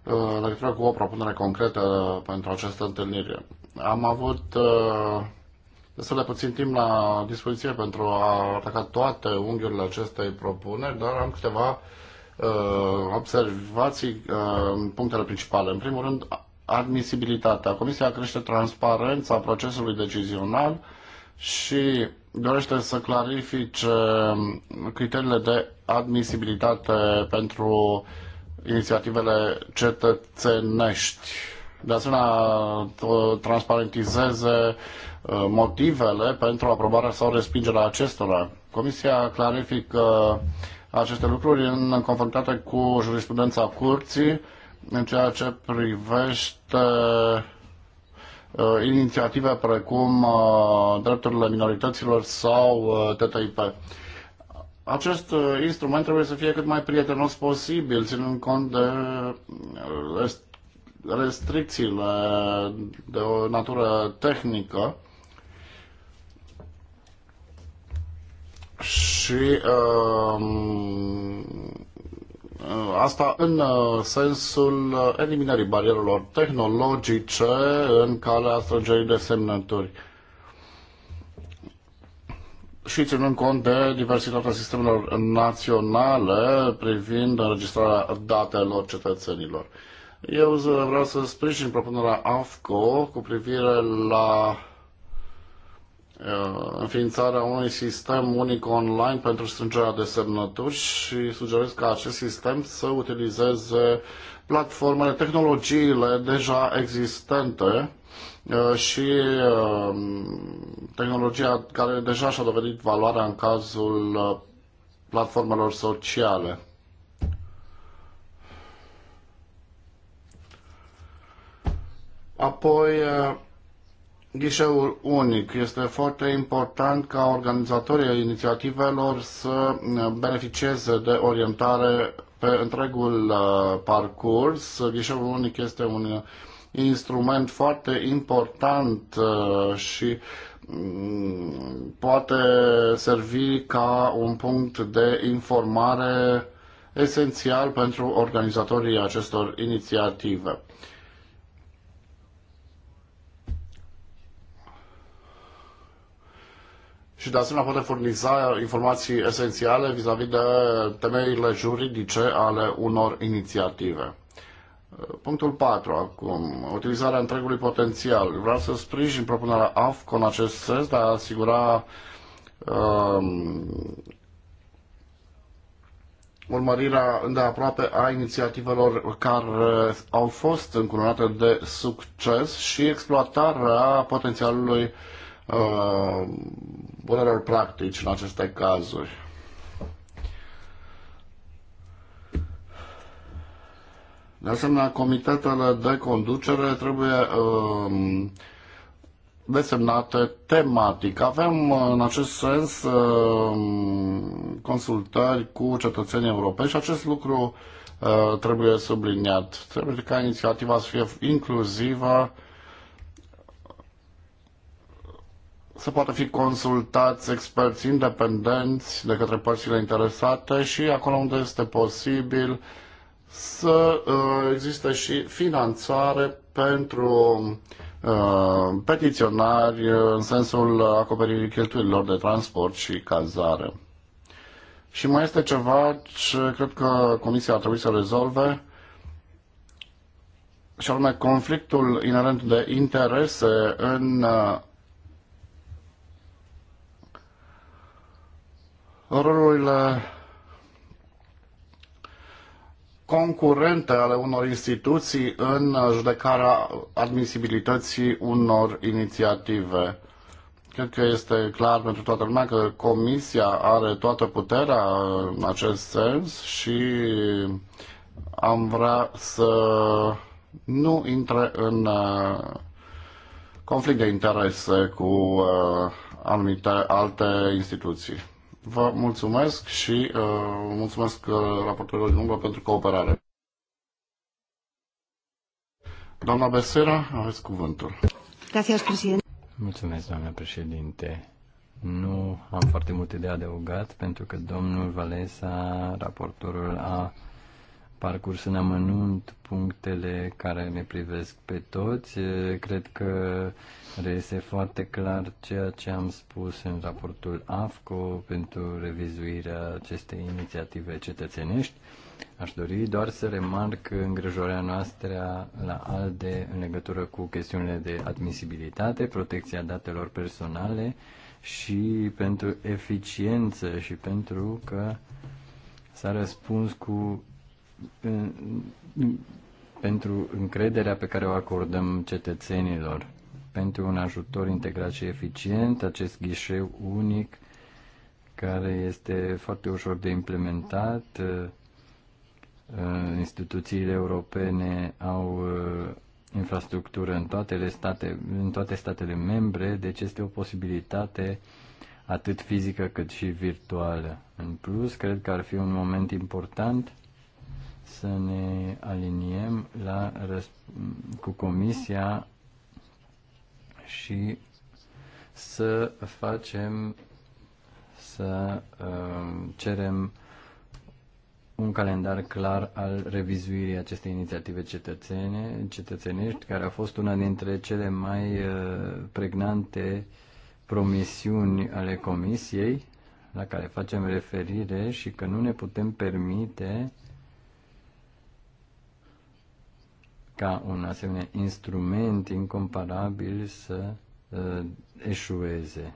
la uh, legătură cu o propunere concretă pentru această întâlnire. Am avut uh, destul de puțin timp la dispoziție pentru a ataca toate unghiurile acestei propuneri, dar am câteva uh, Uh, observații, uh, punctele principale. În primul rând, admisibilitatea. Comisia crește transparența procesului decizional și dorește să clarifice criteriile de admisibilitate pentru inițiativele cetățenești. De asemenea, transparentizeze uh, motivele pentru aprobarea sau respingerea acestora. Comisia clarifică aceste lucruri în conformitate cu jurisprudența curții în ceea ce privește uh, inițiative precum uh, drepturile minorităților sau uh, TTIP. Acest uh, instrument trebuie să fie cât mai prietenos posibil, ținând cont de uh, rest- restricțiile de o natură tehnică și um, uh, asta în uh, sensul uh, eliminării barierelor tehnologice în calea strângerii de semnături și ținând cont de diversitatea sistemelor naționale privind înregistrarea datelor cetățenilor. Eu vreau să sprijin propunerea AFCO cu privire la Uh, înființarea unui sistem unic online pentru strângerea de semnături și sugerez ca acest sistem să utilizeze platformele, tehnologiile deja existente uh, și uh, tehnologia care deja și-a dovedit valoarea în cazul platformelor sociale. Apoi, Ghișeul unic. Este foarte important ca organizatorii inițiativelor să beneficieze de orientare pe întregul uh, parcurs. Ghișeul unic este un instrument foarte important uh, și mm, poate servi ca un punct de informare esențial pentru organizatorii acestor inițiative. și de asemenea poate furniza informații esențiale vis-a-vis -vis de temeile juridice ale unor inițiative. Punctul 4 acum, utilizarea întregului potențial. Vreau să sprijin propunerea AFCO în acest sens de a asigura um, urmărirea îndeaproape a inițiativelor care au fost încununate de succes și exploatarea potențialului uh, bunelor practici în aceste cazuri. De asemenea, comitetele de conducere trebuie uh, desemnate tematic. Avem uh, în acest sens uh, consultări cu cetățenii europeni și acest lucru uh, trebuie subliniat. Trebuie ca inițiativa să fie inclusivă să poată fi consultați experți independenți de către părțile interesate și acolo unde este posibil să uh, existe și finanțare pentru uh, petiționari uh, în sensul acoperirii cheltuielilor de transport și cazare. Și mai este ceva ce cred că Comisia ar trebui să rezolve, și anume conflictul inerent de interese în rolurile concurente ale unor instituții în judecarea admisibilității unor inițiative. Cred că este clar pentru toată lumea că Comisia are toată puterea în acest sens și am vrea să nu intre în uh, conflict de interese cu uh, anumite alte instituții. Vă mulțumesc și uh, mulțumesc uh, raportorilor din umbră pentru cooperare. Doamna Besera, aveți cuvântul. Gracias, președinte. Mulțumesc, doamna președinte. Nu am foarte multe de adăugat pentru că domnul Valesa, raportorul, a parcurs în amănunt punctele care ne privesc pe toți. Cred că uh, reiese foarte clar ceea ce am spus în raportul AFCO pentru revizuirea acestei inițiative cetățenești. Aș dori doar să remarc îngrijorarea noastră la ALDE în legătură cu chestiunile de admisibilitate, protecția datelor personale și pentru eficiență și pentru că s-a răspuns cu pentru încrederea pe care o acordăm cetățenilor pentru un ajutor integrat și eficient, acest ghișeu unic care este foarte ușor de implementat. Uh, uh, instituțiile europene au uh, infrastructură în toate, state, în toate statele membre, deci este o posibilitate atât fizică cât și virtuală. În plus, cred că ar fi un moment important să ne aliniem la, cu Comisia și să facem, să uh, cerem un calendar clar al revizuirii acestei inițiative cetățene, cetățenești, care a fost una dintre cele mai uh, pregnante promisiuni ale Comisiei, la care facem referire și că nu ne putem permite uh, ca un asemenea instrument incomparabil să uh, eșueze.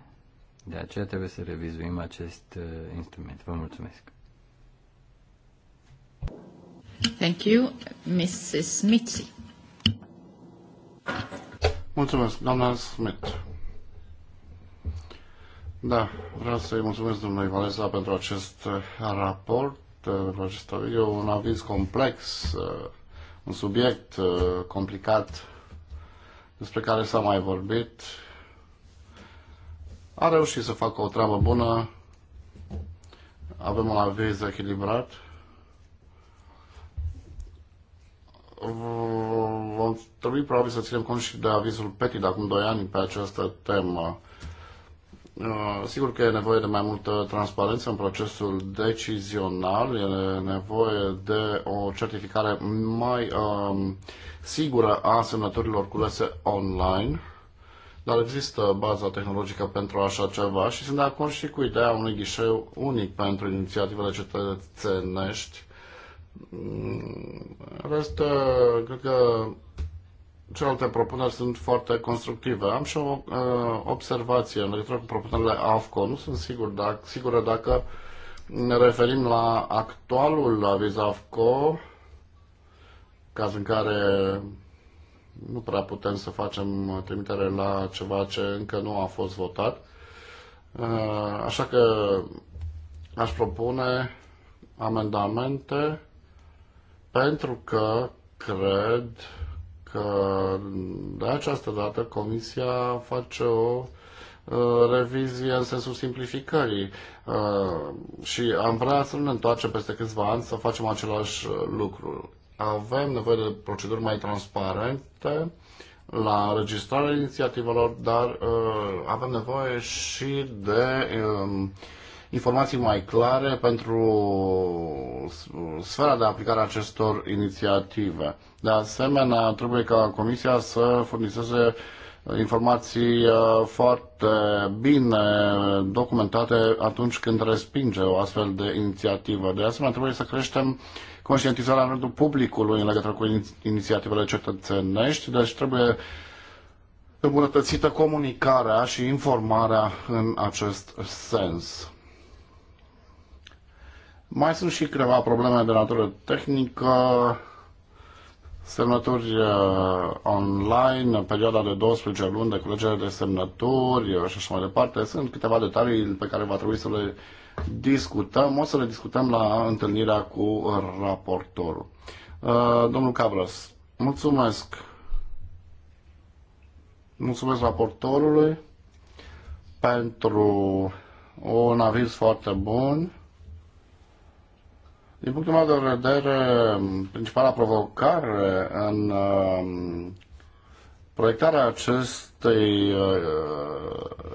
De aceea trebuie să revizuim acest uh, instrument. Vă mulțumesc. Thank you, Mrs. Smith. Mulțumesc, doamna Smith. Da, vreau să-i mulțumesc domnului Valesa pentru acest uh, raport, uh, pentru acest video, uh, un aviz complex, un subiect uh, complicat despre care s-a mai vorbit. A reușit să facă o treabă bună. Avem un aviz echilibrat. Vom trebui probabil să ținem cont și de avizul Petit de acum 2 ani pe această temă. Uh, sigur că e nevoie de mai multă transparență în procesul decizional, e nevoie de o certificare mai um, sigură a semnăturilor culese online, dar există baza tehnologică pentru așa ceva și sunt de acord și cu ideea unui ghișeu unic pentru inițiativele cetățenești. Mm, rest, cred că celelalte propuneri sunt foarte constructive. Am și o uh, observație în legătură cu propunerile AFCO. Nu sunt sigur dacă, sigură dacă ne referim la actualul aviz AFCO, caz în care nu prea putem să facem trimitere la ceva ce încă nu a fost votat. Uh, așa că aș propune amendamente pentru că cred că de această dată Comisia face o uh, revizie în sensul simplificării uh, și am vrea să nu ne întoarcem peste câțiva ani să facem același uh, lucru. Avem nevoie de proceduri mai transparente la înregistrarea inițiativelor, dar avem nevoie și de um, informații mai clare pentru sfera de aplicare a acestor inițiative. De asemenea, trebuie ca Comisia să furnizeze informații uh, foarte bine documentate atunci când respinge o astfel de inițiativă. De asemenea, trebuie să creștem conștientizarea în rândul publicului în legătură cu inițiativele cetățenești, deci trebuie îmbunătățită comunicarea și informarea în acest sens. Mai sunt și câteva probleme de natură tehnică, semnături uh, online, perioada de 12 luni de culegere de semnături uh, și așa mai departe. Sunt câteva detalii pe care va trebui să le discutăm. O să le discutăm la întâlnirea cu raportorul. Uh, domnul Cabras, mulțumesc. Mulțumesc raportorului pentru un aviz foarte bun din punctul meu de vedere, principala provocare în um, proiectarea acestei uh,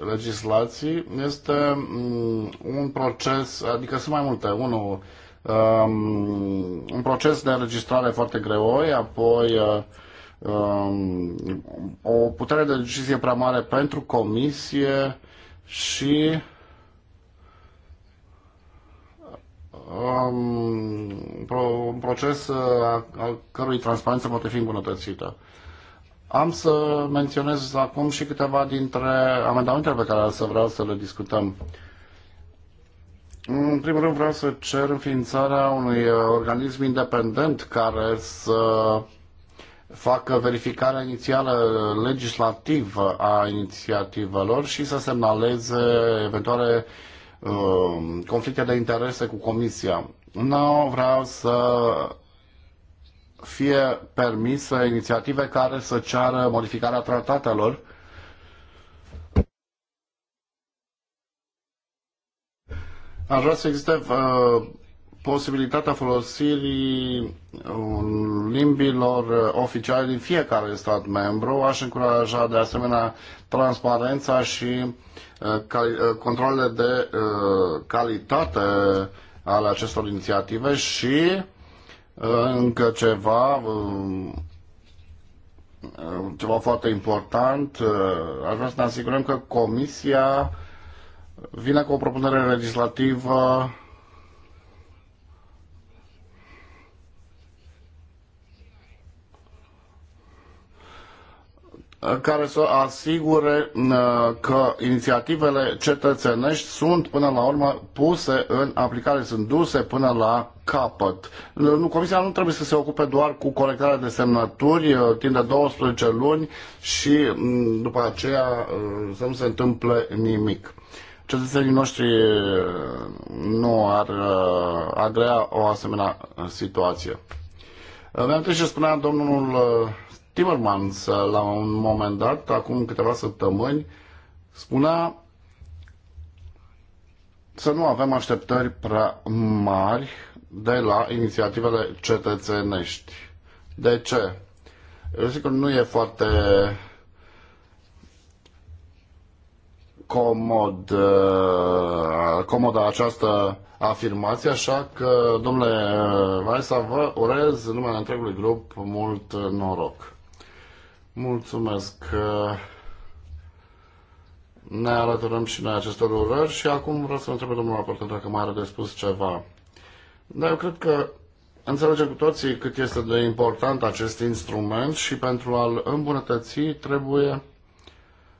legislații este mm, un proces, adică sunt mai multe. Unul, um, un proces de înregistrare foarte greoi, apoi uh, um, o putere de decizie prea mare pentru comisie și un proces uh, al cărui transparență poate fi îmbunătățită. Am să menționez acum și câteva dintre amendamentele pe care să vreau să le discutăm. În primul rând vreau să cer înființarea unui uh, organism independent care să facă verificarea inițială legislativă a inițiativelor și să semnaleze eventuale uh, Um, conflicte de interese cu Comisia. Nu vreau să fie permisă inițiative care să ceară modificarea tratatelor Aș vrea să existe uh, posibilitatea folosirii uh, limbilor uh, oficiale din fiecare stat membru. Aș încuraja de asemenea transparența și uh, controlele de calitate ale acestor inițiative și încă ceva ceva foarte important aș vrea să ne asigurăm că Comisia vine cu o propunere legislativă care să asigure uh, că inițiativele cetățenești sunt până la urmă puse în aplicare, sunt duse până la capăt. Comisia nu trebuie să se ocupe doar cu colectarea de semnături uh, timp de 12 luni și mm, după aceea uh, să nu se întâmple nimic. Cetățenii noștri nu ar agrea o asemenea situație. Mi-am și spunea domnul Timmermans, uh, la un moment dat, acum câteva săptămâni, spunea să nu avem așteptări prea mari de la inițiativele cetățenești. De ce? Eu zic că nu e foarte comod, uh, comodă această afirmație, așa că, domnule Vaisa, vă urez în numele întregului grup mult noroc. Mulțumesc că ne alăturăm și noi acestor urări și acum vreau să întreb domnul raportor dacă mai are de spus ceva. Dar eu cred că înțelegem cu toții cât este de important acest instrument și pentru a-l îmbunătăți trebuie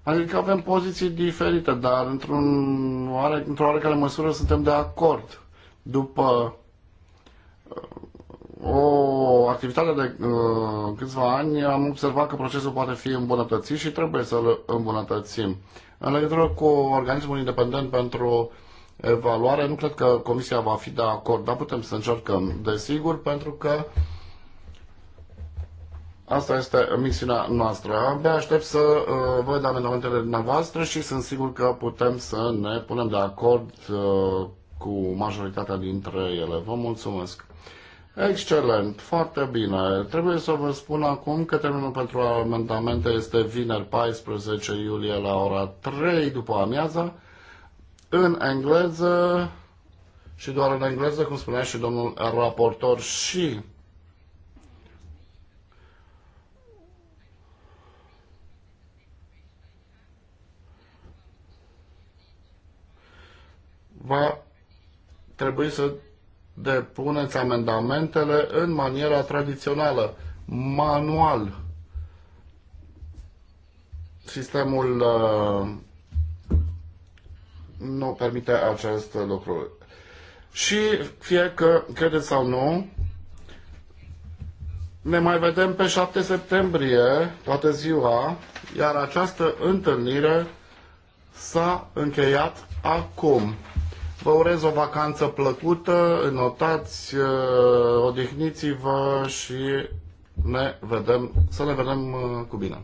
Adică avem poziții diferite, dar într-un oare, într-o oarecare măsură suntem de acord. După o activitate de uh, câțiva ani am observat că procesul poate fi îmbunătățit și trebuie să-l îmbunătățim. În legătură cu organismul independent pentru evaluare, nu cred că Comisia va fi de acord, dar putem să încercăm, desigur, pentru că asta este misiunea noastră. Abia aștept să uh, văd amendamentele dumneavoastră și sunt sigur că putem să ne punem de acord uh, cu majoritatea dintre ele. Vă mulțumesc! Excelent, foarte bine. Trebuie să vă spun acum că termenul pentru amendamente este vineri 14 iulie la ora 3 după amiaza, în engleză și doar în engleză, cum spunea și domnul raportor și va trebui să depuneți amendamentele în maniera tradițională, manual. Sistemul uh, nu permite acest lucru. Și fie că credeți sau nu, ne mai vedem pe 7 septembrie, toată ziua, iar această întâlnire s-a încheiat acum. Vă urez o vacanță plăcută, notați, uh, odihniți-vă și ne vedem, să ne vedem uh, cu bine.